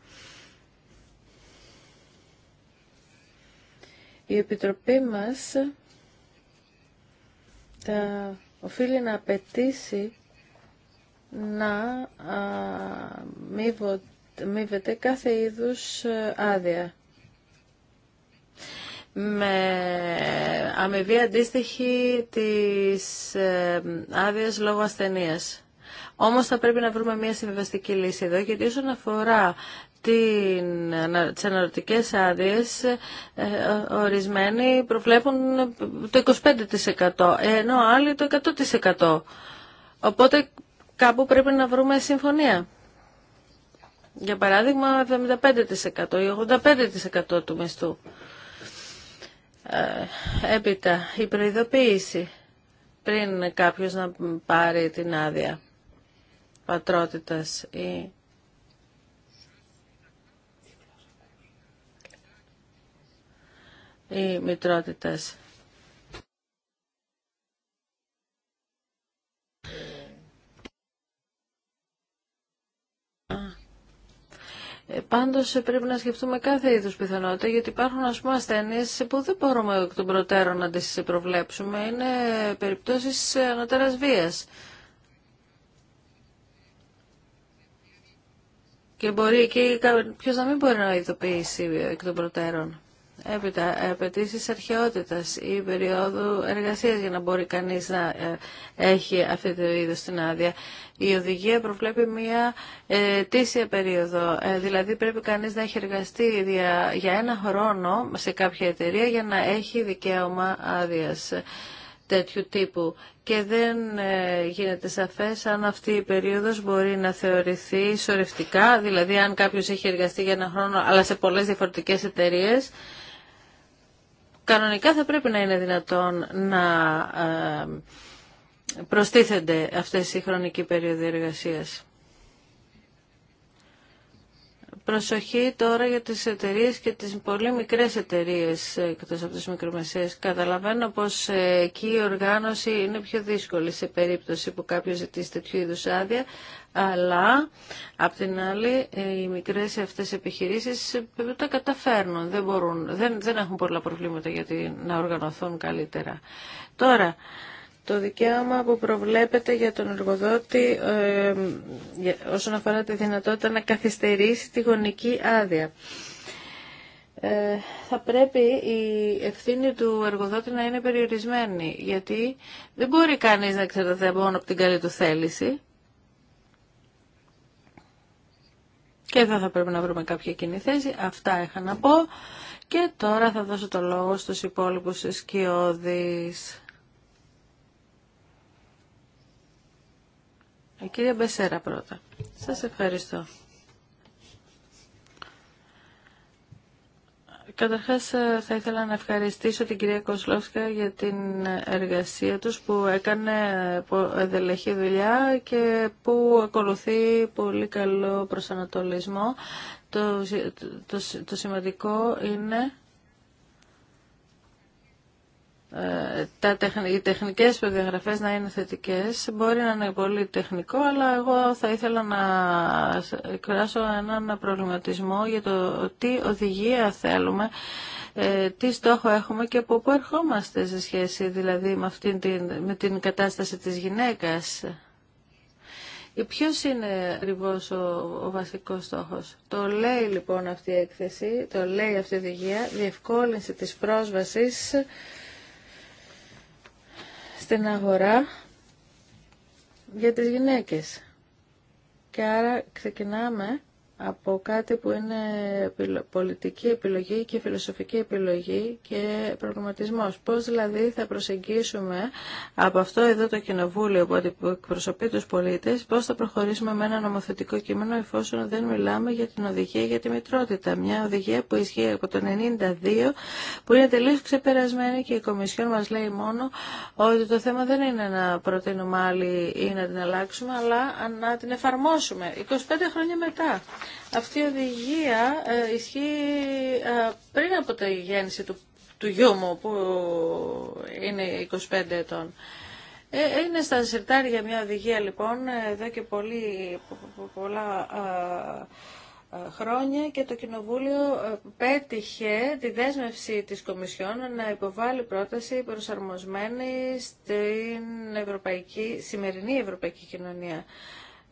Η Επιτροπή μας θα οφείλει να απαιτήσει να μείβεται κάθε είδους ε, άδεια με αμοιβή αντίστοιχη της ε, άδεια λόγω ασθενείας. Όμως θα πρέπει να βρούμε μια συμβιβαστική λύση εδώ, γιατί όσον αφορά την, τις αναρωτικές ε, ε, ορισμένοι προβλέπουν το 25% ενώ άλλοι το 100%. Οπότε κάπου πρέπει να βρούμε συμφωνία. Για παράδειγμα 75% ή 85% του μισθού. Ε, έπειτα η προειδοποίηση πριν κάποιος να πάρει την άδεια πατρότητας ή ή μητρότητας. Ε, Πάντω πρέπει να σκεφτούμε κάθε είδου πιθανότητα, γιατί υπάρχουν ας πούμε ασθένειε που δεν μπορούμε εκ των προτέρων να τι προβλέψουμε. Είναι περιπτώσει ανωτέρα βία. Και μπορεί και ποιο να μην μπορεί να ειδοποιήσει εκ των προτέρων. Έπειτα, απαιτήσει αρχαιότητα ή περίοδου εργασία για να μπορεί κανεί να ε, έχει αυτή το είδο την άδεια. Η οδηγία προβλέπει μία τήσια περίοδο. Ε, δηλαδή πρέπει κανεί να έχει εργαστεί για ένα χρόνο σε κάποια εταιρεία για να έχει δικαίωμα άδεια τέτοιου τύπου και δεν ε, γίνεται σαφές αν αυτή η περίοδος μπορεί να θεωρηθεί σωρευτικά, δηλαδή αν κάποιος έχει εργαστεί για ένα χρόνο αλλά σε πολλές διαφορετικές εταιρείες κανονικά θα πρέπει να είναι δυνατόν να ε, προστίθενται αυτές οι χρονικοί περίοδοι εργασίας. Προσοχή τώρα για τις εταιρείε και τις πολύ μικρές εταιρείε ε, εκτός από τις μικρομεσαίες. Καταλαβαίνω πως ε, εκεί η οργάνωση είναι πιο δύσκολη σε περίπτωση που κάποιος ζητήσει τέτοιου είδους άδεια, αλλά απ' την άλλη ε, οι μικρές αυτές επιχειρήσεις τα καταφέρνουν, δεν, μπορούν, δεν, δεν έχουν πολλά προβλήματα γιατί να οργανωθούν καλύτερα. Τώρα, το δικαίωμα που προβλέπεται για τον εργοδότη ε, όσον αφορά τη δυνατότητα να καθυστερήσει τη γονική άδεια. Ε, θα πρέπει η ευθύνη του εργοδότη να είναι περιορισμένη, γιατί δεν μπορεί κανείς να εξαρτάται μόνο από την καλή του θέληση. Και εδώ θα πρέπει να βρούμε κάποια κοινή θέση. Αυτά είχα να πω. Και τώρα θα δώσω το λόγο στους υπόλοιπους σκιώδεις. Η ε, κυρία Μπεσέρα πρώτα. Σας ευχαριστώ. Καταρχάς ε, θα ήθελα να ευχαριστήσω την κυρία Κοσλόφσκα για την εργασία τους που έκανε εδελεχή δουλειά και που ακολουθεί πολύ καλό προσανατολισμό. Το, το σημαντικό είναι τα οι τεχνικές προδιαγραφές να είναι θετικές. Μπορεί να είναι πολύ τεχνικό, αλλά εγώ θα ήθελα να εκφράσω έναν προβληματισμό για το τι οδηγία θέλουμε, ε, τι στόχο έχουμε και από πού ερχόμαστε σε σχέση δηλαδή με, την, με την κατάσταση της γυναίκας. Ποιο είναι ακριβώ ο, ο βασικό στόχο. Το λέει λοιπόν αυτή η έκθεση, το λέει αυτή η οδηγία, διευκόλυνση τη πρόσβαση στην αγορά για τις γυναίκες. Και άρα ξεκινάμε από κάτι που είναι πολιτική επιλογή και φιλοσοφική επιλογή και προγραμματισμός. Πώς δηλαδή θα προσεγγίσουμε από αυτό εδώ το κοινοβούλιο που εκπροσωπεί τους πολίτες, πώς θα προχωρήσουμε με ένα νομοθετικό κείμενο εφόσον δεν μιλάμε για την οδηγία για τη μητρότητα. Μια οδηγία που ισχύει από το 1992, που είναι τελείως ξεπερασμένη και η Κομισιόν μας λέει μόνο ότι το θέμα δεν είναι να προτείνουμε άλλη ή να την αλλάξουμε αλλά να την εφαρμόσουμε 25 χρόνια μετά. Αυτή η οδηγία ε, ισχύει ε, πριν από τη γέννηση του, του γιού μου που είναι 25 ετών. Ε, είναι στα συρτάρια μια οδηγία λοιπόν εδώ και πολύ, πολλά χρόνια και το Κοινοβούλιο πέτυχε τη δέσμευση της Κομισιόν να υποβάλει πρόταση προσαρμοσμένη στην ευρωπαϊκή, σημερινή ευρωπαϊκή κοινωνία.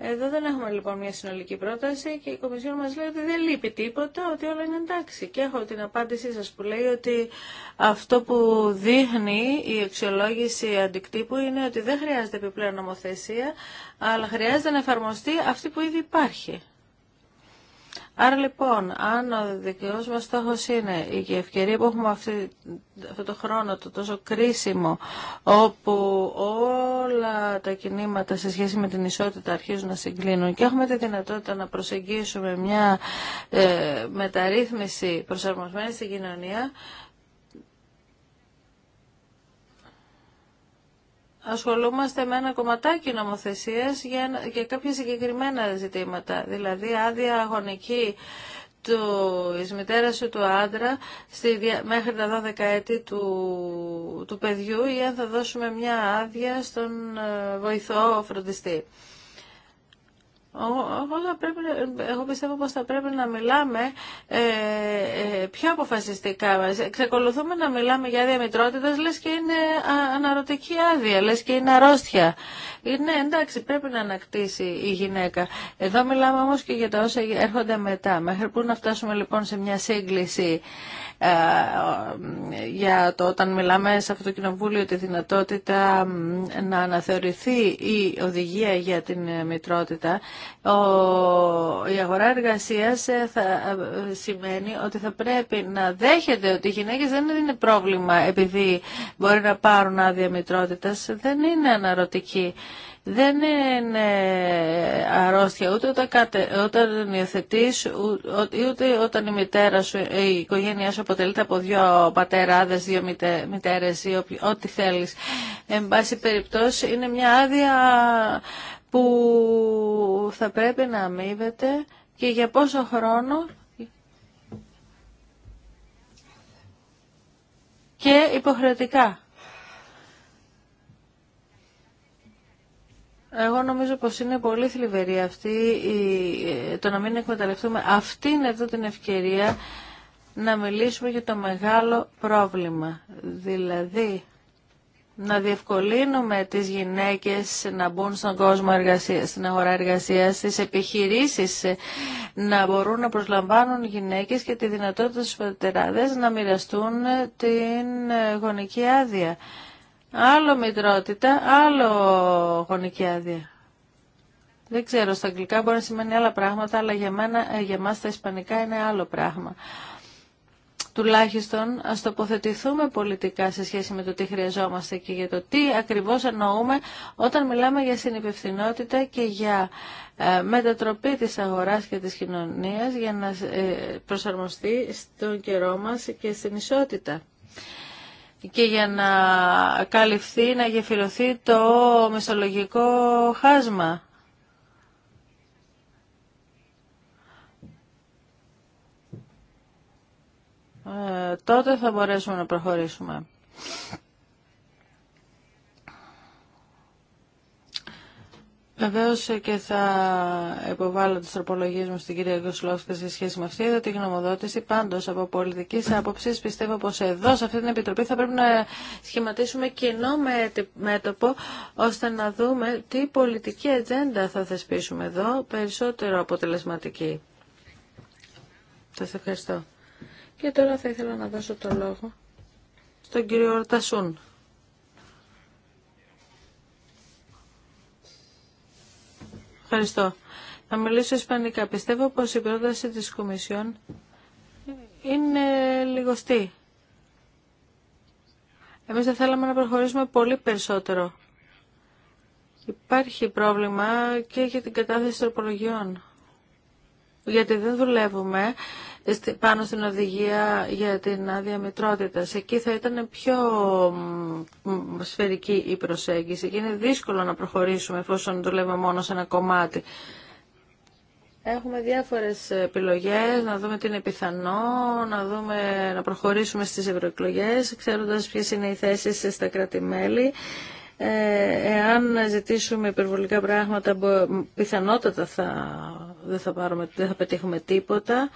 Εδώ δεν έχουμε λοιπόν μια συνολική πρόταση και η Κομισιόν μας λέει ότι δεν λείπει τίποτα, ότι όλα είναι εντάξει. Και έχω την απάντησή σας που λέει ότι αυτό που δείχνει η αξιολόγηση αντικτύπου είναι ότι δεν χρειάζεται επιπλέον νομοθεσία, αλλά χρειάζεται να εφαρμοστεί αυτή που ήδη υπάρχει. Άρα λοιπόν, αν ο δικαιός μας στόχο είναι η ευκαιρία που έχουμε αυτή, αυτό το χρόνο το τόσο κρίσιμο, όπου όλα τα κινήματα σε σχέση με την ισότητα αρχίζουν να συγκλίνουν και έχουμε τη δυνατότητα να προσεγγίσουμε μια ε, μεταρρύθμιση προσαρμοσμένη στην κοινωνία, ασχολούμαστε με ένα κομματάκι νομοθεσία για, για κάποια συγκεκριμένα ζητήματα, δηλαδή άδεια αγωνική του μητέρα ή του άντρα στη, μέχρι τα 12 έτη του, του παιδιού ή αν θα δώσουμε μια άδεια στον ε, βοηθό φροντιστή. Όλα πρέπει, εγώ πιστεύω πως θα πρέπει να μιλάμε ε, ε, πιο αποφασιστικά Ξεκολουθούμε να μιλάμε για διαμητρότητες, λες και είναι αναρωτική άδεια, λες και είναι αρρώστια. Ναι, εντάξει, πρέπει να ανακτήσει η γυναίκα. Εδώ μιλάμε όμως και για τα όσα έρχονται μετά. Μέχρι πού να φτάσουμε λοιπόν σε μια σύγκληση ε, για το όταν μιλάμε σε αυτό το κοινοβούλιο τη δυνατότητα να αναθεωρηθεί η οδηγία για την μητρότητα, η αγορά εργασίας ε, θα ε, σημαίνει ότι θα πρέπει να δέχεται ότι οι γυναίκες δεν είναι πρόβλημα επειδή μπορεί να πάρουν άδεια μητρότητας. Δεν είναι αναρωτική δεν είναι αρρώστια ούτε όταν, κατε, όταν ούτε όταν η μητέρα σου, η οικογένειά σου αποτελείται από δύο πατεράδες, δύο μητέ, μητέρες ή ό,τι θέλεις. Εν πάση περιπτώσει είναι μια άδεια που θα πρέπει να αμείβεται και για πόσο χρόνο και υποχρεωτικά. Εγώ νομίζω πως είναι πολύ θλιβερή αυτή ε, το να μην εκμεταλλευτούμε αυτήν εδώ την ευκαιρία να μιλήσουμε για το μεγάλο πρόβλημα. Δηλαδή, να διευκολύνουμε τις γυναίκες να μπουν στον κόσμο εργασίας, στην αγορά εργασίας, στις επιχειρήσεις ε, να μπορούν να προσλαμβάνουν γυναίκες και τη δυνατότητα στους πατεράδες να μοιραστούν ε, την γονική άδεια άλλο μητρότητα, άλλο γονική άδεια. Δεν ξέρω, στα αγγλικά μπορεί να σημαίνει άλλα πράγματα, αλλά για, μένα, ε, για τα ισπανικά είναι άλλο πράγμα. Τουλάχιστον ας τοποθετηθούμε πολιτικά σε σχέση με το τι χρειαζόμαστε και για το τι ακριβώς εννοούμε όταν μιλάμε για συνυπευθυνότητα και για ε, μετατροπή της αγοράς και της κοινωνίας για να ε, προσαρμοστεί στον καιρό μας και στην ισότητα και για να καλυφθεί, να γεφυρωθεί το μεσολογικό χάσμα. Ε, τότε θα μπορέσουμε να προχωρήσουμε. Βεβαίω, και θα υποβάλλω τι τροπολογίες μου στην κυρία Γκοσλόφσκα σε σχέση με αυτή εδώ τη γνωμοδότηση. πάντω από πολιτική άποψη, πιστεύω πως εδώ σε αυτή την Επιτροπή θα πρέπει να σχηματίσουμε κοινό μέτωπο ώστε να δούμε τι πολιτική ατζέντα θα θεσπίσουμε εδώ περισσότερο αποτελεσματική. Σα ευχαριστώ. Και τώρα θα ήθελα να δώσω το λόγο στον κύριο Ορτασούν. Ευχαριστώ. Θα μιλήσω ισπανικά. Πιστεύω πως η πρόταση της Κομισιόν είναι λιγοστή. Εμείς θα θέλαμε να προχωρήσουμε πολύ περισσότερο. Υπάρχει πρόβλημα και για την κατάθεση τροπολογιών. Γιατί δεν δουλεύουμε πάνω στην οδηγία για την άδεια μητρότητα. Εκεί θα ήταν πιο σφαιρική η προσέγγιση και είναι δύσκολο να προχωρήσουμε εφόσον δουλεύουμε μόνο σε ένα κομμάτι. Έχουμε διάφορες επιλογές, να δούμε τι είναι πιθανό, να, δούμε, να προχωρήσουμε στις ευρωεκλογέ, ξέροντας ποιες είναι οι θέσεις στα κράτη-μέλη. Ε, εάν ζητήσουμε υπερβολικά πράγματα, πιθανότατα θα, δεν, θα πάρουμε, δεν θα πετύχουμε τίποτα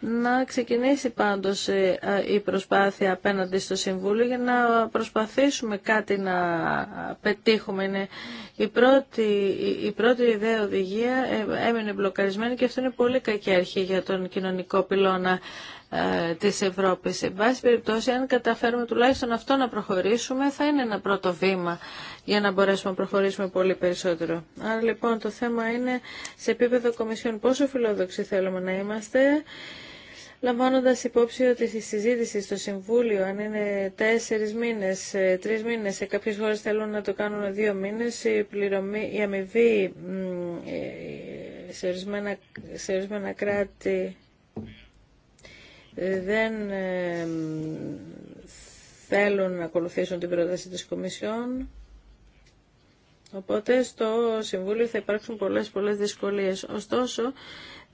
να ξεκινήσει πάντως ε, η προσπάθεια απέναντι στο Συμβούλιο για να προσπαθήσουμε κάτι να πετύχουμε. Είναι η, πρώτη, η πρώτη ιδέα οδηγία ε, έμεινε μπλοκαρισμένη και αυτό είναι πολύ κακή αρχή για τον κοινωνικό πυλώνα. Ε, της Ευρώπης. Εν πάση περιπτώσει, αν καταφέρουμε τουλάχιστον αυτό να προχωρήσουμε, θα είναι ένα πρώτο βήμα για να μπορέσουμε να προχωρήσουμε πολύ περισσότερο. Άρα λοιπόν το θέμα είναι σε επίπεδο Κομισιόν πόσο φιλόδοξοι θέλουμε να είμαστε. Λαμβάνοντα υπόψη ότι η συζήτηση στο Συμβούλιο, αν είναι τέσσερι μήνε, τρει μήνε, σε κάποιε χώρε θέλουν να το κάνουν δύο μήνε, η, πληρωμή, η αμοιβή ε, σε ορισμένα κράτη ε, δεν ε, θέλουν να ακολουθήσουν την πρόταση της Κομισιόν. Οπότε στο Συμβούλιο θα υπάρξουν πολλές πολλές δυσκολίες. Ωστόσο,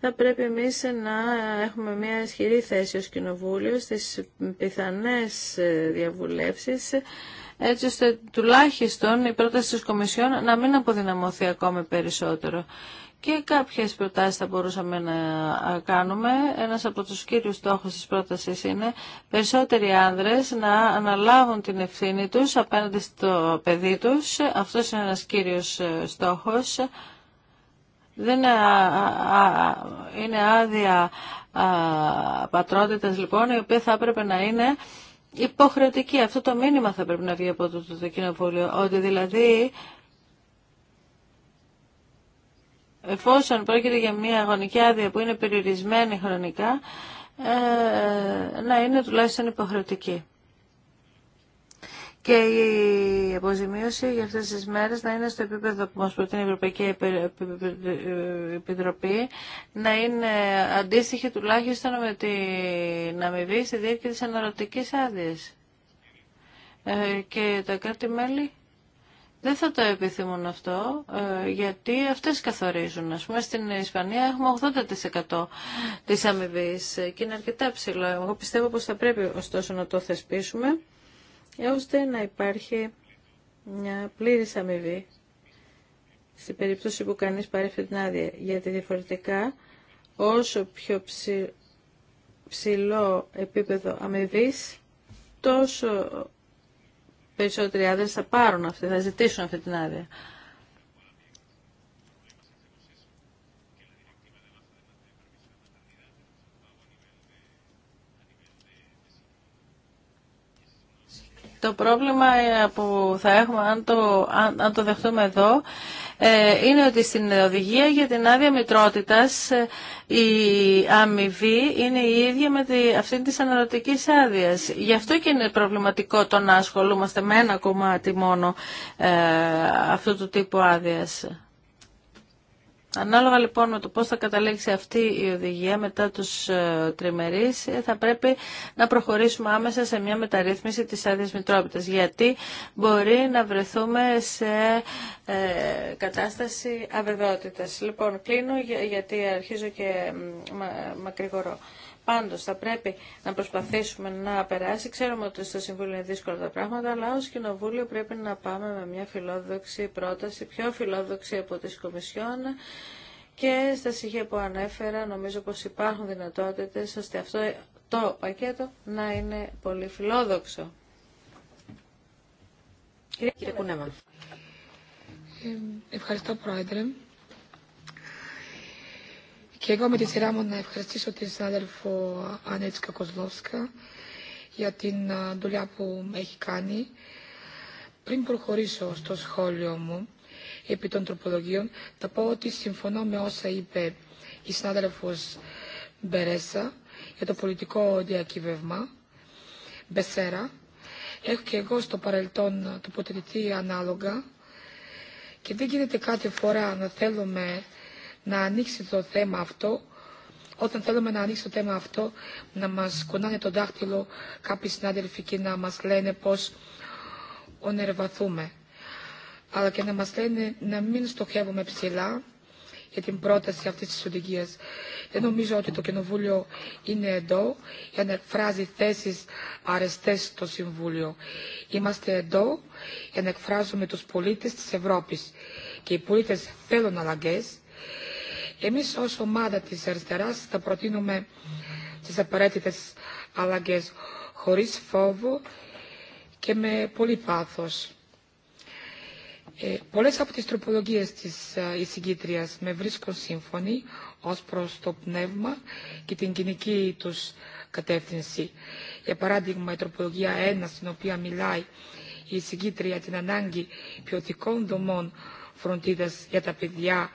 θα πρέπει εμείς να έχουμε μια ισχυρή θέση ως Κοινοβούλιο στις πιθανές ε, διαβουλεύσεις, έτσι ώστε τουλάχιστον η πρόταση της Κομισιόν να μην αποδυναμωθεί ακόμη περισσότερο και κάποιες προτάσεις θα μπορούσαμε να κάνουμε. Ένας από τους κύριους στόχους της πρότασης είναι περισσότεροι άνδρες να αναλάβουν την ευθύνη τους απέναντι στο παιδί τους. Αυτός είναι ένας κύριος ε, στόχος. Δεν είναι άδεια πατρότητας λοιπόν, η οποία θα έπρεπε να είναι υποχρεωτική. Αυτό το μήνυμα θα πρέπει να βγει από το, το κοινοβούλιο, ότι δηλαδή εφόσον πρόκειται για μια αγωνική άδεια που είναι περιορισμένη χρονικά, ε, να είναι τουλάχιστον υποχρεωτική. Και η αποζημίωση για αυτές τις μέρες να είναι στο επίπεδο που μας προτείνει η Ευρωπαϊκή Επιτροπή, να είναι αντίστοιχη τουλάχιστον με την αμοιβή στη διάρκεια της αναρωτικής άδειας. Ε, και τα κράτη-μέλη δεν θα το επιθυμούν αυτό, ε, γιατί αυτές καθορίζουν. Ας πούμε, στην Ισπανία έχουμε 80% της αμοιβή ε, και είναι αρκετά ψηλό. Εγώ πιστεύω πως θα πρέπει ωστόσο να το θεσπίσουμε, ώστε να υπάρχει μια πλήρης αμοιβή στην περίπτωση που κανείς πάρει αυτή την άδεια. Γιατί διαφορετικά, όσο πιο ψηλό επίπεδο αμοιβή, τόσο περισσότεροι άντρε θα πάρουν αυτή, θα ζητήσουν αυτή την άδεια. Το πρόβλημα ε, που θα έχουμε αν το, αν, δεχτούμε εδώ ε, είναι ότι στην οδηγία για την άδεια μητρότητας ε, η αμοιβή είναι η ίδια με τη, αυτή της αναρωτικής άδεια. Γι' αυτό και είναι προβληματικό το να ασχολούμαστε με ένα κομμάτι μόνο αυτού του τύπου άδεια. Ανάλογα λοιπόν με το πώς θα καταλήξει αυτή η οδηγία μετά τους ε, τριμερείς ε, θα πρέπει να προχωρήσουμε άμεσα σε μια μεταρρύθμιση της άδεια Μητρόπιτας, γιατί μπορεί να βρεθούμε σε ε, κατάσταση αβεβαιότητας. Λοιπόν κλείνω γιατί αρχίζω και μακρηγορώ. Πάντως θα πρέπει να προσπαθήσουμε να περάσει. Ξέρουμε ότι στο Συμβούλιο είναι δύσκολα τα πράγματα, αλλά ως Κοινοβούλιο πρέπει να πάμε με μια φιλόδοξη πρόταση, πιο φιλόδοξη από τις Κομισιόν. Και στα στοιχεία που ανέφερα νομίζω πως υπάρχουν δυνατότητες ώστε αυτό το πακέτο να είναι πολύ φιλόδοξο. Κύριε Κουνέμα. Ε, ευχαριστώ Πρόεδρε. Και εγώ με τη σειρά μου να ευχαριστήσω τη συνάδελφο Ανέτσικα Κοσλόφσκα για την δουλειά που έχει κάνει. Πριν προχωρήσω στο σχόλιο μου επί των τροπολογίων, θα πω ότι συμφωνώ με όσα είπε η συνάδελφος Μπερέσα για το πολιτικό διακύβευμα, Μπεσέρα. Έχω και εγώ στο παρελθόν τοποθετηθεί ανάλογα και δεν γίνεται κάθε φορά να θέλουμε να ανοίξει το θέμα αυτό, όταν θέλουμε να ανοίξει το θέμα αυτό, να μας κουνάνε το δάχτυλο κάποιοι συνάδελφοι και να μας λένε πώς ονερβαθούμε. Αλλά και να μας λένε να μην στοχεύουμε ψηλά για την πρόταση αυτής της οδηγίας. Δεν νομίζω ότι το Κοινοβούλιο είναι εδώ για να εκφράζει θέσεις αρεστές στο Συμβούλιο. Είμαστε εδώ για να εκφράζουμε τους πολίτες της Ευρώπης. Και οι πολίτες θέλουν αλλαγές εμείς ως ομάδα της αριστεράς θα προτείνουμε τις απαραίτητες αλλαγές χωρίς φόβο και με πολύ πάθος. Ε, πολλές από τις τροπολογίες της ε, εισηγήτριας με βρίσκουν σύμφωνοι ως προς το πνεύμα και την κοινική τους κατεύθυνση. Για παράδειγμα, η τροπολογία 1, στην οποία μιλάει η εισηγήτρια την ανάγκη ποιοτικών δομών φροντίδας για τα παιδιά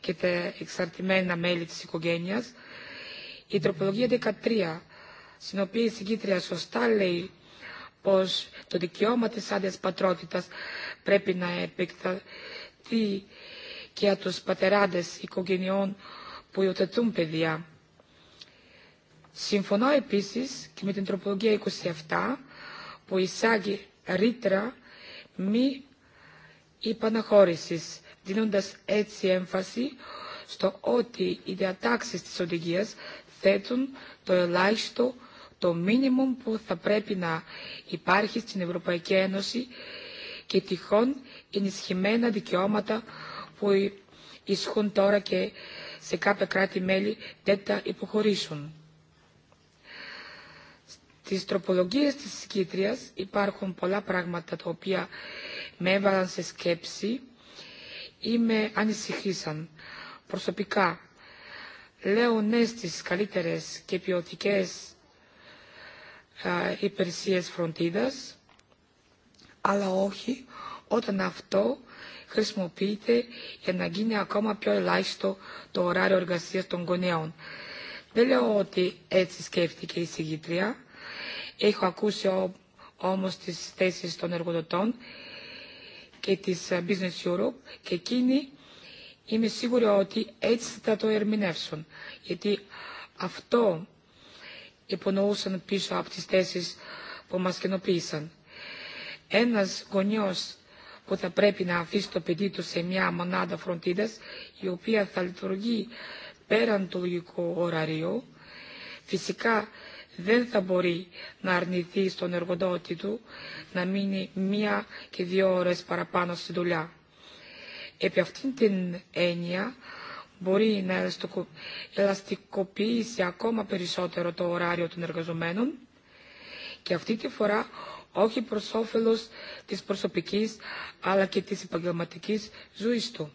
και τα εξαρτημένα μέλη της οικογένειας. Η τροπολογία 13, στην οποία η συγκήτρια σωστά λέει πως το δικαίωμα της άδειας πατρότητας πρέπει να επεκταθεί και για τους πατεράδες οικογενειών που υιοθετούν παιδιά. Συμφωνώ επίσης και με την τροπολογία 27 που εισάγει ρήτρα μη υπαναχώρησης δίνοντας έτσι έμφαση στο ότι οι διατάξεις της οδηγίας θέτουν το ελάχιστο, το μίνιμουμ που θα πρέπει να υπάρχει στην Ευρωπαϊκή Ένωση και τυχόν ενισχυμένα δικαιώματα που ισχύουν τώρα και σε κάποια κράτη-μέλη δεν τα υποχωρήσουν. Στις τροπολογίες της κίτριας υπάρχουν πολλά πράγματα τα οποία με έβαλαν σε σκέψη είμαι ανησυχήσαν. Προσωπικά λέω ναι στις καλύτερες και ποιοτικέ υπηρεσίες φροντίδας, αλλά όχι όταν αυτό χρησιμοποιείται για να γίνει ακόμα πιο ελάχιστο το ωράριο εργασίας των γονέων. Δεν λέω ότι έτσι σκέφτηκε η συγγήτρια. Έχω ακούσει όμως τις θέσεις των εργοδοτών και της ε, Business Europe και εκείνοι είμαι σίγουρη ότι έτσι θα το ερμηνεύσουν. Γιατί αυτό υπονοούσαν πίσω από τις θέσεις που μας κοινοποίησαν. Ένας γονιός που θα πρέπει να αφήσει το παιδί του σε μια μονάδα φροντίδας η οποία θα λειτουργεί πέραν του λογικού ωραρίου φυσικά δεν θα μπορεί να αρνηθεί στον εργοδότη του να μείνει μία και δύο ώρες παραπάνω στη δουλειά. Επί αυτήν την έννοια μπορεί να ελαστικοποιήσει ακόμα περισσότερο το ωράριο των εργαζομένων και αυτή τη φορά όχι προ όφελο τη προσωπική αλλά και τη επαγγελματική ζωή του.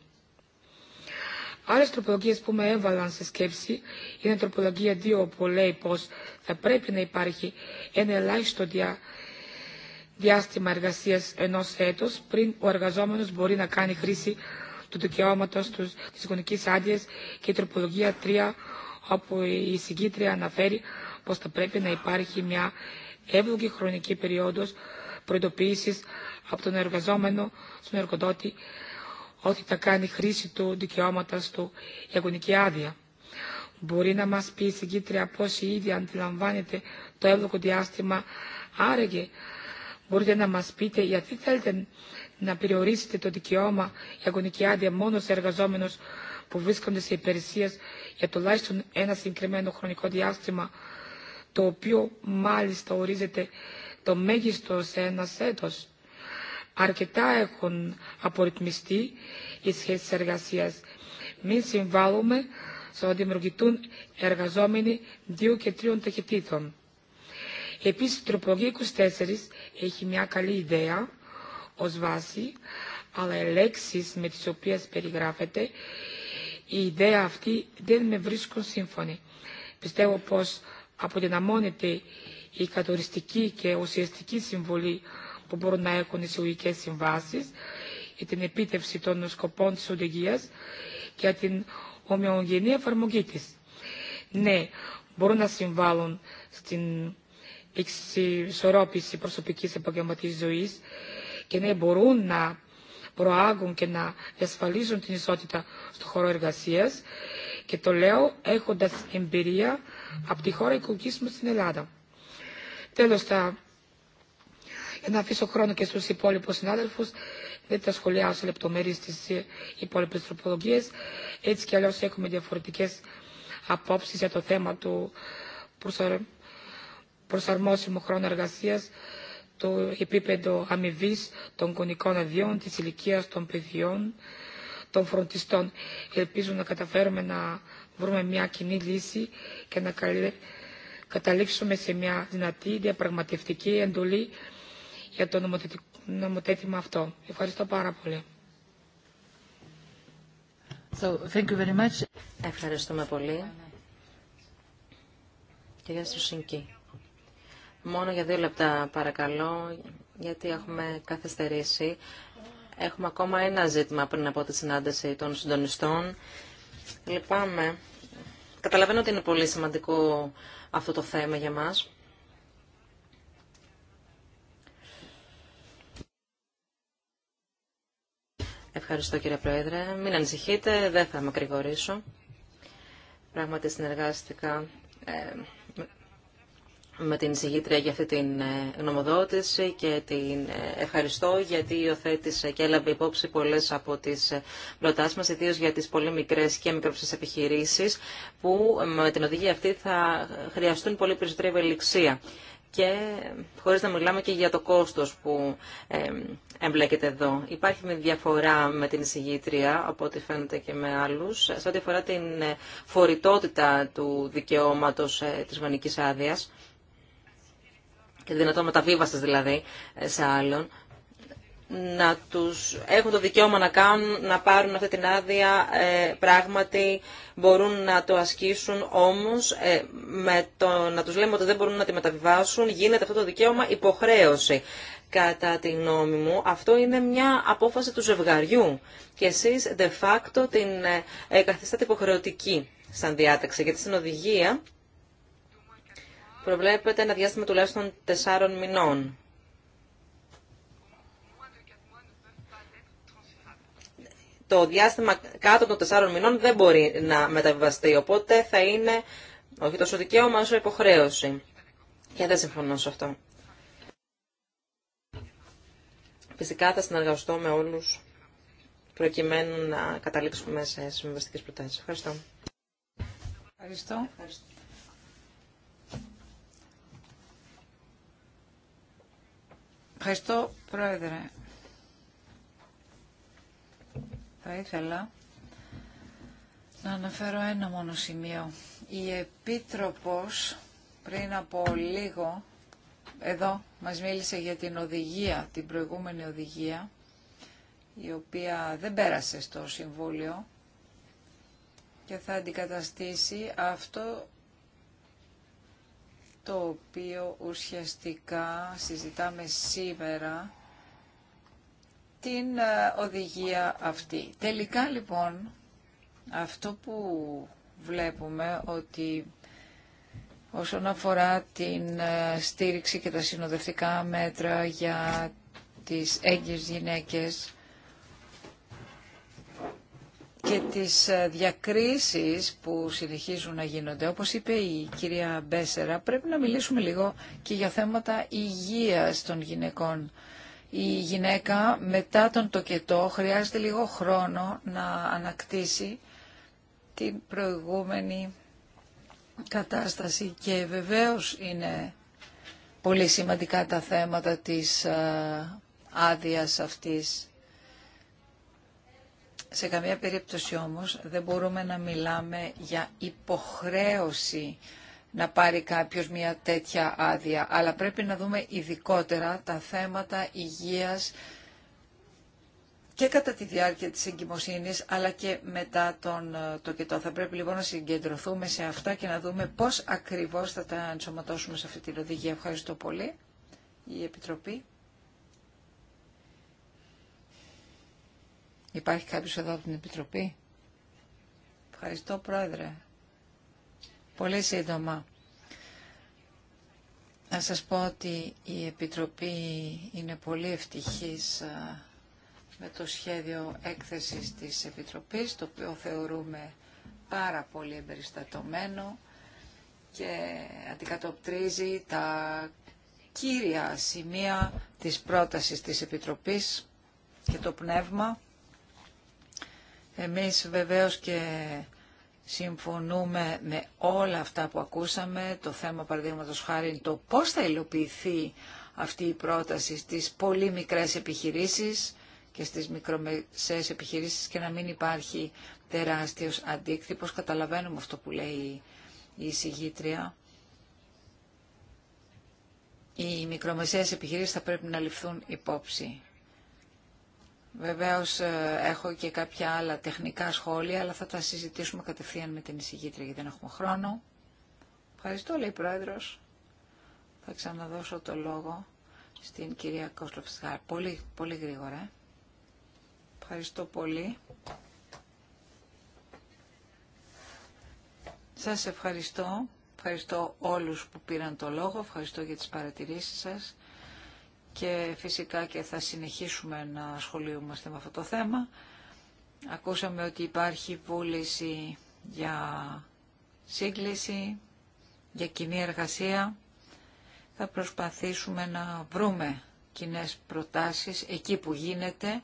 Άλλε τροπολογίε που με έβαλαν σε σκέψη είναι τροπολογία 2 που λέει πω θα πρέπει να υπάρχει ένα ελάχιστο δια, διάστημα εργασία ενό έτου πριν ο εργαζόμενο μπορεί να κάνει χρήση του δικαιώματο τη γονική άδεια και η τροπολογία 3, όπου η συγκήτρια αναφέρει πω θα πρέπει να υπάρχει μια εύλογη χρονική περίοδο προειδοποίηση από τον εργαζόμενο στον εργοδότη ότι θα κάνει χρήση του δικαιώματο του η γονική άδεια. Μπορεί να μα πει η συγκήτρια πώ η ίδια αντιλαμβάνεται το εύλογο διάστημα, άραγε Μπορείτε να μας πείτε γιατί θέλετε να περιορίσετε το δικαίωμα για γονική άδεια μόνο σε εργαζόμενους που βρίσκονται σε υπηρεσίες για τουλάχιστον ένα συγκεκριμένο χρονικό διάστημα, το οποίο μάλιστα ορίζεται το μέγιστο σε ένα έτος. Αρκετά έχουν απορριθμιστεί οι σχέσεις εργασίας. Μην συμβάλλουμε στο να δημιουργηθούν εργαζόμενοι δύο και τριών ταχυτήτων. Επίσης, η τροπολογία 24 έχει μια καλή ιδέα ως βάση, αλλά οι λέξεις με τις οποίες περιγράφεται, η ιδέα αυτή δεν με βρίσκουν σύμφωνη. Πιστεύω πως αποδυναμώνεται η κατοριστική και ουσιαστική συμβολή που μπορούν να έχουν οι συλλογικέ συμβάσει για την επίτευξη των σκοπών τη οδηγία και για την ομοιογενή εφαρμογή τη. Ναι, μπορούν να συμβάλλουν στην εξισορρόπηση προσωπικής επαγγελματική ζωής και να μπορούν να προάγουν και να διασφαλίζουν την ισότητα στον χώρο εργασία και το λέω έχοντα εμπειρία από τη χώρα οικογική μου στην Ελλάδα. Τέλο, θα... για να αφήσω χρόνο και στου υπόλοιπου συνάδελφου, δεν θα σχολιάσω λεπτομέρειε τη υπόλοιπε τροπολογίε. Έτσι κι αλλιώ έχουμε διαφορετικέ απόψει για το θέμα του προσωπικού προσαρμόσιμο χρόνο εργασία το επίπεδο αμοιβή των γονικών αδειών, της ηλικία των παιδιών, των φροντιστών. Ελπίζω να καταφέρουμε να βρούμε μια κοινή λύση και να καταλήξουμε σε μια δυνατή διαπραγματευτική εντολή για το νομοθέτημα αυτό. Ευχαριστώ πάρα πολύ. thank you very much. Ευχαριστούμε πολύ. Κυρία Σουσίνκη. Μόνο για δύο λεπτά παρακαλώ, γιατί έχουμε καθυστερήσει. Έχουμε ακόμα ένα ζήτημα πριν από τη συνάντηση των συντονιστών. Λυπάμαι. Καταλαβαίνω ότι είναι πολύ σημαντικό αυτό το θέμα για μας. Ευχαριστώ κύριε Πρόεδρε. Μην ανησυχείτε, δεν θα με Πράγματι συνεργάστηκα ε, με την συγγήτρια για αυτή την ε, γνωμοδότηση και την ε, ευχαριστώ γιατί υιοθέτησε και έλαβε υπόψη πολλές από τις ε, προτάσεις μας, ιδίως για τις πολύ μικρές και μικροψές επιχειρήσεις που με την οδηγία αυτή θα χρειαστούν πολύ περισσότερη ευελιξία και χωρίς να μιλάμε και για το κόστος που εμπλέκεται εδώ. Υπάρχει μια διαφορά με την εισηγήτρια, από ό,τι φαίνεται και με άλλους, σε ό,τι αφορά την φορητότητα του δικαιώματος της γονικής άδειας και δυνατόν μεταβίβαστες δηλαδή ε, σε άλλον, να τους έχουν το δικαίωμα να κάνουν, να πάρουν αυτή την άδεια, ε, πράγματι μπορούν να το ασκήσουν, όμως ε, με το να τους λέμε ότι δεν μπορούν να τη μεταβιβάσουν, γίνεται αυτό το δικαίωμα υποχρέωση. Κατά τη γνώμη μου, αυτό είναι μια απόφαση του ζευγαριού και εσείς de facto την ε, καθιστάτε υποχρεωτική σαν διάταξη, γιατί στην οδηγία προβλέπεται ένα διάστημα τουλάχιστον τεσσάρων μηνών. Το διάστημα κάτω των τεσσάρων μηνών δεν μπορεί να μεταβιβαστεί, οπότε θα είναι όχι τόσο δικαίωμα όσο υποχρέωση. Και δεν συμφωνώ σε αυτό. Φυσικά θα συνεργαστώ με όλους προκειμένου να καταλήξουμε σε συμβαστικές προτάσεις. Ευχαριστώ. Ευχαριστώ. Ευχαριστώ. Ευχαριστώ, Πρόεδρε. Θα ήθελα να αναφέρω ένα μόνο σημείο. Η Επίτροπος πριν από λίγο εδώ μας μίλησε για την οδηγία, την προηγούμενη οδηγία, η οποία δεν πέρασε στο Συμβούλιο και θα αντικαταστήσει αυτό το οποίο ουσιαστικά συζητάμε σήμερα την ε, οδηγία αυτή. Τελικά λοιπόν αυτό που βλέπουμε ότι όσον αφορά την ε, στήριξη και τα συνοδευτικά μέτρα για τις έγκυες γυναίκες και τις ε, διακρίσεις που συνεχίζουν να γίνονται. Όπως είπε η κυρία Μπέσερα, πρέπει να μιλήσουμε λίγο και για θέματα υγείας των γυναικών. Η γυναίκα μετά τον τοκετό χρειάζεται λίγο χρόνο να ανακτήσει την προηγούμενη κατάσταση και βεβαίως είναι πολύ σημαντικά τα θέματα της ε, άδειας αυτής. Σε καμία περίπτωση όμως δεν μπορούμε να μιλάμε για υποχρέωση να πάρει κάποιος μια τέτοια άδεια, αλλά πρέπει να δούμε ειδικότερα τα θέματα υγείας και κατά τη διάρκεια της εγκυμοσύνης, αλλά και μετά τον ε, το κετό. Θα πρέπει λοιπόν να συγκεντρωθούμε σε αυτά και να δούμε πώς ακριβώς θα τα ενσωματώσουμε σε αυτή την οδηγία. Ευχαριστώ πολύ. Η Επιτροπή. Υπάρχει κάποιος εδώ από την Επιτροπή. Ευχαριστώ Πρόεδρε. Πολύ σύντομα. Να σας πω ότι η Επιτροπή είναι πολύ ευτυχής με το σχέδιο έκθεσης της Επιτροπής, το οποίο θεωρούμε πάρα πολύ εμπεριστατωμένο και αντικατοπτρίζει τα κύρια σημεία της πρότασης της Επιτροπής και το πνεύμα εμείς βεβαίως και συμφωνούμε με όλα αυτά που ακούσαμε. Το θέμα παραδείγματο χάρη είναι το πώς θα υλοποιηθεί αυτή η πρόταση στις πολύ μικρές επιχειρήσεις και στις μικρομεσαίες επιχειρήσεις και να μην υπάρχει τεράστιος αντίκτυπος. Καταλαβαίνουμε αυτό που λέει η συγγήτρια, Οι μικρομεσαίες επιχειρήσεις θα πρέπει να ληφθούν υπόψη. Βεβαίως ε, έχω και κάποια άλλα τεχνικά σχόλια, αλλά θα τα συζητήσουμε κατευθείαν με την εισηγήτρια, γιατί δεν έχουμε χρόνο. Ευχαριστώ, λέει η Πρόεδρος. Θα ξαναδώσω το λόγο στην κυρία Κόσλοφ Πολύ, πολύ γρήγορα. Ευχαριστώ πολύ. Σας ευχαριστώ. Ευχαριστώ όλους που πήραν το λόγο. Ευχαριστώ για τις παρατηρήσεις σας και φυσικά και θα συνεχίσουμε να ασχολούμαστε με αυτό το θέμα. Ακούσαμε ότι υπάρχει βούληση για σύγκληση, για κοινή εργασία. Θα προσπαθήσουμε να βρούμε κοινέ προτάσεις εκεί που γίνεται,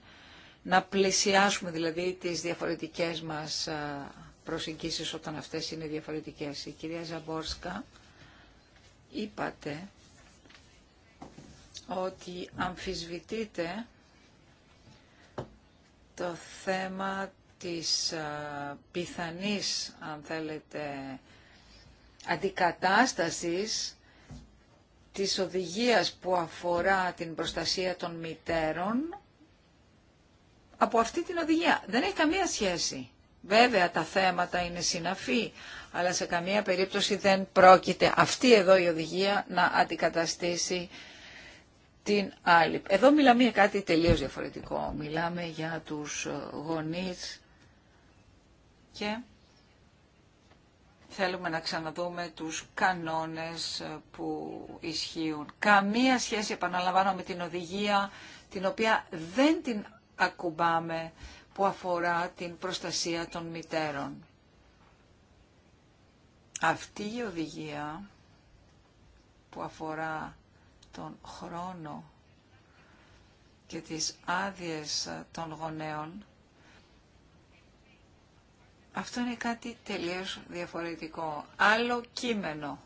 να πλησιάσουμε δηλαδή τις διαφορετικές μας προσεγγίσεις όταν αυτές είναι διαφορετικές. Η κυρία Ζαμπόρσκα είπατε ότι αμφισβητείται το θέμα της πιθανής, αν θέλετε, αντικατάστασης της οδηγίας που αφορά την προστασία των μητέρων από αυτή την οδηγία. Δεν έχει καμία σχέση. Βέβαια τα θέματα είναι συναφή, αλλά σε καμία περίπτωση δεν πρόκειται αυτή εδώ η οδηγία να αντικαταστήσει την άλλη. Εδώ μιλάμε για κάτι τελείως διαφορετικό. Μιλάμε για τους ε, γονείς και θέλουμε να ξαναδούμε τους κανόνες ε, που ισχύουν. Καμία σχέση, επαναλαμβάνω, με την οδηγία την οποία δεν την ακουμπάμε που αφορά την προστασία των μητέρων. Αυτή η οδηγία που αφορά τον χρόνο και τις άδειες των γονέων, αυτό είναι κάτι τελείως διαφορετικό. Άλλο κείμενο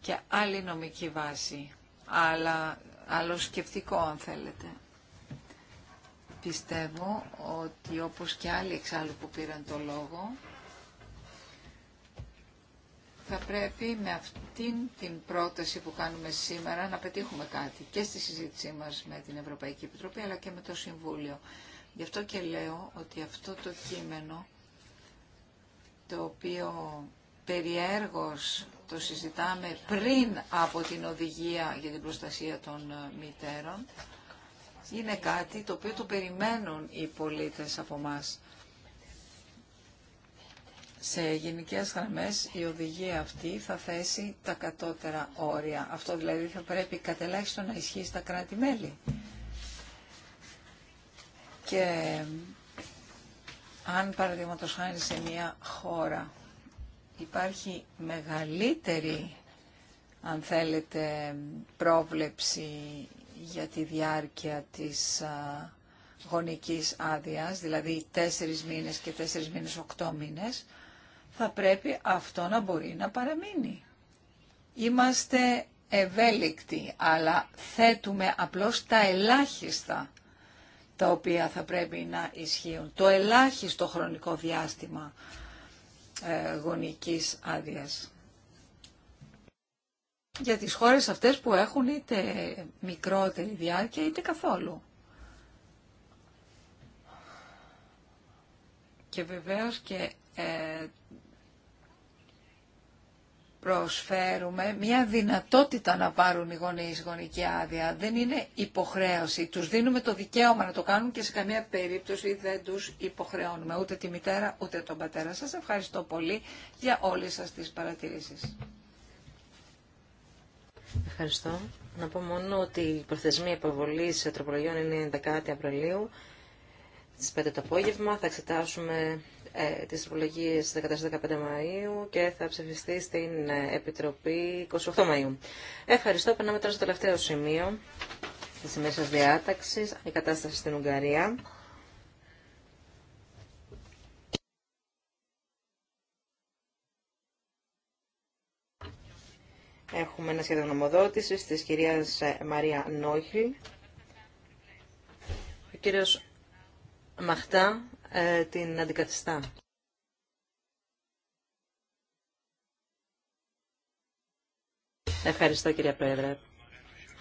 και άλλη νομική βάση, αλλά άλλο σκεπτικό αν θέλετε. Πιστεύω ότι όπως και άλλοι εξάλλου που πήραν το λόγο, θα πρέπει με αυτήν την πρόταση που κάνουμε σήμερα να πετύχουμε κάτι και στη συζήτησή μας με την Ευρωπαϊκή Επιτροπή αλλά και με το Συμβούλιο. Γι' αυτό και λέω ότι αυτό το κείμενο το οποίο περιέργως το συζητάμε πριν από την οδηγία για την προστασία των ε, μητέρων είναι κάτι το οποίο το περιμένουν οι πολίτες από μας. Σε γενικές γραμμές η οδηγία αυτή θα θέσει τα κατώτερα όρια. Αυτό δηλαδή θα πρέπει κατελάχιστον να ισχύει στα κράτη-μέλη. Και αν παραδείγματο χάνει σε μια χώρα υπάρχει μεγαλύτερη, αν θέλετε, πρόβλεψη για τη διάρκεια της γονικής άδειας, δηλαδή τέσσερις μήνες και τέσσερις μήνες οκτώ μήνες, θα πρέπει αυτό να μπορεί να παραμείνει. Είμαστε ευέλικτοι, αλλά θέτουμε απλώς τα ελάχιστα τα οποία θα πρέπει να ισχύουν. Το ελάχιστο χρονικό διάστημα ε, γονικής άδειας. Για τις χώρες αυτές που έχουν είτε μικρότερη διάρκεια είτε καθόλου. Και βεβαίως και ε, προσφέρουμε μια δυνατότητα να πάρουν οι γονείς γονική άδεια. Δεν είναι υποχρέωση. Τους δίνουμε το δικαίωμα να το κάνουν και σε καμία περίπτωση δεν τους υποχρεώνουμε. Ούτε τη μητέρα ούτε τον πατέρα. Σας ευχαριστώ πολύ για όλες σας τις παρατηρήσεις. Ευχαριστώ. Να πω μόνο ότι η προθεσμία υποβολή τροπολογιών είναι 10 Απριλίου στις 5 το απόγευμα. Θα εξετάσουμε ε, τις 14 14-15 Μαΐου και θα ψηφιστεί στην ε, Επιτροπή 28 Μαΐου. Ευχαριστώ. Περνάμε τώρα στο τελευταίο σημείο της ημέρας διάταξης, η κατάσταση στην Ουγγαρία. Έχουμε ένα σχέδιο νομοδότηση τη κυρία ε, Μαρία Νόχιλ. Ο κύριο Μαχτά ε, την αντικαθιστά. Ευχαριστώ κυρία Πρόεδρε.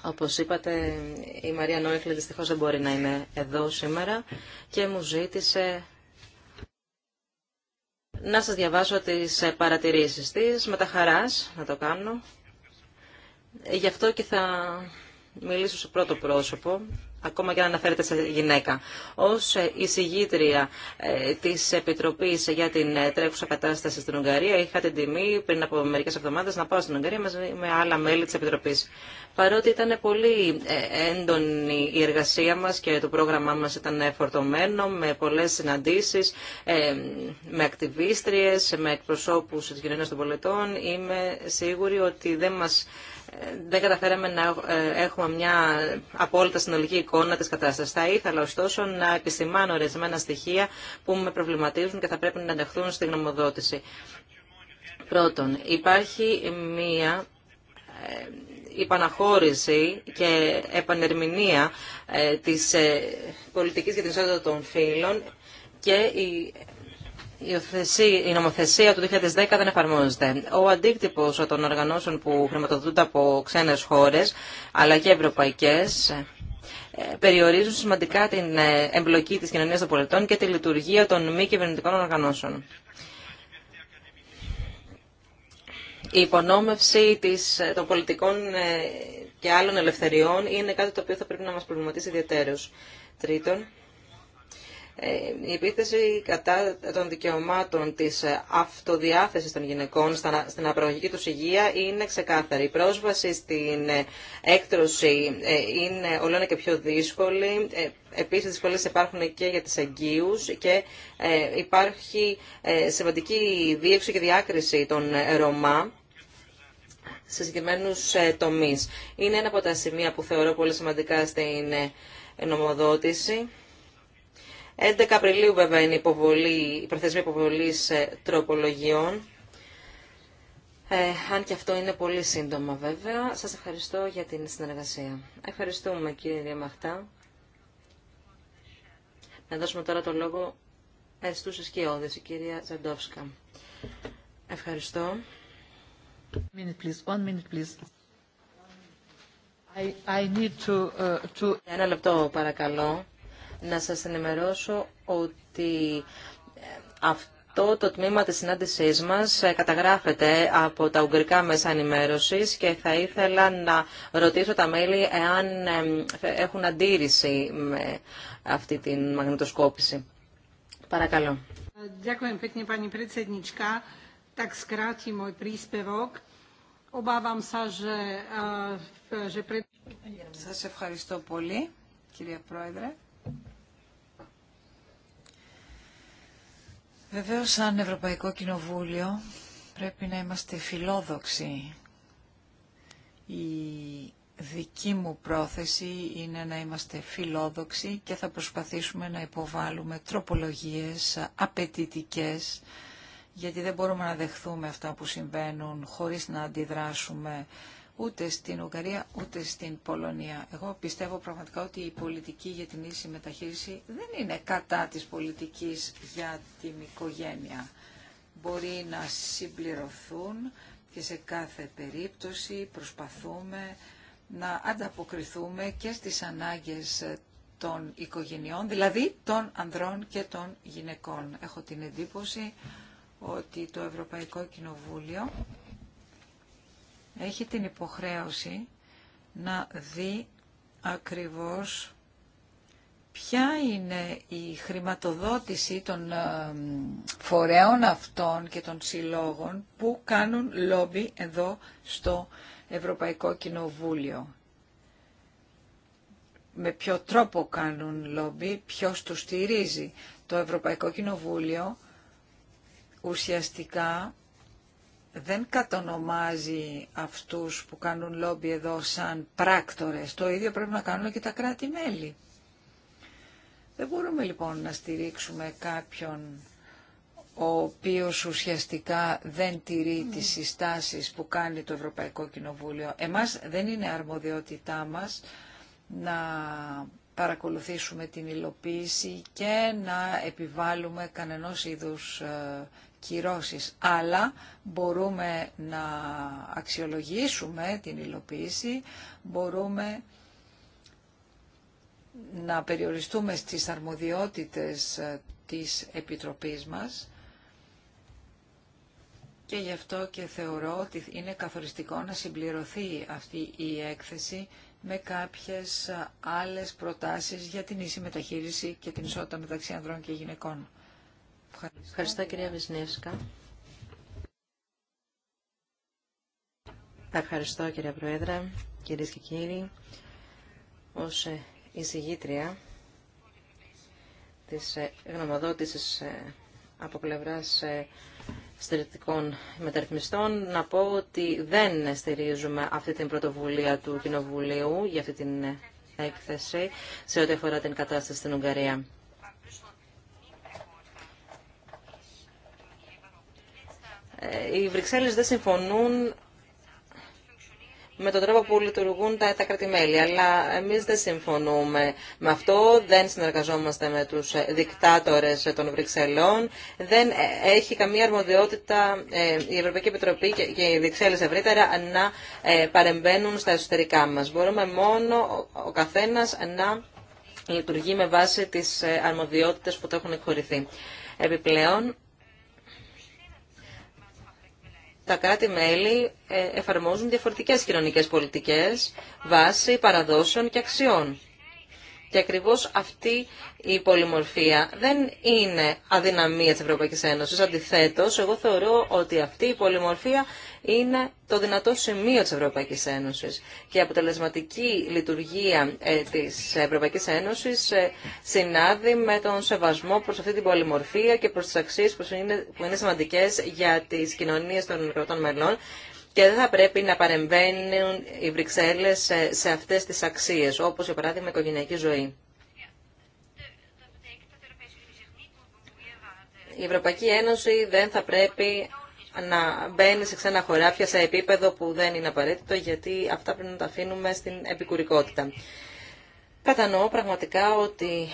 Όπω είπατε, η Μαρία Νόιχλη δυστυχώς δεν μπορεί να είναι εδώ σήμερα και μου ζήτησε να σας διαβάσω τις παρατηρήσεις της, με τα χαράς να το κάνω. Γι' αυτό και θα μιλήσω σε πρώτο πρόσωπο, ακόμα και αν αναφέρεται σε γυναίκα. Ως ε, εισηγήτρια ε, της Επιτροπής για την ε, τρέχουσα κατάσταση στην Ουγγαρία, είχα την τιμή πριν από μερικές εβδομάδες να πάω στην Ουγγαρία μαζί με άλλα μέλη της Επιτροπής. Παρότι ήταν πολύ έντονη η εργασία μας και το πρόγραμμά μας ήταν φορτωμένο με πολλές συναντήσεις, με ακτιβίστριες, με εκπροσώπους της κοινωνίας των πολιτών, είμαι σίγουρη ότι δεν μας δεν καταφέραμε να ε, έχουμε μια απόλυτα συνολική εικόνα της κατάστασης. Θα ήθελα ωστόσο να επισημάνω ορισμένα στοιχεία που με προβληματίζουν και θα πρέπει να ενταχθούν στη γνωμοδότηση. Πρώτον, υπάρχει μια ε, υπαναχώρηση και επανερμηνεία ε, της πολιτικής για την ισότητα των φύλων και η η νομοθεσία του 2010 δεν εφαρμόζεται. Ο αντίκτυπος των οργανώσεων που χρηματοδοτούνται από ξένες χώρες, αλλά και ευρωπαϊκές, ε, περιορίζουν σημαντικά την ε, εμπλοκή της κοινωνία των πολιτών και τη λειτουργία των μη κυβερνητικών οργανώσεων. Η υπονόμευση της, ε, των πολιτικών και άλλων ελευθεριών είναι κάτι το οποίο θα πρέπει να μας προβληματίσει ιδιαίτερως. Τρίτον, ε, η επίθεση κατά των δικαιωμάτων της ε, αυτοδιάθεσης των γυναικών στην απαραγωγική τους υγεία είναι ξεκάθαρη. Η πρόσβαση στην ε, έκτρωση είναι όλο και πιο δύσκολη. Επίσης, δυσκολίες υπάρχουν και για τις αγγείους και υπάρχει σημαντική δίευση και διάκριση των Ρωμά σε συγκεκριμένου τομεί. Είναι ένα από τα σημεία που θεωρώ πολύ σημαντικά στην νομοδότηση 11 Απριλίου βέβαια είναι η, υποβολή, προθεσμία υποβολής ε, τροπολογιών. Ε, αν και αυτό είναι πολύ σύντομα βέβαια. Σας ευχαριστώ για την συνεργασία. Ευχαριστούμε κύριε Μαχτά. Να δώσουμε τώρα το λόγο ε, στους εσκιώδες, η κυρία Ζαντόφσκα. Ευχαριστώ. Ένα λεπτό παρακαλώ να σας ενημερώσω ότι ε, αυτό το τμήμα της συνάντησής μας ε, καταγράφεται από τα ουγγρικά μέσα ενημέρωσης και θα ήθελα να ρωτήσω τα μέλη εάν ε, έχουν αντίρρηση με αυτή την μαγνητοσκόπηση. Παρακαλώ. E, σας ευχαριστώ πολύ, κυρία Πρόεδρε. Βεβαίως, σαν Ευρωπαϊκό Κοινοβούλιο πρέπει να είμαστε φιλόδοξοι. Η δική μου πρόθεση είναι να είμαστε φιλόδοξοι και θα προσπαθήσουμε να υποβάλουμε τροπολογίες απαιτητικέ γιατί δεν μπορούμε να δεχθούμε αυτά που συμβαίνουν χωρίς να αντιδράσουμε ούτε στην Ουγγαρία ούτε στην Πολωνία. Εγώ πιστεύω πραγματικά ότι η πολιτική για την ίση μεταχείριση δεν είναι κατά της πολιτικής για την οικογένεια. Μπορεί να συμπληρωθούν και σε κάθε περίπτωση προσπαθούμε να ανταποκριθούμε και στις ανάγκες των οικογενειών, δηλαδή των ανδρών και των γυναικών. Έχω την εντύπωση ότι το Ευρωπαϊκό Κοινοβούλιο έχει την υποχρέωση να δει ακριβώς ποια είναι η χρηματοδότηση των ε, φορέων αυτών και των συλλόγων που κάνουν λόμπι εδώ στο Ευρωπαϊκό Κοινοβούλιο. Με ποιο τρόπο κάνουν λόμπι, ποιος τους στηρίζει. Το Ευρωπαϊκό Κοινοβούλιο ουσιαστικά δεν κατονομάζει αυτούς που κάνουν λόμπι εδώ σαν πράκτορες. Το ίδιο πρέπει να κάνουν και τα κράτη-μέλη. Δεν μπορούμε λοιπόν να στηρίξουμε κάποιον ο οποίος ουσιαστικά δεν τηρεί ναι. τις συστάσεις που κάνει το Ευρωπαϊκό Κοινοβούλιο. Εμάς δεν είναι αρμοδιότητά μας να παρακολουθήσουμε την υλοποίηση και να επιβάλλουμε κανενός είδους ε, κυρώσεις. Αλλά μπορούμε να αξιολογήσουμε την υλοποίηση, μπορούμε να περιοριστούμε στις αρμοδιότητες ε, της Επιτροπής μας και γι' αυτό και θεωρώ ότι είναι καθοριστικό να συμπληρωθεί αυτή η έκθεση με κάποιες άλλες προτάσεις για την ίση μεταχείριση και την ισότητα μεταξύ ανδρών και γυναικών. Ευχαριστώ, κυρία Βυσνεύσκα. Ευχαριστώ κύριε Πρόεδρε, κυρίε και κύριοι. Ως ε, εισηγήτρια της ε, γνωμοδότησης ε, από πλευράς στερετικών μεταρρυθμιστών να πω ότι δεν στηρίζουμε αυτή την πρωτοβουλία του Κοινοβουλίου για αυτή την έκθεση σε ό,τι αφορά την κατάσταση στην Ουγγαρία. Ε, οι Βρυξέλλες δεν συμφωνούν με τον τρόπο που λειτουργούν τα, τα κρατημέλη. Αλλά εμείς δεν συμφωνούμε με αυτό, δεν συνεργαζόμαστε με τους δικτάτορες των Βρυξελών, δεν έχει καμία αρμοδιότητα ε, η Ευρωπαϊκή Επιτροπή και οι Βρυξέλλες ευρύτερα να ε, παρεμβαίνουν στα εσωτερικά μας. Μπορούμε μόνο ο καθένας να λειτουργεί με βάση τις ε, αρμοδιότητες που το έχουν εκχωρηθεί. Επιπλέον, τα κράτη-μέλη ε, εφαρμόζουν διαφορετικές κοινωνικές πολιτικές βάσει παραδόσεων και αξιών. Και ακριβώς αυτή η πολυμορφία δεν είναι αδυναμία της Ευρωπαϊκής Ένωσης. Αντιθέτως, εγώ θεωρώ ότι αυτή η πολυμορφία είναι το δυνατό σημείο της Ευρωπαϊκής Ένωσης. Και η αποτελεσματική λειτουργία ε, της Ευρωπαϊκής Ένωσης ε, συνάδει με τον σεβασμό προς αυτή την πολυμορφία και προς τις αξίες που είναι, που σημαντικές για τις κοινωνίες των κρατών μελών και δεν θα πρέπει να παρεμβαίνουν οι Βρυξέλλες σε, σε αυτές τις αξίες, όπως για παράδειγμα η οικογενειακή ζωή. Η Ευρωπαϊκή Ένωση δεν θα πρέπει να μπαίνει σε ξένα χωράφια σε επίπεδο που δεν είναι απαραίτητο γιατί αυτά πρέπει να τα αφήνουμε στην επικουρικότητα. Κατανοώ πραγματικά ότι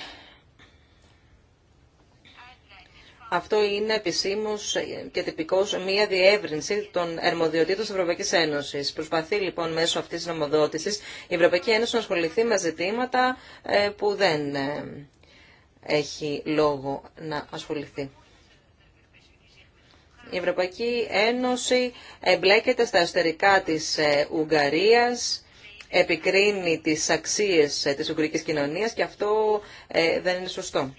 αυτό είναι επισήμω και τυπικώ μία διεύρυνση των ερμοδιοτήτων τη Ευρωπαϊκή Ένωση. Προσπαθεί λοιπόν μέσω αυτή τη νομοδότηση η Ευρωπαϊκή Ένωση να ασχοληθεί με ζητήματα ε, που δεν ε, έχει λόγο να ασχοληθεί. Η Ευρωπαϊκή Ένωση εμπλέκεται στα εστερικά της ε, Ουγγαρίας, επικρίνει τις αξίες ε, της ουγγρικής κοινωνίας και αυτό ε, δεν είναι σωστό.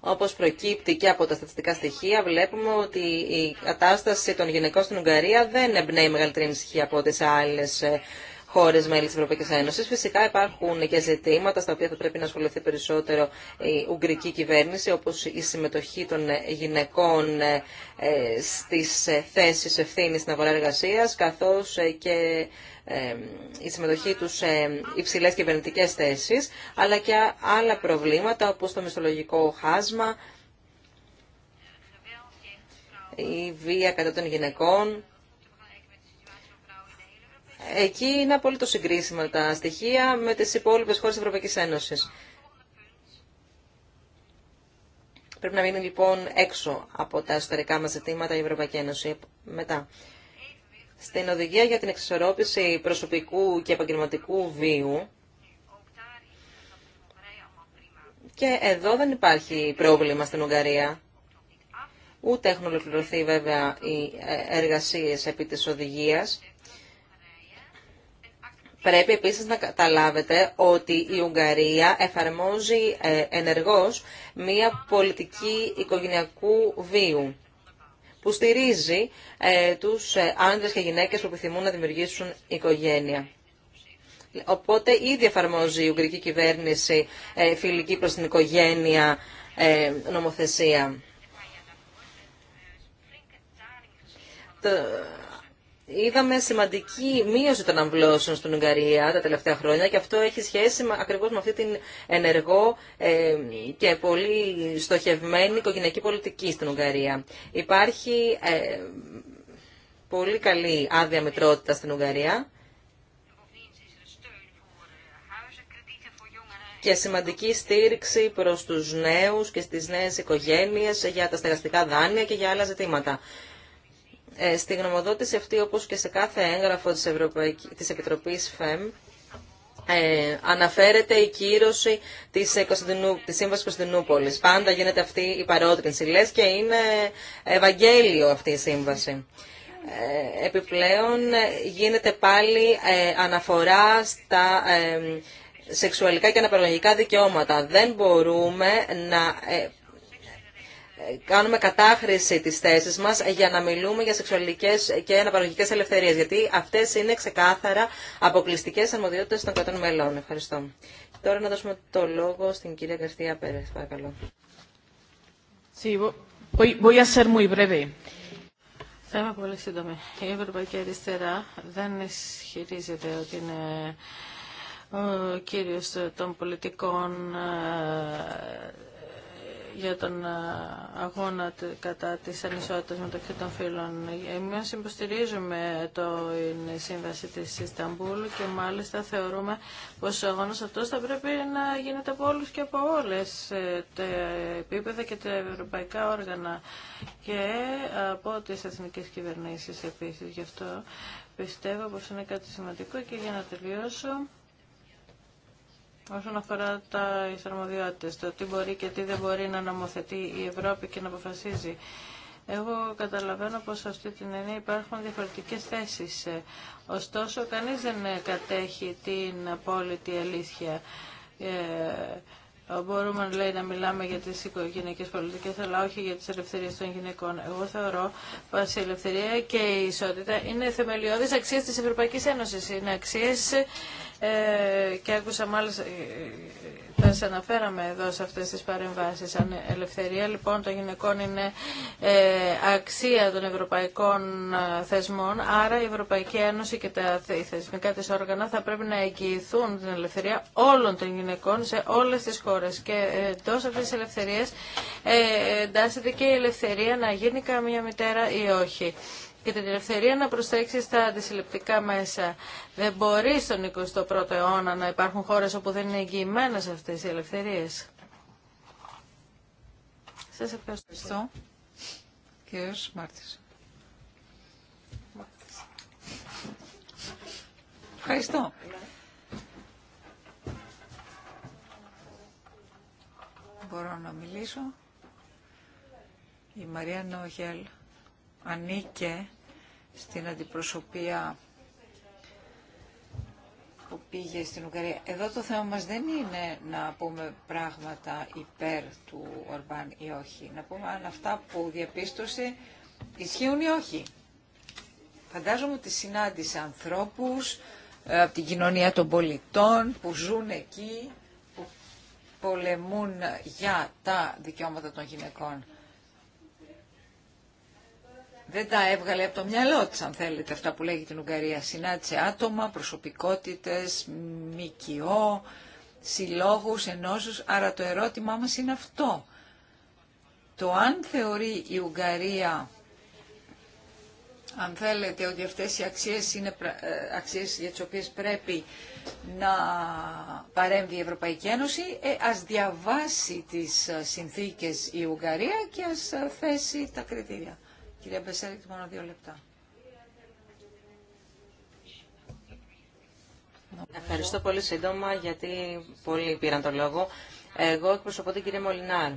Όπως προκύπτει και από τα στατιστικά στοιχεία, βλέπουμε ότι η κατάσταση των γυναικών στην Ουγγαρία δεν εμπνέει μεγαλύτερη ανησυχία από τις άλλες χώρε μέλη τη Ευρωπαϊκή Ένωση. Φυσικά υπάρχουν και ζητήματα στα οποία θα πρέπει να ασχοληθεί περισσότερο η Ουγγρική κυβέρνηση, όπω η συμμετοχή των γυναικών ε, ε, στι θέσει ευθύνη στην αγορά εργασία, καθώ ε, και η συμμετοχή τους σε υψηλές κυβερνητικές θέσεις, αλλά και άλλα προβλήματα όπως το μισθολογικό χάσμα, η βία κατά των γυναικών, Εκεί είναι απόλυτο συγκρίσιμα τα στοιχεία με τις υπόλοιπες χώρες της Ευρωπαϊκής Ένωσης. Πρέπει να μείνει λοιπόν έξω από τα εσωτερικά μας ζητήματα η Ευρωπαϊκή Ένωση. Μετά, στην οδηγία για την εξισορρόπηση προσωπικού και επαγγελματικού βίου, και εδώ δεν υπάρχει πρόβλημα στην Ουγγαρία. Ούτε έχουν ολοκληρωθεί βέβαια οι ε, εργασίες επί της οδηγίας. Πρέπει επίσης να καταλάβετε ότι η Ουγγαρία εφαρμόζει ε, ενεργώς μία πολιτική οικογενειακού βίου που στηρίζει ε, τους ε, άντρες και γυναίκες που επιθυμούν να δημιουργήσουν οικογένεια. Οπότε ήδη εφαρμόζει η Ουγγρική κυβέρνηση φιλική προς την οικογένεια νομοθεσία. Είδαμε σημαντική μείωση των αμβλώσεων στην Ουγγαρία τα τελευταία χρόνια και αυτό έχει σχέση ακριβώς με αυτή την ενεργό ε, και πολύ στοχευμένη οικογενειακή πολιτική στην Ουγγαρία. Υπάρχει ε, πολύ καλή άδεια μετρότητα στην Ουγγαρία και σημαντική στήριξη προς τους νέους και στις νέες οικογένειες για τα στεγαστικά δάνεια και για άλλα ζητήματα. Ε, στη γνωμοδότηση αυτή, όπως και σε κάθε έγγραφο της, της Επιτροπής ΦΕΜ, ε, αναφέρεται η κύρωση της, ε, της Σύμβασης Κωνσταντινούπολης. Πάντα γίνεται αυτή η παρότρινση, λες, και είναι Ευαγγέλιο αυτή η σύμβαση. Ε, επιπλέον, ε, γίνεται πάλι αναφορά στα σεξουαλικά και αναπαραγωγικά δικαιώματα. Δεν μπορούμε να κάνουμε κατάχρηση της θέσης μας για να μιλούμε για σεξουαλικές και αναπαραγωγικές ελευθερίες, γιατί αυτές είναι ξεκάθαρα αποκλειστικές αρμοδιότητες των κρατών μελών. Ευχαριστώ. Τώρα να δώσουμε το λόγο στην κυρία Γκαρθία Πέρε. παρακαλώ. Θα είμαι πολύ σύντομη. Η Ευρωπαϊκή Αριστερά δεν ισχυρίζεται ότι είναι ο κύριος των πολιτικών ε, για τον ε, αγώνα κατά της ανισότητας μεταξύ των φύλων. Εμείς υποστηρίζουμε τη σύμβαση της Ισταμπούλ και μάλιστα θεωρούμε πως ο αγώνας αυτός θα πρέπει να γίνεται από όλους και από όλες ε, τα επίπεδα και τα ευρωπαϊκά όργανα και από τις εθνικές κυβερνήσεις επίσης. Γι' αυτό πιστεύω πως είναι κάτι σημαντικό και για να τελειώσω όσον αφορά τα αρμοδιότητες, το τι μπορεί και τι δεν μπορεί να νομοθετεί η Ευρώπη και να αποφασίζει. Εγώ καταλαβαίνω πως σε αυτή την έννοια υπάρχουν διαφορετικές θέσεις. Ωστόσο, κανείς δεν κατέχει την απόλυτη αλήθεια. Ε, μπορούμε λέει, να μιλάμε για τις οικογενειακές πολιτικές, αλλά όχι για τις ελευθερίες των γυναικών. Εγώ θεωρώ πως η ελευθερία και η ισότητα είναι θεμελιώδεις αξίες της Ευρωπαϊκής Ένωσης. Είναι αξίες ε, και άκουσα μάλιστα, ε, ε, τα σας αναφέραμε εδώ σε αυτές τις παρεμβάσεις. Αν ελευθερία λοιπόν των γυναικών είναι αξία των ευρωπαϊκών θεσμών, άρα η Ευρωπαϊκή Ένωση και τα θεσμικά της όργανα θα πρέπει να εγγυηθούν την ελευθερία όλων των γυναικών σε όλες τις χώρες. Και εντό αυτής της ελευθερίας εντάσσεται και η ελευθερία να γίνει καμία μητέρα ή όχι και την ελευθερία να προσέξει τα αντισυλληπτικά μέσα. Δεν μπορεί στον 21ο αιώνα να υπάρχουν χώρες όπου δεν είναι εγγυημένε αυτές οι ελευθερίες. Σας ευχαριστώ. Κύριος Μάρτης. Ευχαριστώ. Μπορώ να μιλήσω. Η Μαρία Νόγελ ανήκε στην αντιπροσωπεία που πήγε στην Ουγγαρία. Εδώ το θέμα μας δεν είναι να πούμε πράγματα υπέρ του Ορμπάν ή όχι. Να πούμε αν αυτά που διαπίστωσε ισχύουν ή όχι. Φαντάζομαι ότι συνάντησε ανθρώπους ε, από την κοινωνία των πολιτών που ζουν εκεί, που πολεμούν για τα δικαιώματα των γυναικών δεν τα έβγαλε από το μυαλό της, αν θέλετε, αυτά που λέγει την Ουγγαρία. Συνάντησε άτομα, προσωπικότητες, μικιό, συλλόγους, ενώσους. Άρα το ερώτημά μας είναι αυτό. Το αν θεωρεί η Ουγγαρία, αν θέλετε, ότι αυτές οι αξίες είναι ε, αξίες για τις οποίες πρέπει να παρέμβει η Ευρωπαϊκή Ένωση, ε, ας διαβάσει τις συνθήκες η Ουγγαρία και ας ε, θέσει τα κριτήρια. Κυρία Μπεσέρη, μόνο δύο λεπτά. Ευχαριστώ πολύ σύντομα, γιατί πολλοί πήραν το λόγο. Εγώ εκπροσωπώ την κυρία Μολινάρ,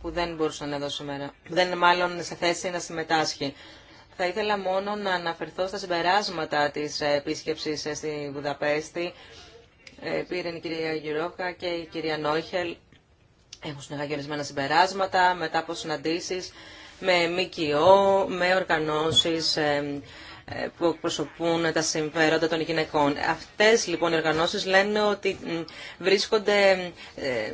που δεν μπορούσε να είναι εδώ σήμερα. Δεν είναι μάλλον σε θέση να συμμετάσχει. Θα ήθελα μόνο να αναφερθώ στα συμπεράσματα της επίσκεψης ε, στη Βουδαπέστη. Ε, πήρε η κυρία Γιουρόχα και η κυρία Νόχελ. Έχουν συνεργαστεί συμπεράσματα μετά από συναντήσεις με ΜΚΟ, με οργανώσεις ε, ε, που εκπροσωπούν τα συμφέροντα των γυναικών. Αυτές λοιπόν οι οργανώσεις λένε ότι βρίσκονται, ε,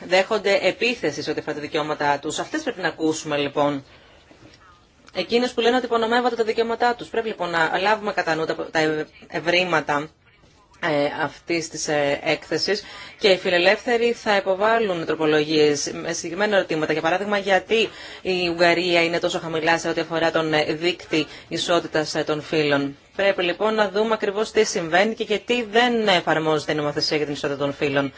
δέχονται επίθεση σε ό,τι αφορά τα δικαιώματά τους. Αυτές πρέπει να ακούσουμε λοιπόν. Εκείνες που λένε ότι υπονομεύονται τα δικαιώματά τους. Πρέπει λοιπόν να λάβουμε κατά νου τα ευρήματα ε, αυτής της ε, έκθεσης και οι φιλελεύθεροι θα υποβάλουν τροπολογίε με συγκεκριμένα ερωτήματα. Για παράδειγμα, γιατί η Ουγγαρία είναι τόσο χαμηλά σε ό,τι αφορά τον ε, δίκτυ ισότητας των φύλων. Πρέπει λοιπόν να δούμε ακριβώς τι συμβαίνει και γιατί δεν εφαρμόζεται η νομοθεσία για την ισότητα των φύλων.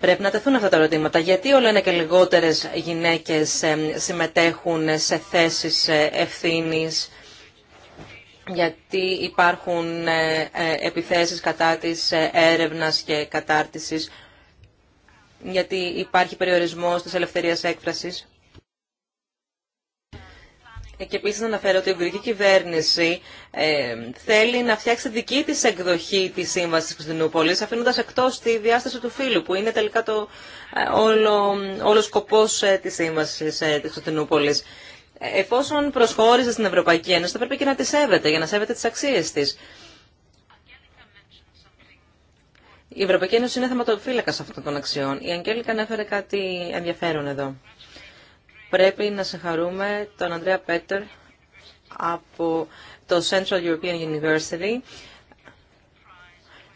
Πρέπει να τεθούν αυτά τα ερωτήματα. Γιατί όλο ένα και λιγότερες γυναίκες συμμετέχουν σε θέσεις ευθύνης γιατί υπάρχουν ε, ε, επιθέσεις κατά της ε, έρευνας και κατάρτισης, γιατί υπάρχει περιορισμός της ελευθερίας έκφρασης. Και επίσης να αναφέρω ότι η ευρωπαϊκή κυβέρνηση θέλει να φτιάξει δική της εκδοχή της Σύμβασης της Κωνσταντινούπολης, αφήνοντας εκτός τη διάσταση του φύλου, που είναι τελικά το, όλο, όλο σκοπός της Σύμβασης της Κωνσταντινούπολης εφόσον προσχώρησε στην Ευρωπαϊκή Ένωση, θα πρέπει και να τη σέβεται, για να σέβεται τις αξίες της. Η Ευρωπαϊκή Ένωση είναι θεματοφύλακα αυτών των αξιών. Η Αγγέλικα ανέφερε κάτι ενδιαφέρον εδώ. Πρέπει να συγχαρούμε τον Ανδρέα Πέτερ από το Central European University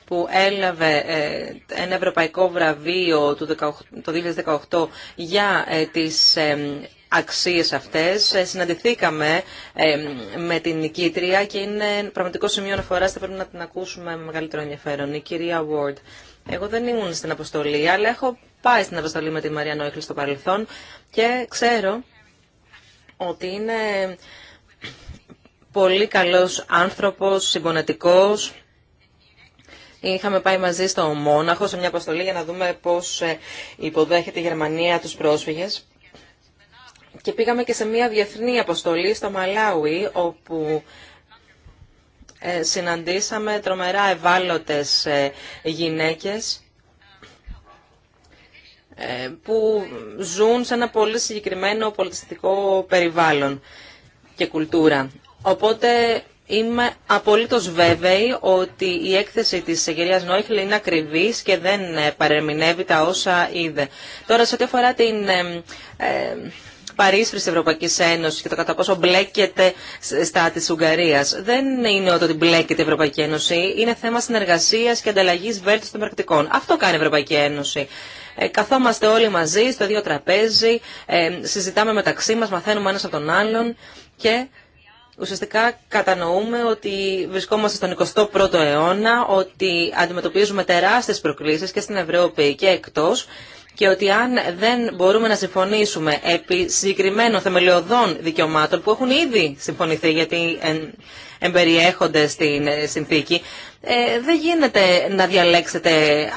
που έλαβε ε, ένα ευρωπαϊκό βραβείο το 2018 για ε, τις ε, αξίες αυτές. Ε, συναντηθήκαμε με την νικήτρια και είναι πραγματικό σημείο αναφορά. Θα πρέπει να την ακούσουμε με μεγαλύτερο ενδιαφέρον. Η κυρία Ward. Εγώ δεν ήμουν στην αποστολή, αλλά έχω πάει στην αποστολή με τη Μαρία Νόιχλη στο παρελθόν και ξέρω ότι είναι πολύ καλός άνθρωπος, συμπονετικός. Είχαμε πάει μαζί στο Μόναχο σε μια αποστολή για να δούμε πώς ε, υποδέχεται η Γερμανία τους πρόσφυγες και πήγαμε και σε μια διεθνή αποστολή στο Μαλάουι, όπου ε, συναντήσαμε τρομερά ευάλωτες ε, γυναίκες ε, που ζουν σε ένα πολύ συγκεκριμένο πολιτιστικό περιβάλλον και κουλτούρα. Οπότε είμαι απολύτως βέβαιη ότι η έκθεση της κυρία Νόιχλ είναι ακριβής και δεν παρεμηνεύει τα όσα είδε. Τώρα σε ό,τι αφορά την παρίσφρηση της Ευρωπαϊκής Ένωσης και το κατά πόσο μπλέκεται στα της Ουγγαρίας. Δεν είναι ότι μπλέκεται η Ευρωπαϊκή Ένωση, είναι θέμα συνεργασίας και ανταλλαγής βέλτιστων των πρακτικών. Αυτό κάνει η Ευρωπαϊκή Ένωση. Ε, καθόμαστε όλοι μαζί στο δύο τραπέζι, ε, συζητάμε μεταξύ μας, μαθαίνουμε ένας από τον άλλον και ουσιαστικά κατανοούμε ότι βρισκόμαστε στον 21ο αιώνα, ότι αντιμετωπίζουμε τεράστιες προκλήσεις και στην Ευρώπη και εκτός και ότι αν δεν μπορούμε να συμφωνήσουμε επί συγκεκριμένων θεμελιωδών δικαιωμάτων που έχουν ήδη συμφωνηθεί γιατί εμπεριέχονται στην ε, συνθήκη, ε, δεν γίνεται να διαλέξετε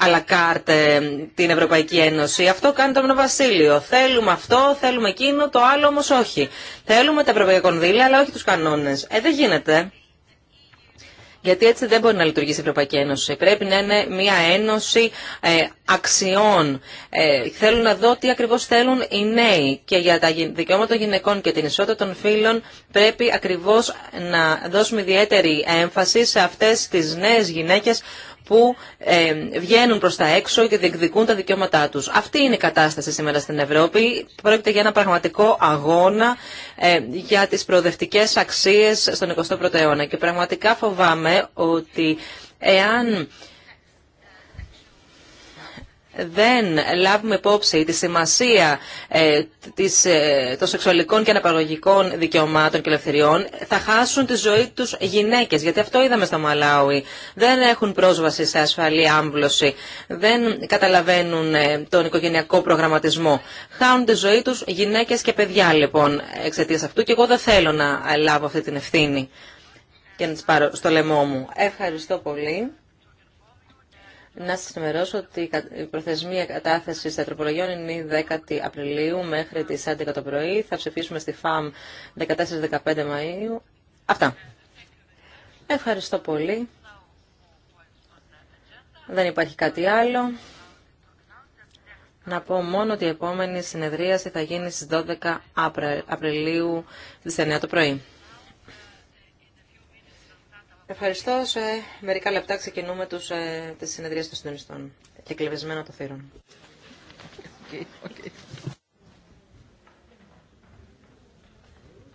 αλλά ε, την Ευρωπαϊκή Ένωση. Αυτό κάνει το Βασίλειο. Θέλουμε αυτό, θέλουμε εκείνο, το άλλο όμως όχι. Θέλουμε τα ευρωπαϊκά κονδύλια, αλλά όχι τους κανόνες. δεν γίνεται. Γιατί έτσι δεν μπορεί να λειτουργήσει η Ευρωπαϊκή Ένωση. Πρέπει να είναι μια ένωση ε, αξιών. Ε, Θέλω να δω τι ακριβώς θέλουν οι νέοι. Και για τα δικαιώματα των γυναικών και την ισότητα των φύλων πρέπει ακριβώς να δώσουμε ιδιαίτερη έμφαση σε αυτές τι νέες γυναίκες που ε, βγαίνουν προς τα έξω και διεκδικούν τα δικαιώματά τους. Αυτή είναι η κατάσταση σήμερα στην Ευρώπη. Πρόκειται για ένα πραγματικό αγώνα ε, για τις προοδευτικές αξίες στον 21ο αιώνα. Και πραγματικά φοβάμαι ότι εάν δεν λάβουμε υπόψη τη σημασία ε, της, ε, των σεξουαλικών και αναπαραγωγικών δικαιωμάτων και ελευθεριών, θα χάσουν τη ζωή τους γυναίκες. Γιατί αυτό είδαμε στο Μαλάουι. Δεν έχουν πρόσβαση σε ασφαλή άμβλωση. Δεν καταλαβαίνουν ε, τον οικογενειακό προγραμματισμό. Χάνουν τη ζωή τους γυναίκες και παιδιά λοιπόν εξαιτία αυτού και εγώ δεν θέλω να λάβω αυτή την ευθύνη και να τις πάρω στο λαιμό μου. Ευχαριστώ πολύ. Να σα ενημερώσω ότι η προθεσμία κατάθεση των είναι η 10η Απριλίου μέχρι τις 11 το πρωί. Θα ψηφίσουμε στη ΦΑΜ 14-15 Μαΐου. Αυτά. Ευχαριστώ πολύ. Δεν υπάρχει κάτι άλλο. Να πω μόνο ότι η επόμενη συνεδρίαση θα γίνει στις 12 Απριλίου στις 9 το πρωί. Ευχαριστώ. Σε μερικά λεπτά ξεκινούμε τους, ε, τις συνεδρίες των συντονιστών και το θύρον. [LAUGHS] Okay, okay.